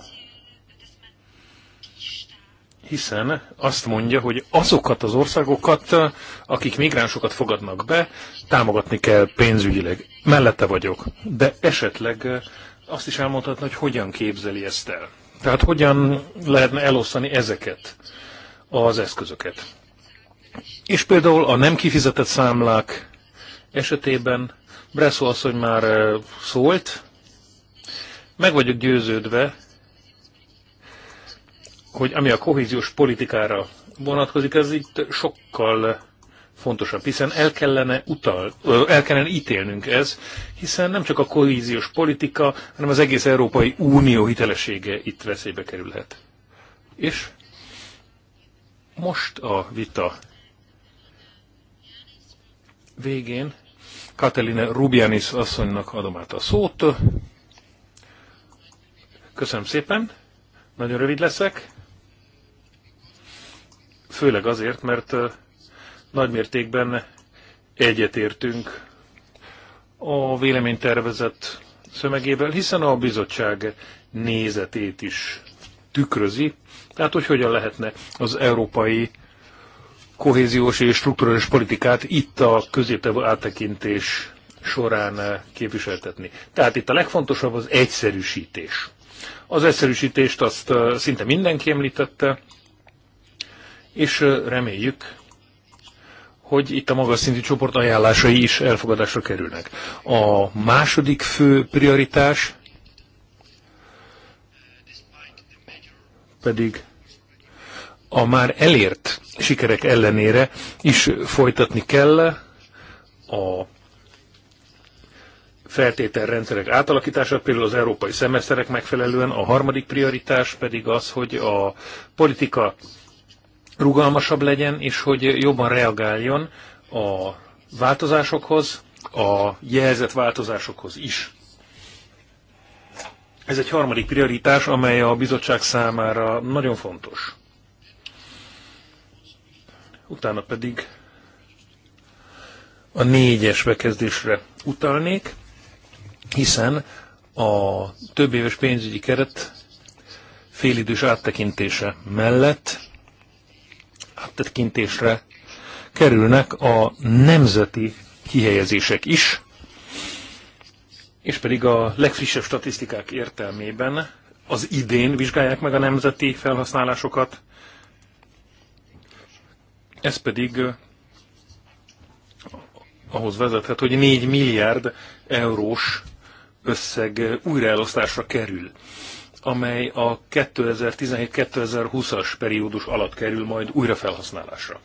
hiszen azt mondja, hogy azokat az országokat, eh, akik migránsokat fogadnak be, támogatni kell pénzügyileg. Mellette vagyok, de esetleg eh, azt is elmondhatna, hogy hogyan képzeli ezt el. Tehát hogyan lehetne elosztani ezeket az eszközöket. És például a nem kifizetett számlák esetében Bresso asszony már eh, szólt, meg vagyok győződve, hogy ami a kohéziós politikára vonatkozik, ez itt sokkal fontosabb, hiszen el kellene, utal, el kellene ítélnünk ez, hiszen nem csak a kohéziós politika, hanem az egész Európai Unió hitelessége itt veszélybe kerülhet. És most a vita végén Kateline Rubianis asszonynak adom át a szót. Köszönöm szépen, nagyon rövid leszek főleg azért, mert nagymértékben egyetértünk a véleménytervezet szömegével, hiszen a bizottság nézetét is tükrözi, tehát hogy hogyan lehetne az európai kohéziós és strukturális politikát itt a középtávú áttekintés során képviseltetni. Tehát itt a legfontosabb az egyszerűsítés. Az egyszerűsítést azt szinte mindenki említette, és reméljük, hogy itt a magas szintű csoport ajánlásai is elfogadásra kerülnek. A második fő prioritás pedig a már elért sikerek ellenére is folytatni kell a feltételrendszerek átalakítását, például az európai szemeszterek megfelelően, a harmadik prioritás pedig az, hogy a politika rugalmasabb legyen, és hogy jobban reagáljon a változásokhoz, a jelzett változásokhoz is. Ez egy harmadik prioritás, amely a bizottság számára nagyon fontos. Utána pedig a négyes bekezdésre utalnék, hiszen a több éves pénzügyi keret félidős áttekintése mellett áttekintésre kerülnek a nemzeti kihelyezések is, és pedig a legfrissebb statisztikák értelmében az idén vizsgálják meg a nemzeti felhasználásokat, ez pedig eh, ahhoz vezethet, hogy 4 milliárd eurós összeg eh, újraelosztásra kerül amely a 2017-2020-as periódus alatt kerül majd újra felhasználásra.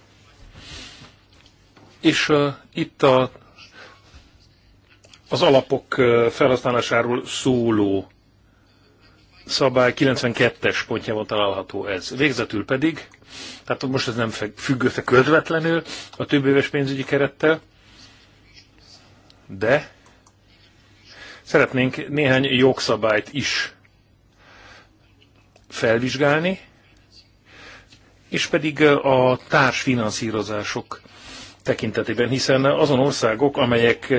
És uh, itt a, az alapok uh, felhasználásáról szóló szabály 92-es pontjában található ez. Végzetül pedig, tehát most ez nem függ össze közvetlenül a több éves pénzügyi kerettel, de szeretnénk néhány jogszabályt is felvizsgálni, és pedig a társfinanszírozások tekintetében, hiszen azon országok, amelyek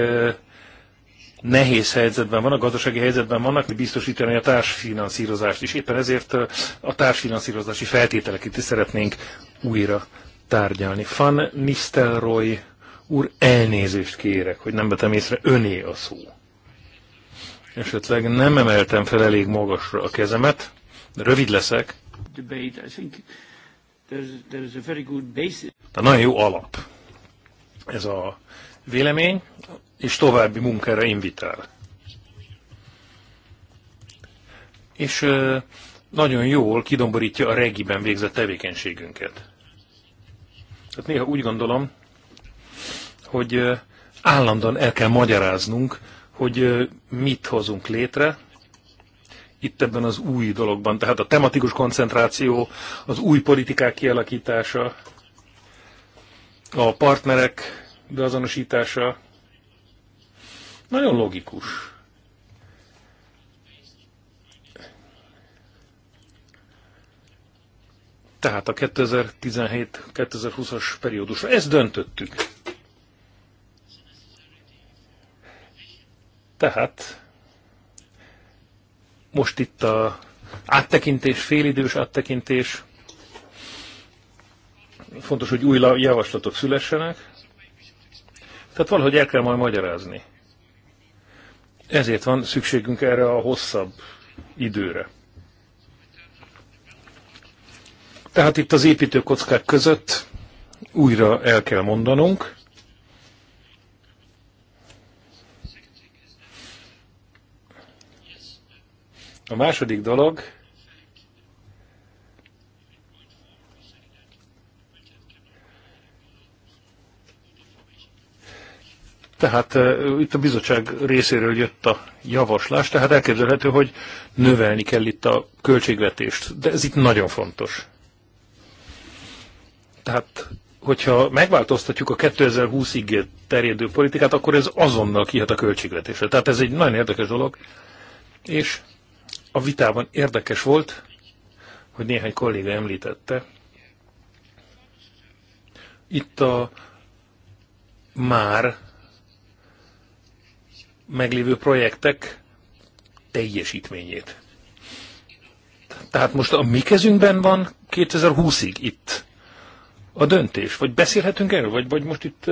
nehéz helyzetben vannak, gazdasági helyzetben vannak, hogy biztosítani a társfinanszírozást is. Éppen ezért a társfinanszírozási feltételeket is szeretnénk újra tárgyalni. Van Nisztelroy úr, elnézést kérek, hogy nem vetem észre, öné a szó. Esetleg nem emeltem fel elég magasra a kezemet. Rövid leszek. De nagyon jó alap ez a vélemény, és további munkára invitál. És nagyon jól kidomborítja a regiben végzett tevékenységünket. Tehát néha úgy gondolom, hogy állandóan el kell magyaráznunk, hogy mit hozunk létre, itt ebben az új dologban, tehát a tematikus koncentráció, az új politikák kialakítása, a partnerek beazonosítása nagyon logikus. Tehát a 2017-2020-as periódusra. Ezt döntöttük. Tehát most itt a áttekintés, félidős áttekintés. Fontos, hogy új javaslatok szülessenek. Tehát valahogy el kell majd magyarázni. Ezért van szükségünk erre a hosszabb időre. Tehát itt az építőkockák között újra el kell mondanunk, A második dolog, Tehát uh, itt a bizottság részéről jött a javaslás, tehát elképzelhető, hogy növelni kell itt a költségvetést, de ez itt nagyon fontos. Tehát, hogyha megváltoztatjuk a 2020-ig terjedő politikát, akkor ez azonnal kihat a költségvetésre. Tehát ez egy nagyon érdekes dolog, és a vitában érdekes volt, hogy néhány kolléga említette, itt a már meglévő projektek teljesítményét. Tehát most a mi kezünkben van 2020-ig itt a döntés? Vagy beszélhetünk erről? Vagy, vagy most itt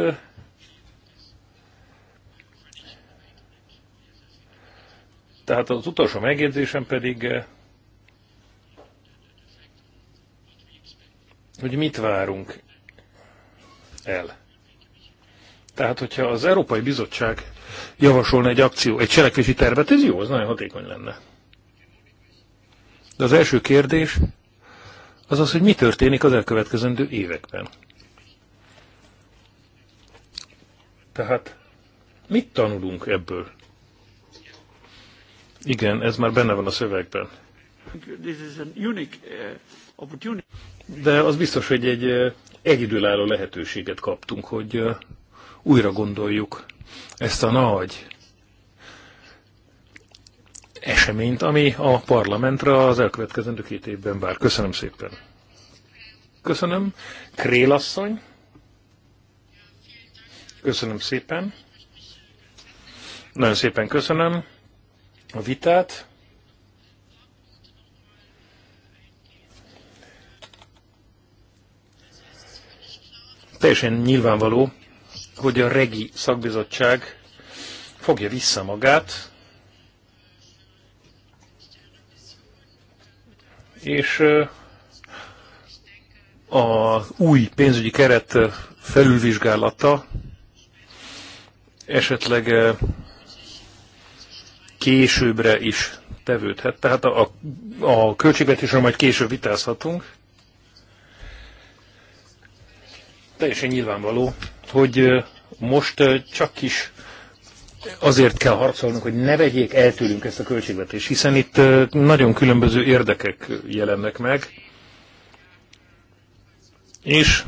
Tehát az utolsó megjegyzésem pedig, eh, hogy mit várunk el. Tehát, hogyha az Európai Bizottság javasolna egy akció, egy cselekvési tervet, ez jó, az nagyon hatékony lenne. De az első kérdés az az, hogy mi történik az elkövetkezendő években. Tehát mit tanulunk ebből? Igen, ez már benne van a szövegben. Uh, De az biztos, hogy egy uh, egyedülálló lehetőséget kaptunk, hogy uh, újra gondoljuk ezt a nagy eseményt, ami a parlamentre az elkövetkezendő két évben vár. Köszönöm szépen. Köszönöm. Krélasszony. Köszönöm szépen. Nagyon szépen köszönöm a vitát. Teljesen nyilvánvaló, hogy a regi szakbizottság fogja vissza magát, és a új pénzügyi keret felülvizsgálata esetleg későbbre is tevődhet. Tehát a, a költségvetésről majd később vitázhatunk. Teljesen nyilvánvaló, hogy most csak is azért kell harcolnunk, hogy ne vegyék el tőlünk ezt a költségvetést, hiszen itt nagyon különböző érdekek jelennek meg, és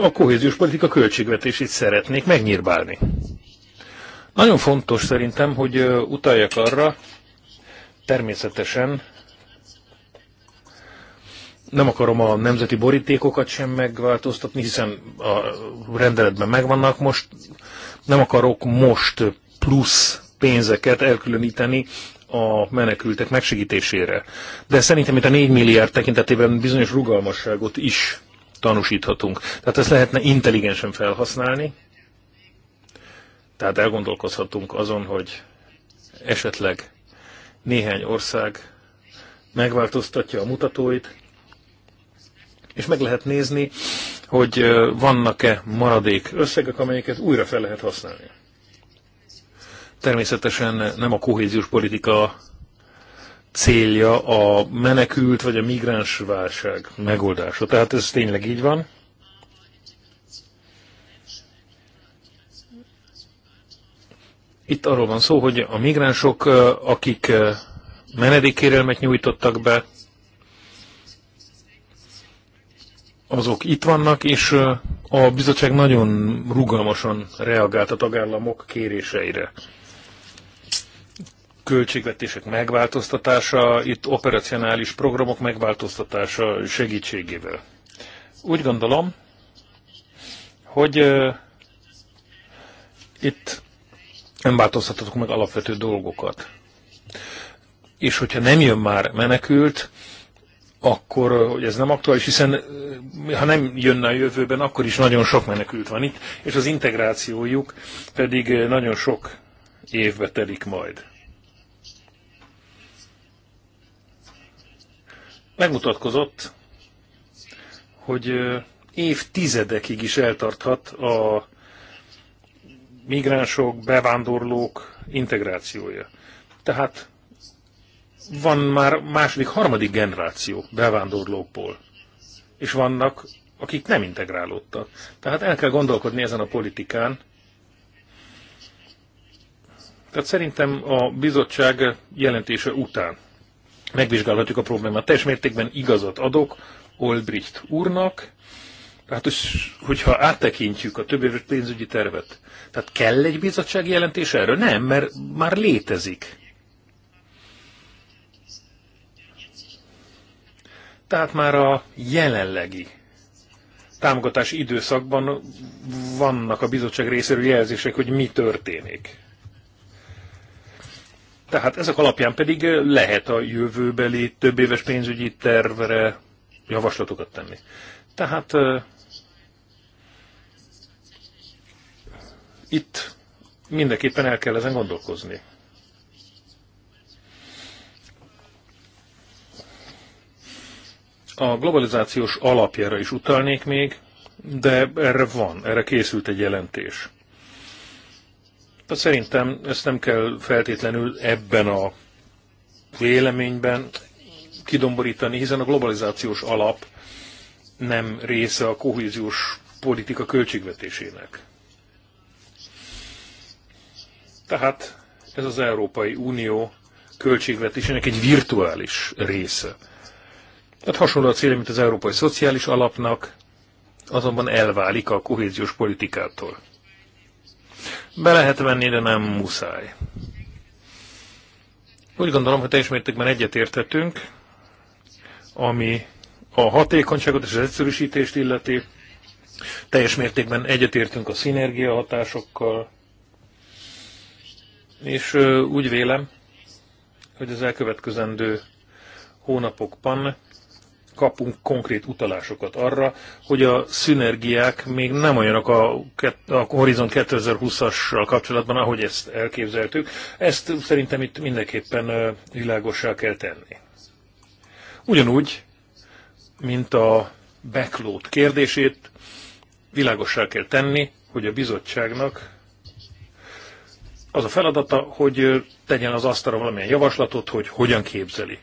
a kohéziós politika költségvetését szeretnék megnyírbálni. Nagyon fontos szerintem, hogy utaljak arra, természetesen nem akarom a nemzeti borítékokat sem megváltoztatni, hiszen a rendeletben megvannak most. Nem akarok most plusz pénzeket elkülöníteni a menekültek megsegítésére. De szerintem itt a 4 milliárd tekintetében bizonyos rugalmasságot is tanúsíthatunk. Tehát ezt lehetne intelligensen felhasználni, tehát elgondolkozhatunk azon, hogy esetleg néhány ország megváltoztatja a mutatóit, és meg lehet nézni, hogy vannak-e maradék összegek, amelyeket újra fel lehet használni. Természetesen nem a kohéziós politika célja a menekült vagy a migráns válság megoldása. Tehát ez tényleg így van. Itt arról van szó, hogy a migránsok, akik menedékkérelmet nyújtottak be, azok itt vannak, és a bizottság nagyon rugalmasan reagált a tagállamok kéréseire. Költségvetések megváltoztatása, itt operacionális programok megváltoztatása segítségével. Úgy gondolom, hogy uh, itt nem változtatok meg alapvető dolgokat. És hogyha nem jön már menekült, akkor, hogy ez nem aktuális, hiszen ha nem jönne a jövőben, akkor is nagyon sok menekült van itt, és az integrációjuk pedig nagyon sok évbe telik majd. Megmutatkozott, hogy évtizedekig is eltarthat a migránsok, bevándorlók integrációja. Tehát van már második, harmadik generáció bevándorlókból, és vannak, akik nem integrálódtak. Tehát el kell gondolkodni ezen a politikán. Tehát szerintem a bizottság jelentése után megvizsgálhatjuk a problémát. Teljes mértékben igazat adok Olbricht úrnak, Hát, hogyha áttekintjük a több éves pénzügyi tervet, tehát kell egy bizottsági jelentés erről? Nem, mert már létezik. Tehát már a jelenlegi támogatási időszakban vannak a bizottság részéről jelzések, hogy mi történik. Tehát ezek alapján pedig lehet a jövőbeli több éves pénzügyi tervre javaslatokat tenni. Tehát itt mindenképpen el kell ezen gondolkozni. A globalizációs alapjára is utalnék még, de erre van, erre készült egy jelentés. De szerintem ezt nem kell feltétlenül ebben a véleményben kidomborítani, hiszen a globalizációs alap nem része a kohéziós politika költségvetésének. Tehát ez az Európai Unió költségvetésének egy virtuális része. Tehát hasonló a célja, mint az Európai Szociális Alapnak, azonban elválik a kohéziós politikától. Be lehet venni, de nem muszáj. Úgy gondolom, hogy teljes mértékben egyetértettünk, ami a hatékonyságot és az egyszerűsítést illeti. Teljes mértékben egyetértünk a szinergia hatásokkal, és úgy vélem, hogy az elkövetkezendő hónapokban kapunk konkrét utalásokat arra, hogy a szinergiák még nem olyanok a, a Horizon 2020-assal kapcsolatban, ahogy ezt elképzeltük. Ezt szerintem itt mindenképpen világossá kell tenni. Ugyanúgy, mint a backload kérdését, világossá kell tenni, hogy a bizottságnak az a feladata, hogy tegyen az asztalra valamilyen javaslatot, hogy hogyan képzeli.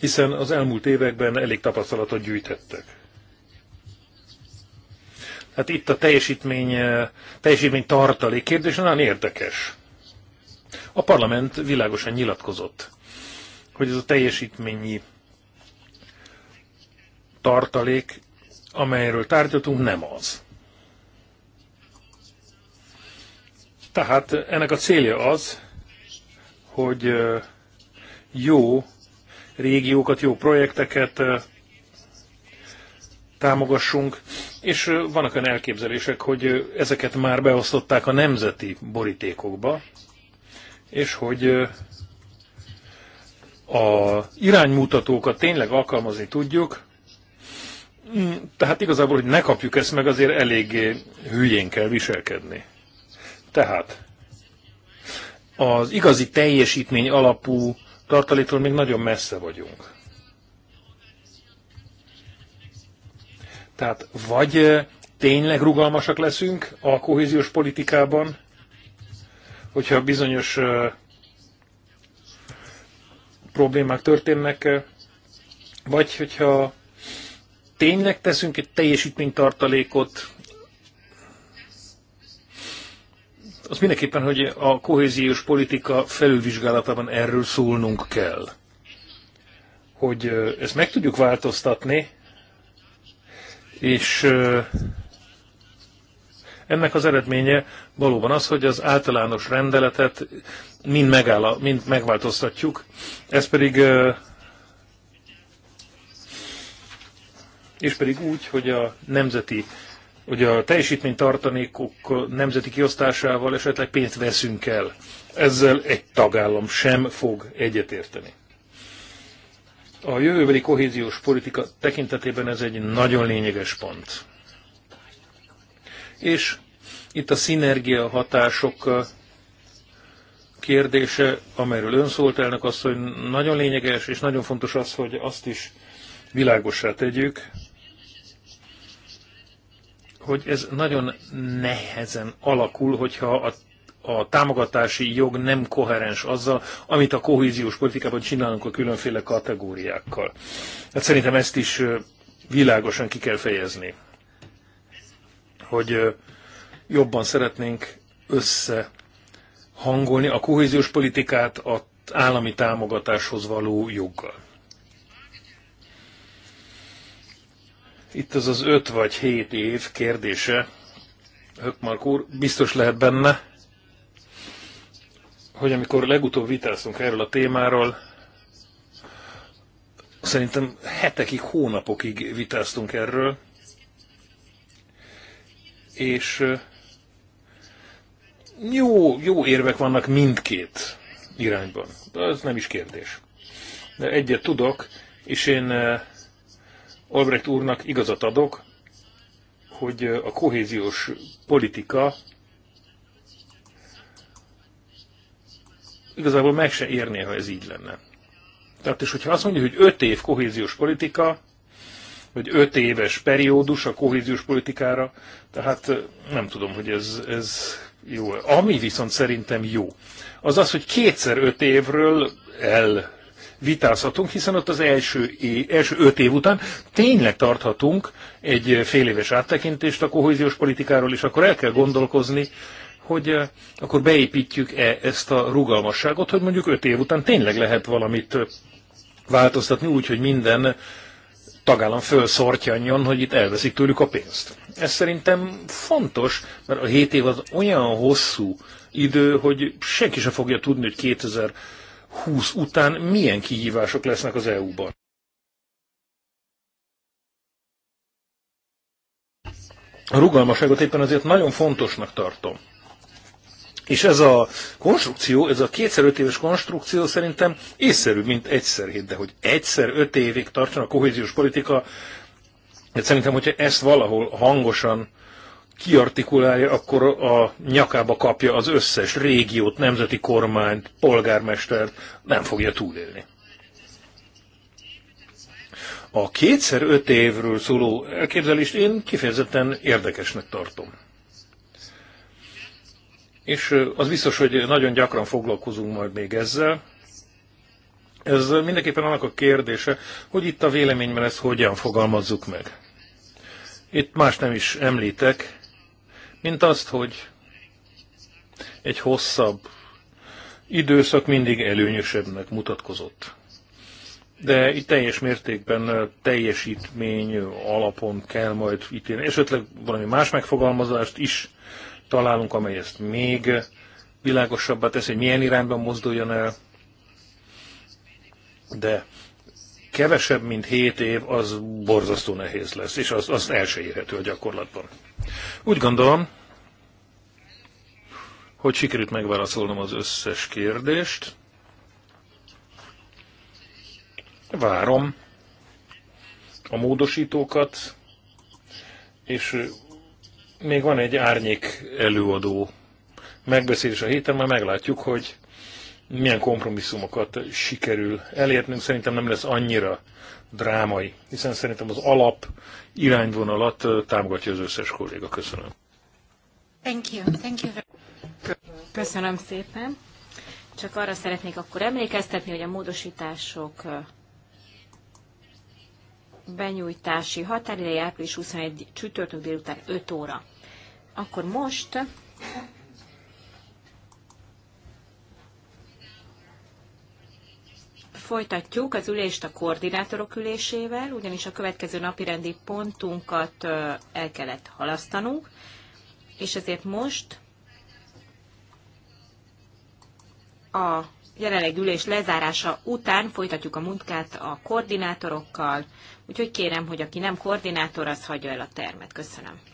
Hiszen az elmúlt években elég tapasztalatot gyűjtettek. Hát itt a teljesítmény, teljesítmény tartalék kérdés nagyon érdekes. A parlament világosan nyilatkozott, hogy ez a teljesítményi tartalék, amelyről tárgyaltunk, nem az. Tehát ennek a célja az, hogy jó régiókat, jó projekteket támogassunk, és vannak olyan elképzelések, hogy ezeket már beosztották a nemzeti borítékokba, és hogy a iránymutatókat tényleg alkalmazni tudjuk, mm, tehát igazából, hogy ne kapjuk ezt meg, azért elég hülyén kell viselkedni. Tehát az igazi teljesítmény alapú tartaléktól még nagyon messze vagyunk. Tehát vagy eh, tényleg rugalmasak leszünk a kohéziós politikában, hogyha bizonyos eh, problémák történnek, eh, vagy hogyha tényleg teszünk egy teljesítménytartalékot, az mindenképpen, hogy a kohéziós politika felülvizsgálatában erről szólnunk kell. Hogy ezt meg tudjuk változtatni, és ennek az eredménye valóban az, hogy az általános rendeletet mind, megáll, mind megváltoztatjuk, ez pedig és pedig úgy, hogy a nemzeti hogy a teljesítmény teljesítménytartalékok nemzeti kiosztásával esetleg pénzt veszünk el. Ezzel egy tagállam sem fog egyetérteni. A jövőbeli kohéziós politika tekintetében ez egy nagyon lényeges pont. És itt a szinergia hatások kérdése, amelyről ön szólt elnök azt, hogy nagyon lényeges, és nagyon fontos az, hogy azt is világosá tegyük, hogy ez nagyon nehezen alakul, hogyha a a támogatási jog nem koherens azzal, amit a kohéziós politikában csinálunk a különféle kategóriákkal. Hát szerintem ezt is világosan ki kell fejezni, hogy jobban szeretnénk összehangolni a kohéziós politikát az állami támogatáshoz való joggal. Itt az az öt vagy hét év kérdése, Hökmark úr, biztos lehet benne, hogy amikor legutóbb vitáztunk erről a témáról, szerintem hetekig, hónapokig vitáztunk erről, és jó, jó érvek vannak mindkét irányban. Ez nem is kérdés. De egyet tudok, és én Albrecht úrnak igazat adok, hogy a kohéziós politika igazából meg se érné, ha ez így lenne. Tehát és hogyha azt mondja, hogy öt év kohéziós politika, vagy öt éves periódus a kohéziós politikára, tehát nem tudom, hogy ez, ez jó. Ami viszont szerintem jó, az az, hogy kétszer öt évről el vitázhatunk, hiszen ott az első, első öt év után tényleg tarthatunk egy fél éves áttekintést a kohéziós politikáról, és akkor el kell gondolkozni, hogy eh, akkor beépítjük-e ezt a rugalmasságot, hogy mondjuk öt év után tényleg lehet valamit eh, változtatni úgy, hogy minden tagállam fölszortjanjon, hogy itt elveszik tőlük a pénzt. Ez szerintem fontos, mert a 7 év az olyan hosszú idő, hogy senki sem fogja tudni, hogy 2000 2020 után milyen kihívások lesznek az EU-ban? A rugalmaságot éppen azért nagyon fontosnak tartom. És ez a konstrukció, ez a kétszer öt éves konstrukció szerintem észszerű, mint egyszer hét, de hogy egyszer öt évig tartson a kohéziós politika, de hát szerintem, hogyha ezt valahol hangosan kiartikulálja, akkor a nyakába kapja az összes régiót, nemzeti kormányt, polgármestert, nem fogja túlélni. A kétszer öt évről szóló elképzelést én kifejezetten érdekesnek tartom. És az biztos, hogy nagyon gyakran foglalkozunk majd még ezzel. Ez mindenképpen annak a kérdése, hogy itt a véleményben ezt hogyan fogalmazzuk meg. Itt más nem is említek, mint azt, hogy egy hosszabb időszak mindig előnyösebbnek mutatkozott. De itt teljes mértékben teljesítmény alapon kell majd ítélni. Esetleg valami más megfogalmazást is találunk, amely ezt még világosabbá teszi, hogy milyen irányban mozduljon el. De kevesebb, mint 7 év, az borzasztó nehéz lesz, és az, az el se érhető a gyakorlatban. Úgy gondolom, hogy sikerült megválaszolnom az összes kérdést. Várom a módosítókat, és még van egy árnyék előadó megbeszélés a héten, már meglátjuk, hogy milyen kompromisszumokat sikerül elérnünk, szerintem nem lesz annyira drámai, hiszen szerintem az alap irányvonalat támogatja az összes kolléga. Köszönöm. Thank you. Thank you. Köszönöm szépen. Csak arra szeretnék akkor emlékeztetni, hogy a módosítások benyújtási határideje április 21 csütörtök délután 5 óra. Akkor most Folytatjuk az ülést a koordinátorok ülésével, ugyanis a következő napi rendi pontunkat el kellett halasztanunk, és ezért most a jelenleg ülés lezárása után folytatjuk a munkát a koordinátorokkal, úgyhogy kérem, hogy aki nem koordinátor, az hagyja el a termet. Köszönöm.